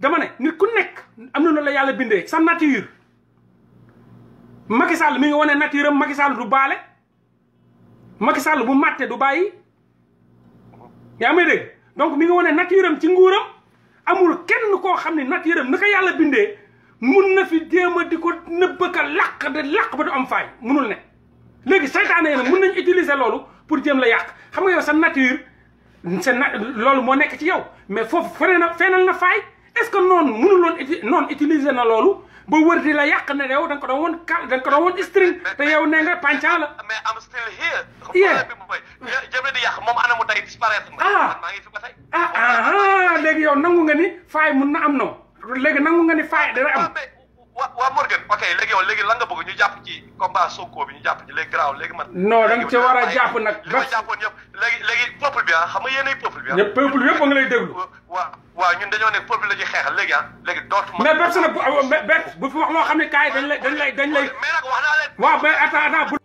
dama ne nit ku nekk am na lu la yàlla bindee sa nature. Macky Sall mi ngi wane nature am Macky du baale Macky bu màtte du bàyyi yaa may dégg donc mi ngi wane nature am ci nguuram amul kenn koo xam ne nature am naka yàlla bindee mun na fi jéem a di ko nëbb ka làq de làq ba du am faay munul ne. léegi seytaane yi nag mun nañ utiliser loolu pour jéem la yàq xam nga yow sa nature sa na loolu moo nekk ci yow mais foofu feneen na feneen na faay est-ce que noonu mënuloon uti noonu utiliser na loolu boo wër di la yàq ne yow da nga ko doon woon kal da ko doon woon string te yow nee nga pàncaa la. mais am still here. yeah jëm di yàq moom ah. Ah, ah ah léegi yow nangu nga ni faay mun na am no léegi nangu nga ni faay dana am. Ah, wa waa Morgan ok léegi yow léegi lan nga bëgg ñu jàpp ci combat Sonko bi ñu jàpp ci léegi garaaw léegi man. non da nga ca war a jàpp nag. li ma jàppoon yëpp léegi léegi peuple bi ah xam nga yéenay peuple bi ah. ñëpp peuple bi yëpp a ngi lay déglu. waaw waaw ñun dañoo nekk peuple la ñuy xeexal léegi ah léegi dootuma. mais Beps nag bu Beps bu fi wax loo xam ne kaay dañ lay dañ lay dañ lay. mais nag wax naa leen. waaw mais attends attends bu.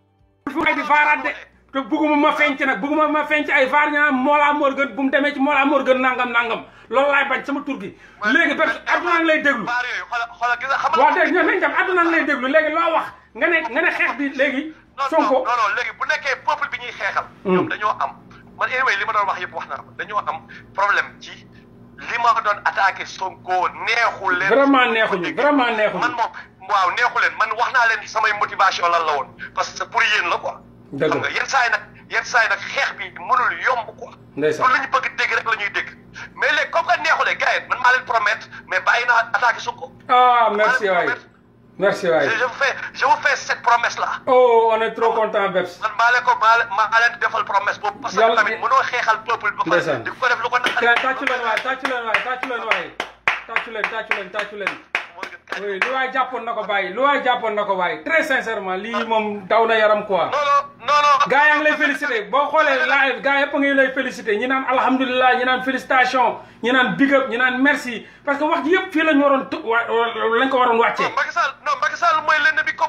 bu fi waxee di faaraat de. te bëgguma ma fenc nag bëgguma ma fenc ay vaar ñaa Mollah Morgun bu mu demee ci Mollah Morgun nangam nangam loolu laay bañ sama tur gi. léegi ba adduna ngi lay déglu. waaw dégg nga nañ tam adduna ngi lay déglu léegi loo wax nga ne nga ne xeex bi léegi. Sonko non non léegi bu nekkee peuple bi ñuy xeexal. Hmm. ñoom dañoo am man anyway li ma doon wax yëpp wax naa ko dañoo am problème ci. li ma doon attaqué Sonko neexul leen. vraiment neexuñu vraiment neexuñu. man moom waaw neexu leen man wax naa leen samay motivation lan la woon parce que pour yéen la quoi. dëgg la yenn saa yi nag yenn saa yi nag xeex bi mënul yomb quoi. ndeysaan lu ñu bëgg dégg rek la ñuy dégg mais léegi comme que neexulee gars yi man maa leen promettre mais bàyyi naa attaqué Sonko. ah merci waay merci waay je vous fais je vous fais cette promesse là. oh on est trop content Beps. man maa leen ko maa leen defal promesse boobu. parce que tamit mënoo xeexal peuple bi. ndeysaan di ko def lu ko naan. tàccu leen waay tàccu leen waay tàccu leen waay tàccu leen tàccu leen tàccu leen. oui lu waay na ko bàyyi lu waay jàppoon na ko bàyyi très sincèrement lii moom daw yaram quoi. non lay félicité boo xoolee live gars yëpp a ngi lay félicité ñi naan alhamdulilah ñi naan félicitation ñi naan big up ñi naan merci parce que wax ji yëpp fii la ñu waroon lañ ko waroon wàccee. non Macky Sall non Macky Sall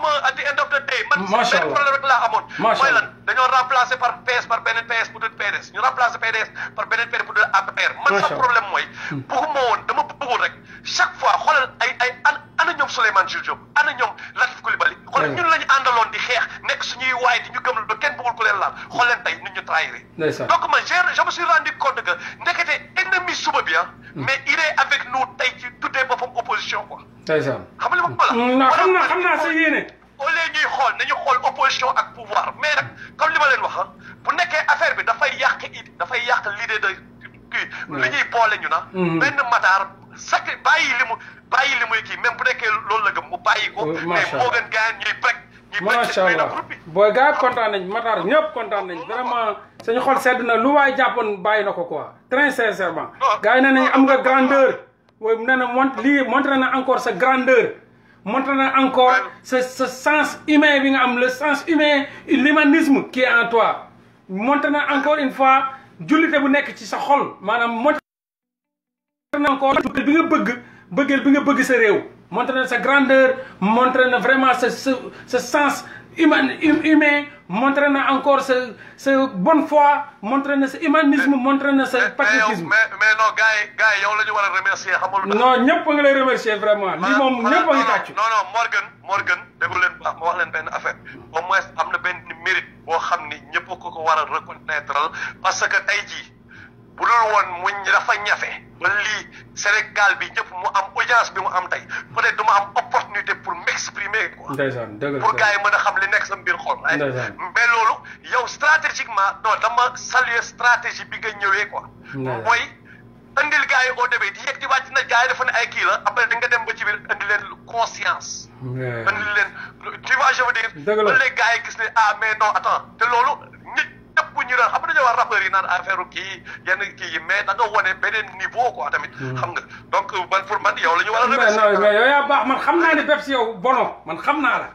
uh, at the end of the day. macha allah man rek laa amoon. macha allah mooy lan dañoo par PS par beneen PS bu doon PDS ñu remplacé PDS par beneen PDS ana ñoom Souleymane Jules Diop ana ñoom Latif Coulibaly hmm. xool ñun lañu àndaloon di xeex nekk suñuy waay di ñu gëm ku leen laal xool tey nit ñu trahiré donc man je me suis rendu compte que suba bi ah, hmm. mais il avec nous tey ci tuddee boppam opposition quoi xam li ma ko la xam na xam naa sa yéene au lieu xool nañu xool opposition ak pouvoir mais nag comme li ma leen wax ah, bu nekkee affaire bi dafay yàq it dafay yàq l'idée de kii li ñuy boole ñu na ah. hmm. benn mataar sacré bàyyi li mu bàyyi li muy kii même bu nekkee loolu la gëm mu bàyyi ko. Euh, allah booy gars kontaan nañ Matar ñëpp kontaan nañ vraiment suñu xol na lu waay jàppoon na ko quoi très sincèrement. gars am nga grandeur. wooy nee na mont lii montré na encore sa grandeur. montré na encore sa sa sens humain bi nga am le sens humain l'humanisme qui est en toi. montré na encore une fois jullite bu nekk ci sa xol na bi nga bëgg bëggeel bi nga bëgg réew montre na sa grandeur montre na vraiment sa sa sa sens humain humain montre na encore sa sa bonne foi montre na sa humanisme montre na sa patriotisme mais mais non gars yi gars yi yow la ñu war a remercier ñëpp a ngi lay remercier vraiment lii moom ñëpp a ngi tàccu non non Morgan Morgan déglu leen baax wax leen benn affaire au moins am na benn mérite boo xam ni ñëpp ko ko war a reconnaître parce que tey jii bu dul woon muñ dafa ñafe ba lii Sénégal bi ñëpp mu am audience bi mu am tey peut-être du am opportunité pour m'exprimer quoi. ndeysaan dëgg pour gars yi mën a xam li nekk sa mbir xol. ndeysaan mais loolu yow stratégiquement non dama saluer stratégie bi gay ñëwee quoi. mooy indil gars yi au début di yegg di wàcc na gars yi dafa ay kii la après da nga dem ba ci biir indi leen conscience. indi leen tu vois je veux dire. dëgg la ba léegi gars yi gis ne ah mais non attends te loolu. ñëpp bu ñu doon xam dañoo war rappeurs yi naan affaire kii yenn kii yi mais da hmm. xam nga donc man pour man yow la ñu war a. remercier mais yow naa ne Peps yow bono man xam naa la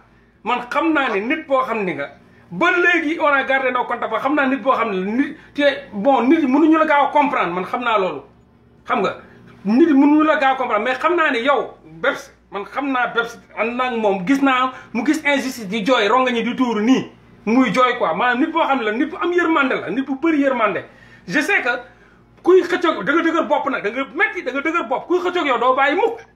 man xam naa ni nit boo xam ni nga. ba léegi on a gardé nos contacts ba xam naa nit boo xam ne nit te bon nit yi mënuñu la gaaw a comprendre man xam naa loolu. xam nga nit yi mënuñu la gaaw a comprendre mais xam naa ne yow Peps man xam naa Peps ànd naa ak moom gis naa mu gis injustice di jooy rongañi di tuuru nii. muy jooy quoi maanaam nit boo xam ne la nit bu am yërmande la nit bu bëri yërmande je sais que kuy xëccoog da nga dëgër bopp nag da nga metti da nga dëgër bopp kuy xëccoog yow doo bàyyi mukk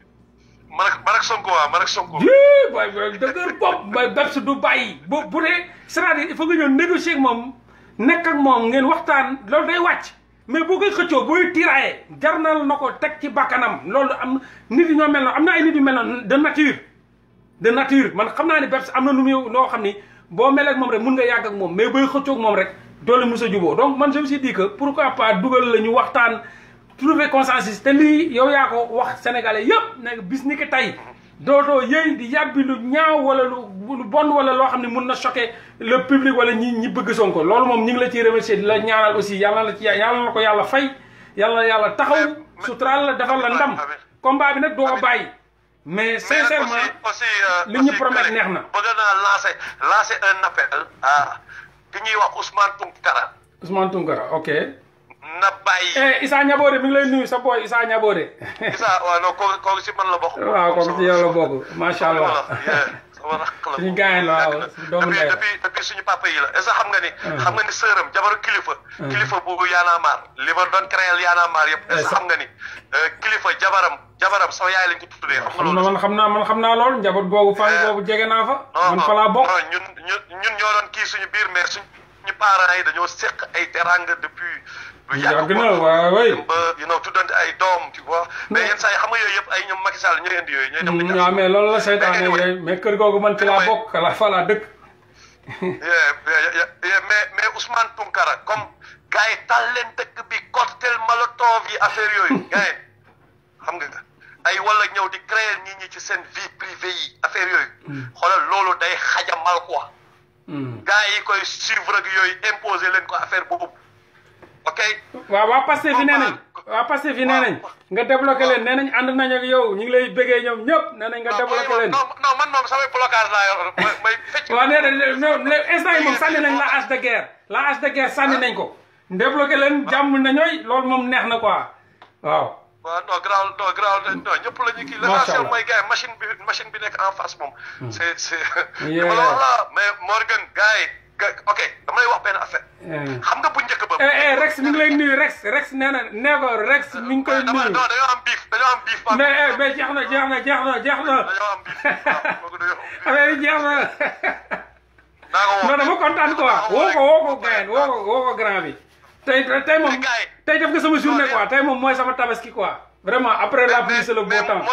man ak man ak Sonko waaw man ak Sonko. yii booy booy du bàyyi bu bu dee c'est-à-dire nga ñëw négocier moom nekk ak moom ngeen waxtaan loolu day wàcc mais boo koy xëccoo booy tiraayee jar na na ko teg ci bakkanam loolu am nit yi ñoo mel noonu am na ay nit yu mel noonu de nature de nature man xam naa ne Bebs am na nu muy noo xam ni boo mel moom rek mun nga yàgg ak moom mais bay xëccoog moom rek doole mos a juboo donc man je me suis dit que pourquoi pas la ñu waxtaan trouver consensus te lii yow yaa ko wax sénégalais yëpp nekk bis ni ki tey dootoo yëy di yàbbi lu ñaaw wala lu lu bon wala loo xam ne mun na choquer le public wala ñi ñi bëgg Sonko loolu moom ñu ngi la ciy remercier di la ñaanal aussi yàlla la ci yàlla la ko yàlla fay yàlla yàlla taxaw suturaal la defal la ndam combat bi nag doo ko bàyyi mais sincèrement euh, li ñu promet neex na. bëgg naa lancer lancer un appel. ah ki ñuy wax Ousmane Tounkara. Ousmane Tounkara ok. na bàyyi. Eh, Issa Niaboré mi ngi lay nuyu sa boy Issa Niaboré. Issa waaw non kooku si man la bokk. waaw kooku si yow la bokk allah. wala suñu gaañ doomu depuis depuis suñu papa yi la est xam nga ni. Ah. xam nga ni sëram jabaru kilifa. Ah. kilifa bu yaanaamaar li ma doon créé yaanaamaar yëpp. est-ce que ah, xam nga ni euh, kilifa jabaram jabaram sax yaay a ko tuddee. xam man xam naa man xam naa loolu njaboot boobu fan euh, boobu jege naa fa. man fa ñun ñoo doon kii suñu biir mais suñu parents yi dañoo seq ay teranga depuis. yaa ngi ko waay ay doom tu vois. mais yenn saa yi xam nga yooyu yëpp ay ñoom Macky Sall ñooy indi yooyu. ñooy def dañuy am mais loolu la saytaane mais kër googu man ci bokk la dëkk. mais mais Ousmane Tounkara comme gars yi tal leen dëkk bi cocktail molotov yi affaire yooyu gars xam nga ay wala ñëw di créer nit ñi ci seen vie privée yi affaire yooyu. Mm. xoola loolu day xajamal quoi. Mm. gars yi koy suivre ak yooyu imposer leen ko affaire boobu. ok. waaw waa Pastef fi nee nañ. waa Pastef fi nee nañ. nga débloqué leen nee nañ ànd nañ yow ñu ngi lay bëggee ñoom ñëpp nee nañ nga débloqué leen. non non man moom samay blocage laa yor may fecc. waaw nee nañ instant yi moom sànni nañ la hache de guerre. la hache de guerre sànni ah. nañ ko. débloqué leen ah. jàmm na ñooy loolu moom neex na quoi waaw. waaw non grand non grand non ñëpp la ñu kii. macha allah mooy gars machine bi machine bi nekk en face moom. Hmm. c' est Morgan gars ok dama lay wax benn affaire. Eh. xam nga bu njëkk ba. Eh, eh, Rex mi ngi lay nuyu Rex Rex nee na nee ko Rex mi ngi koy nuyu. non dañoo am mais jeex na jeex na jeex na jeex na. dañoo am biif affaire yi jeex na. non dama kontaan quoi woo ko woo ko grand woo ko woo ko bi. tey tey moom tey def nga sama journée quoi tey moom mooy sama tabaski quoi. vraiment après la pluie c'est le beau temps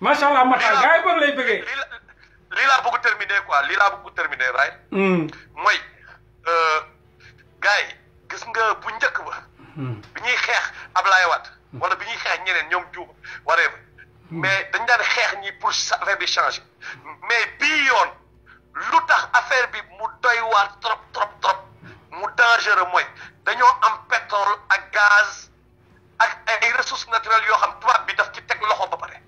macha allah Matar gars lay bëggee. lii laa bëgg terminer quoi lii laa bëgg terminer right. Hmm. mooy euh, gars yi gis nga bu njëkk ba. Hmm. bi ñuy xeex Ablaye Wade. Hmm. wala bi ñuy xeex ñeneen ñoom Diouf waree mais dañ daan xeex ñi pour affaire bi changer mais bii yoon lu tax affaire bi mu doy waar trop trop trop mu dangereux mooy dañoo am pétrole ak gaz ak ay ressources naturelles yoo xam tubaab bi daf ci teg loxo ba pare.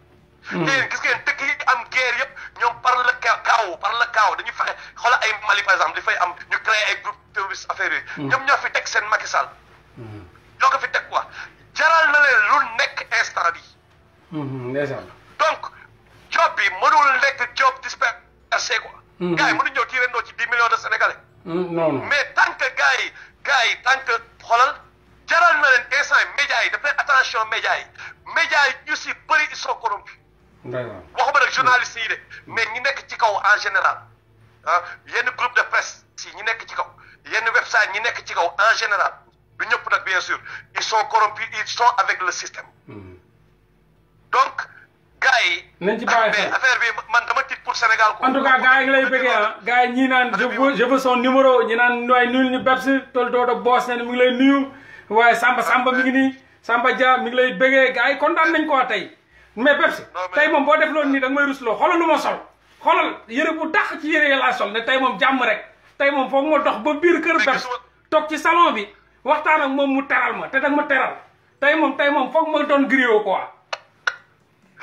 te gis ngeen dëkk yi am guerre yëpp. ñoom par le chaos par le chaos dañu fexe xoolal ay Mali par exemple dafay am ñu créé ay groupe terroriste affaire yooyu. Mm. ñoom fi teg seen Macky Sall. Mm. ñoo fi teg quoi jaral na leen nekk instant bi. Mm-hmm. donc job bi mënul nekk job dispersé quoi. Mm-hmm. gars yi mënuñu ñëw tiirandoo ci dix millions de sénégalais. Mm, non non mais tant que yi gars yi tant que jaral na leen instant média yi daf leen attention média yi média yi ñu si bëri ils sont waxuma nag journaliste yi de mais ñi nekk ci kaw en général ah yenn groupe de presse yi ñi nekk ci kaw yenn website ñi nekk ci kaw en général du ñëpp nag bien sûr ils sont corrompus ils sont avec le système hmm. donc gars yi nañ man dama tiit pour Sénégal ko en tout cas gars yi lay bëggee ah gars naan je veux numéro ñi naan waaye nuyul ñu Pepsi tol doodo boos ne mi ngi lay nuyu waaye Samba Samba mi ngi nii Samba Dia mi ngi lay bëggee gars yi kontaan nañ ko tey mais Pepsi tey moom boo def loolu nii da nga may rusloo xoolal lu ma sol xoolal yëre bu dàq ci yëre yi sol ne tey moom jàmm rek tey moom foog ma dox ba biir kër Pepsi toog ci salon bi waxtaan ak moom mu teral ma te danga ma teral tey moom tey moom foog ma doon griot quoi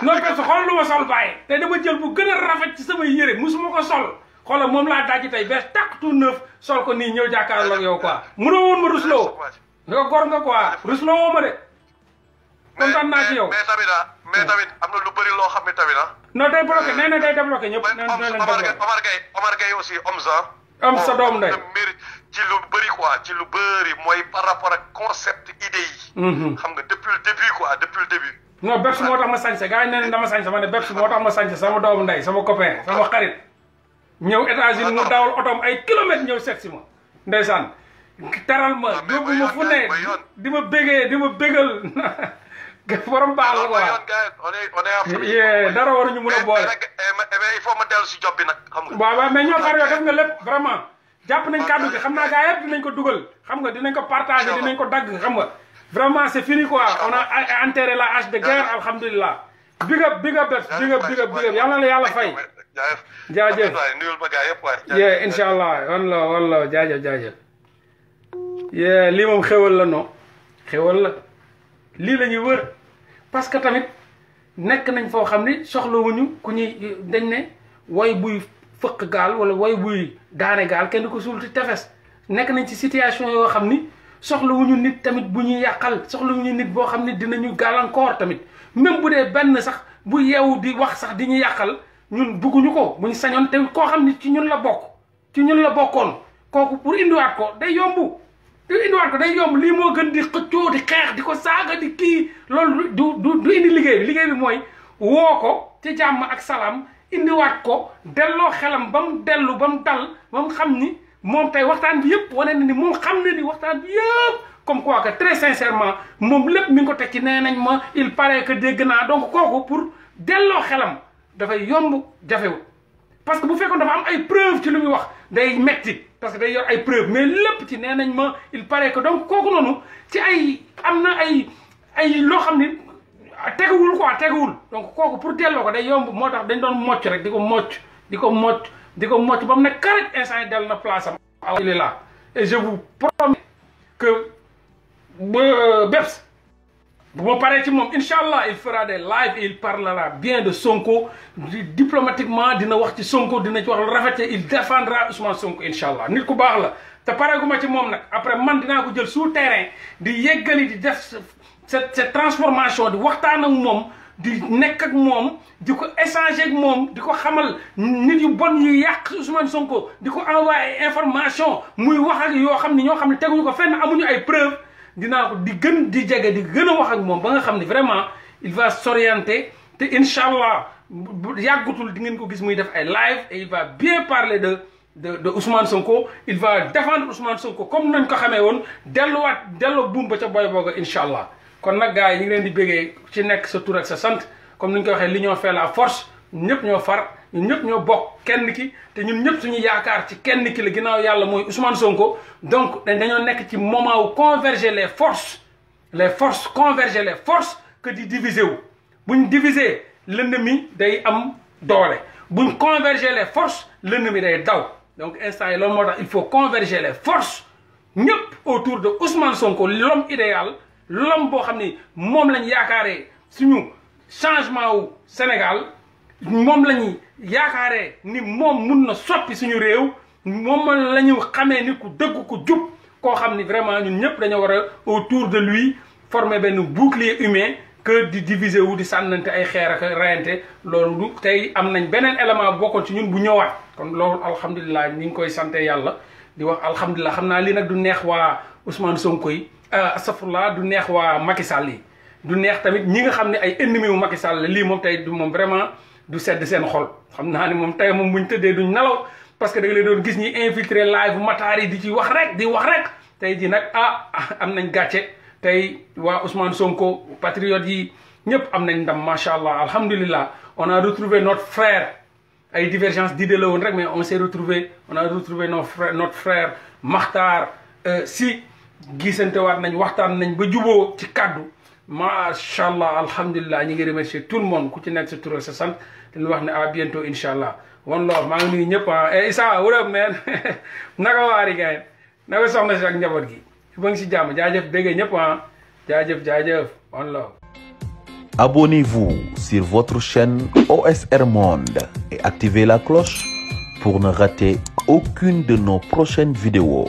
non Pepsi xoolal lu ma sol bàyyi te dama jël bu gën a rafet ci sama yëre musuma ko sol xoolal moom laa dajji tey bees tàq tout neuf sol ko nii ñëw jàkkaarloo ak yow quoi mënoo woon ma rusloo nga gor nga quoi rusloo woo naa ci yow mais tamit am na lu bëri loo xam ne tamit ah. non day bloqué euh, nee na day débloqué ñëpp. nee na leen Omar Gueye Omar Gueye aussi Omza. am sa doom ndey ci lu bëri quoi ci lu bëri mooy par rapport ak concept idée yi. Mhm. xam nga depuis le début quoi depuis le début. non Beps moo tax ma sañse gars yi nee nañ dama sañse ma ne Beps moo tax ma sañse sama doomu ndey sama copain sama xarit. ñëw États-Unis mu dawal otoom ay kilomètres ñëw seet si ma ndeysaan. teral ma yóbbu ma fu ne di ma bégee di ma bégal. borom baax la quoi dara waruñu mun a boole. mais il faut ma dellu si job bi nag xam nga. waaw nga lépp vraiment jàpp nañ kàddu gi xam naa gars yëpp dinañ ko dugal xam nga dinañ ko partager dinañ ko dagg xam nga. vraiment c'est fini ko on a enterré la hache de guerre alhamdulilah. big up big up big up big up big up yal na la a fay. jaajëf jaajëf nuyul ba gars yëpp waay. yee incha allah wan la wan la jaajëf jaajëf. yee lii moom xéwal la non xéwal la li la ñuy wër. parce que tamit nekk nañ foo xam ni soxlawuñu ku ñuy dañ ne way buy fëq gaal wala way buy daane gaal kenn du ko suul ci tefes nekk nañ ci situation yoo xam ni soxlawuñu nit tamit bu ñuy yàqal soxlawuñu nit boo xam ne dinañu gàllankoor tamit même bu dee benn sax bu yeewu di wax sax di ñu yàqal ñun bugguñu ko bu ñu sañoon te koo xam ni ci ñun la bokk ci ñun la bokkoon kooku pour indiwaat ko day yombu du indiwaat ko day yomb lii moo gën di xëccoo di xeex di ko saaga di kii loolu du du du indi liggéey bi liggéey bi mooy woo ko ci jàmm ak salaam indiwaat ko delloo xelam ba mu dellu ba mu dal ba xam ni moom tey waxtaan bi yëpp wane na ni moom xam na ni waxtaan bi yëpp comme quoi que très sincèrement moom lépp mi ngi ko teg ci nee nañ ma il paraît que dégg naa donc kooku pour delloo xelam dafay yomb jafewul parce que bu fekkoon dafa am ay preuve ci lu muy wax day metti parce que day yor ay preuve mais lépp ci nee nañ ma il paraît que donc kooku noonu ci ay am na ay ay loo xam ni teguwul quoi teguwul donc kooku pour delloo ko day yomb moo tax dañ doon mocc rek di ko mocc di ko mocc di ko mocc ba mu ne karat instant yi dal na place am il est là et je vous promets que euh, BEPS bu ma paree ci moom incha allah il fera des lives et il parlera bien de Sonko diplomatiquement dina wax ci Sonko dina ci wax lu rafet il défendra Ousmane Sonko incha allah nit ku baax la. te pareeguma ci moom nag après man dinaa ko jël sous terrain di yeggali di def cette transformation di waxtaan ak moom di nekk ak moom di ko échanger ak moom di ko xamal nit yu bon yu yàq Ousmane Sonko di ko envoyé information muy wax ak yoo xam ne ñoo xam ne teguñu ko fenn amuñu ay preuve dinaa ko di gën di jege di gën a wax ak moom ba nga xam ne vraiment il va s'orienter te incha allah bu yàggutul di ngeen ko gis muy def ay live et il va bien parler de de de Ousmane Sonko il va défendre Ousmane Sonko comme nañ ko xamee woon delluwaat delloo buum ba ca boy booga incha allah kon nag gaa yi ñu leen di béggee ci nekk sa tur ak sa sant comme ni ñu ko waxee li l'union fait la force. ñun ñëpp ñoo far ñun ñëpp ñoo bokk kenn ki te ñun ñëpp suñu yaakaar ci kenn ki la ginnaaw yàlla mooy Ousmane Sonko donc dañoo nekk ci moment wu converger les forces les forces converger les forces que di diviser wu buñ lënd mi day am doole buñ converger les forces l'ennemi day daw donc instant yi loolu moo tax il faut converger les forces ñëpp autour de Ousmane Sonko l'homme idéal l'homme boo xam ni moom lañ yaakaaree suñu changement wu Sénégal moom la ñuy yaakaaree ni moom mun na soppi suñu réew moom la ñu xamee ni ku dëggu ko jub koo xam ni vraiment ñun ñëpp dañoo war a autour de lui former benn bouclier humain que di diviser wu di sànnante ay xeer ak reyante loolu du tey am nañ beneen élément bu bokkoon ci ñun bu ñëwaat kon loolu alhamdulilah ñu ngi koy sante yàlla di wax alhamdulilah xam naa lii nag du neex waa Ousmane Sonko yi euh, astafurlah du neex waa Macky Sall yi du neex tamit ñi nga xam ne ay ennemis wu Macky Sall lii moom tey du moom vraiment du sedd seen xol xam naa ne moom tey moom ñu tëddee duñ nelaw parce que da nga leen doon gis ñi infiltré live mataar yi di ci wax rek di wax rek tey ji nag ah am nañ gàcce tey waa Ousmane Sonko patriote yi ñëpp am nañ ndam macha allah alhamdulillah on a retrouvé notre frère ay divergence d'idées la woon rek mais on s'est retrouvé on a retrouvé notre frère notre frère Makhtar euh, Sy gisantewaat nañ waxtaan nañ ba juboo ci kàddu macha allah alhamdulilah ñu ngi remercier tout le ku ci nekk sa tur sa lu wax ne à bientôt incha allah one love maa ngi nuyu ñëpp ah eh, Issa what up man naka waari gaay naka soxna si ak njaboot gi ba ngi si jàmm jaajëf béggee ñëpp a ah. jaajëf jaajëf one love. Abonnez-vous sur votre chaîne OSR Monde et activez la cloche pour ne rater aucune de nos prochaines vidéos.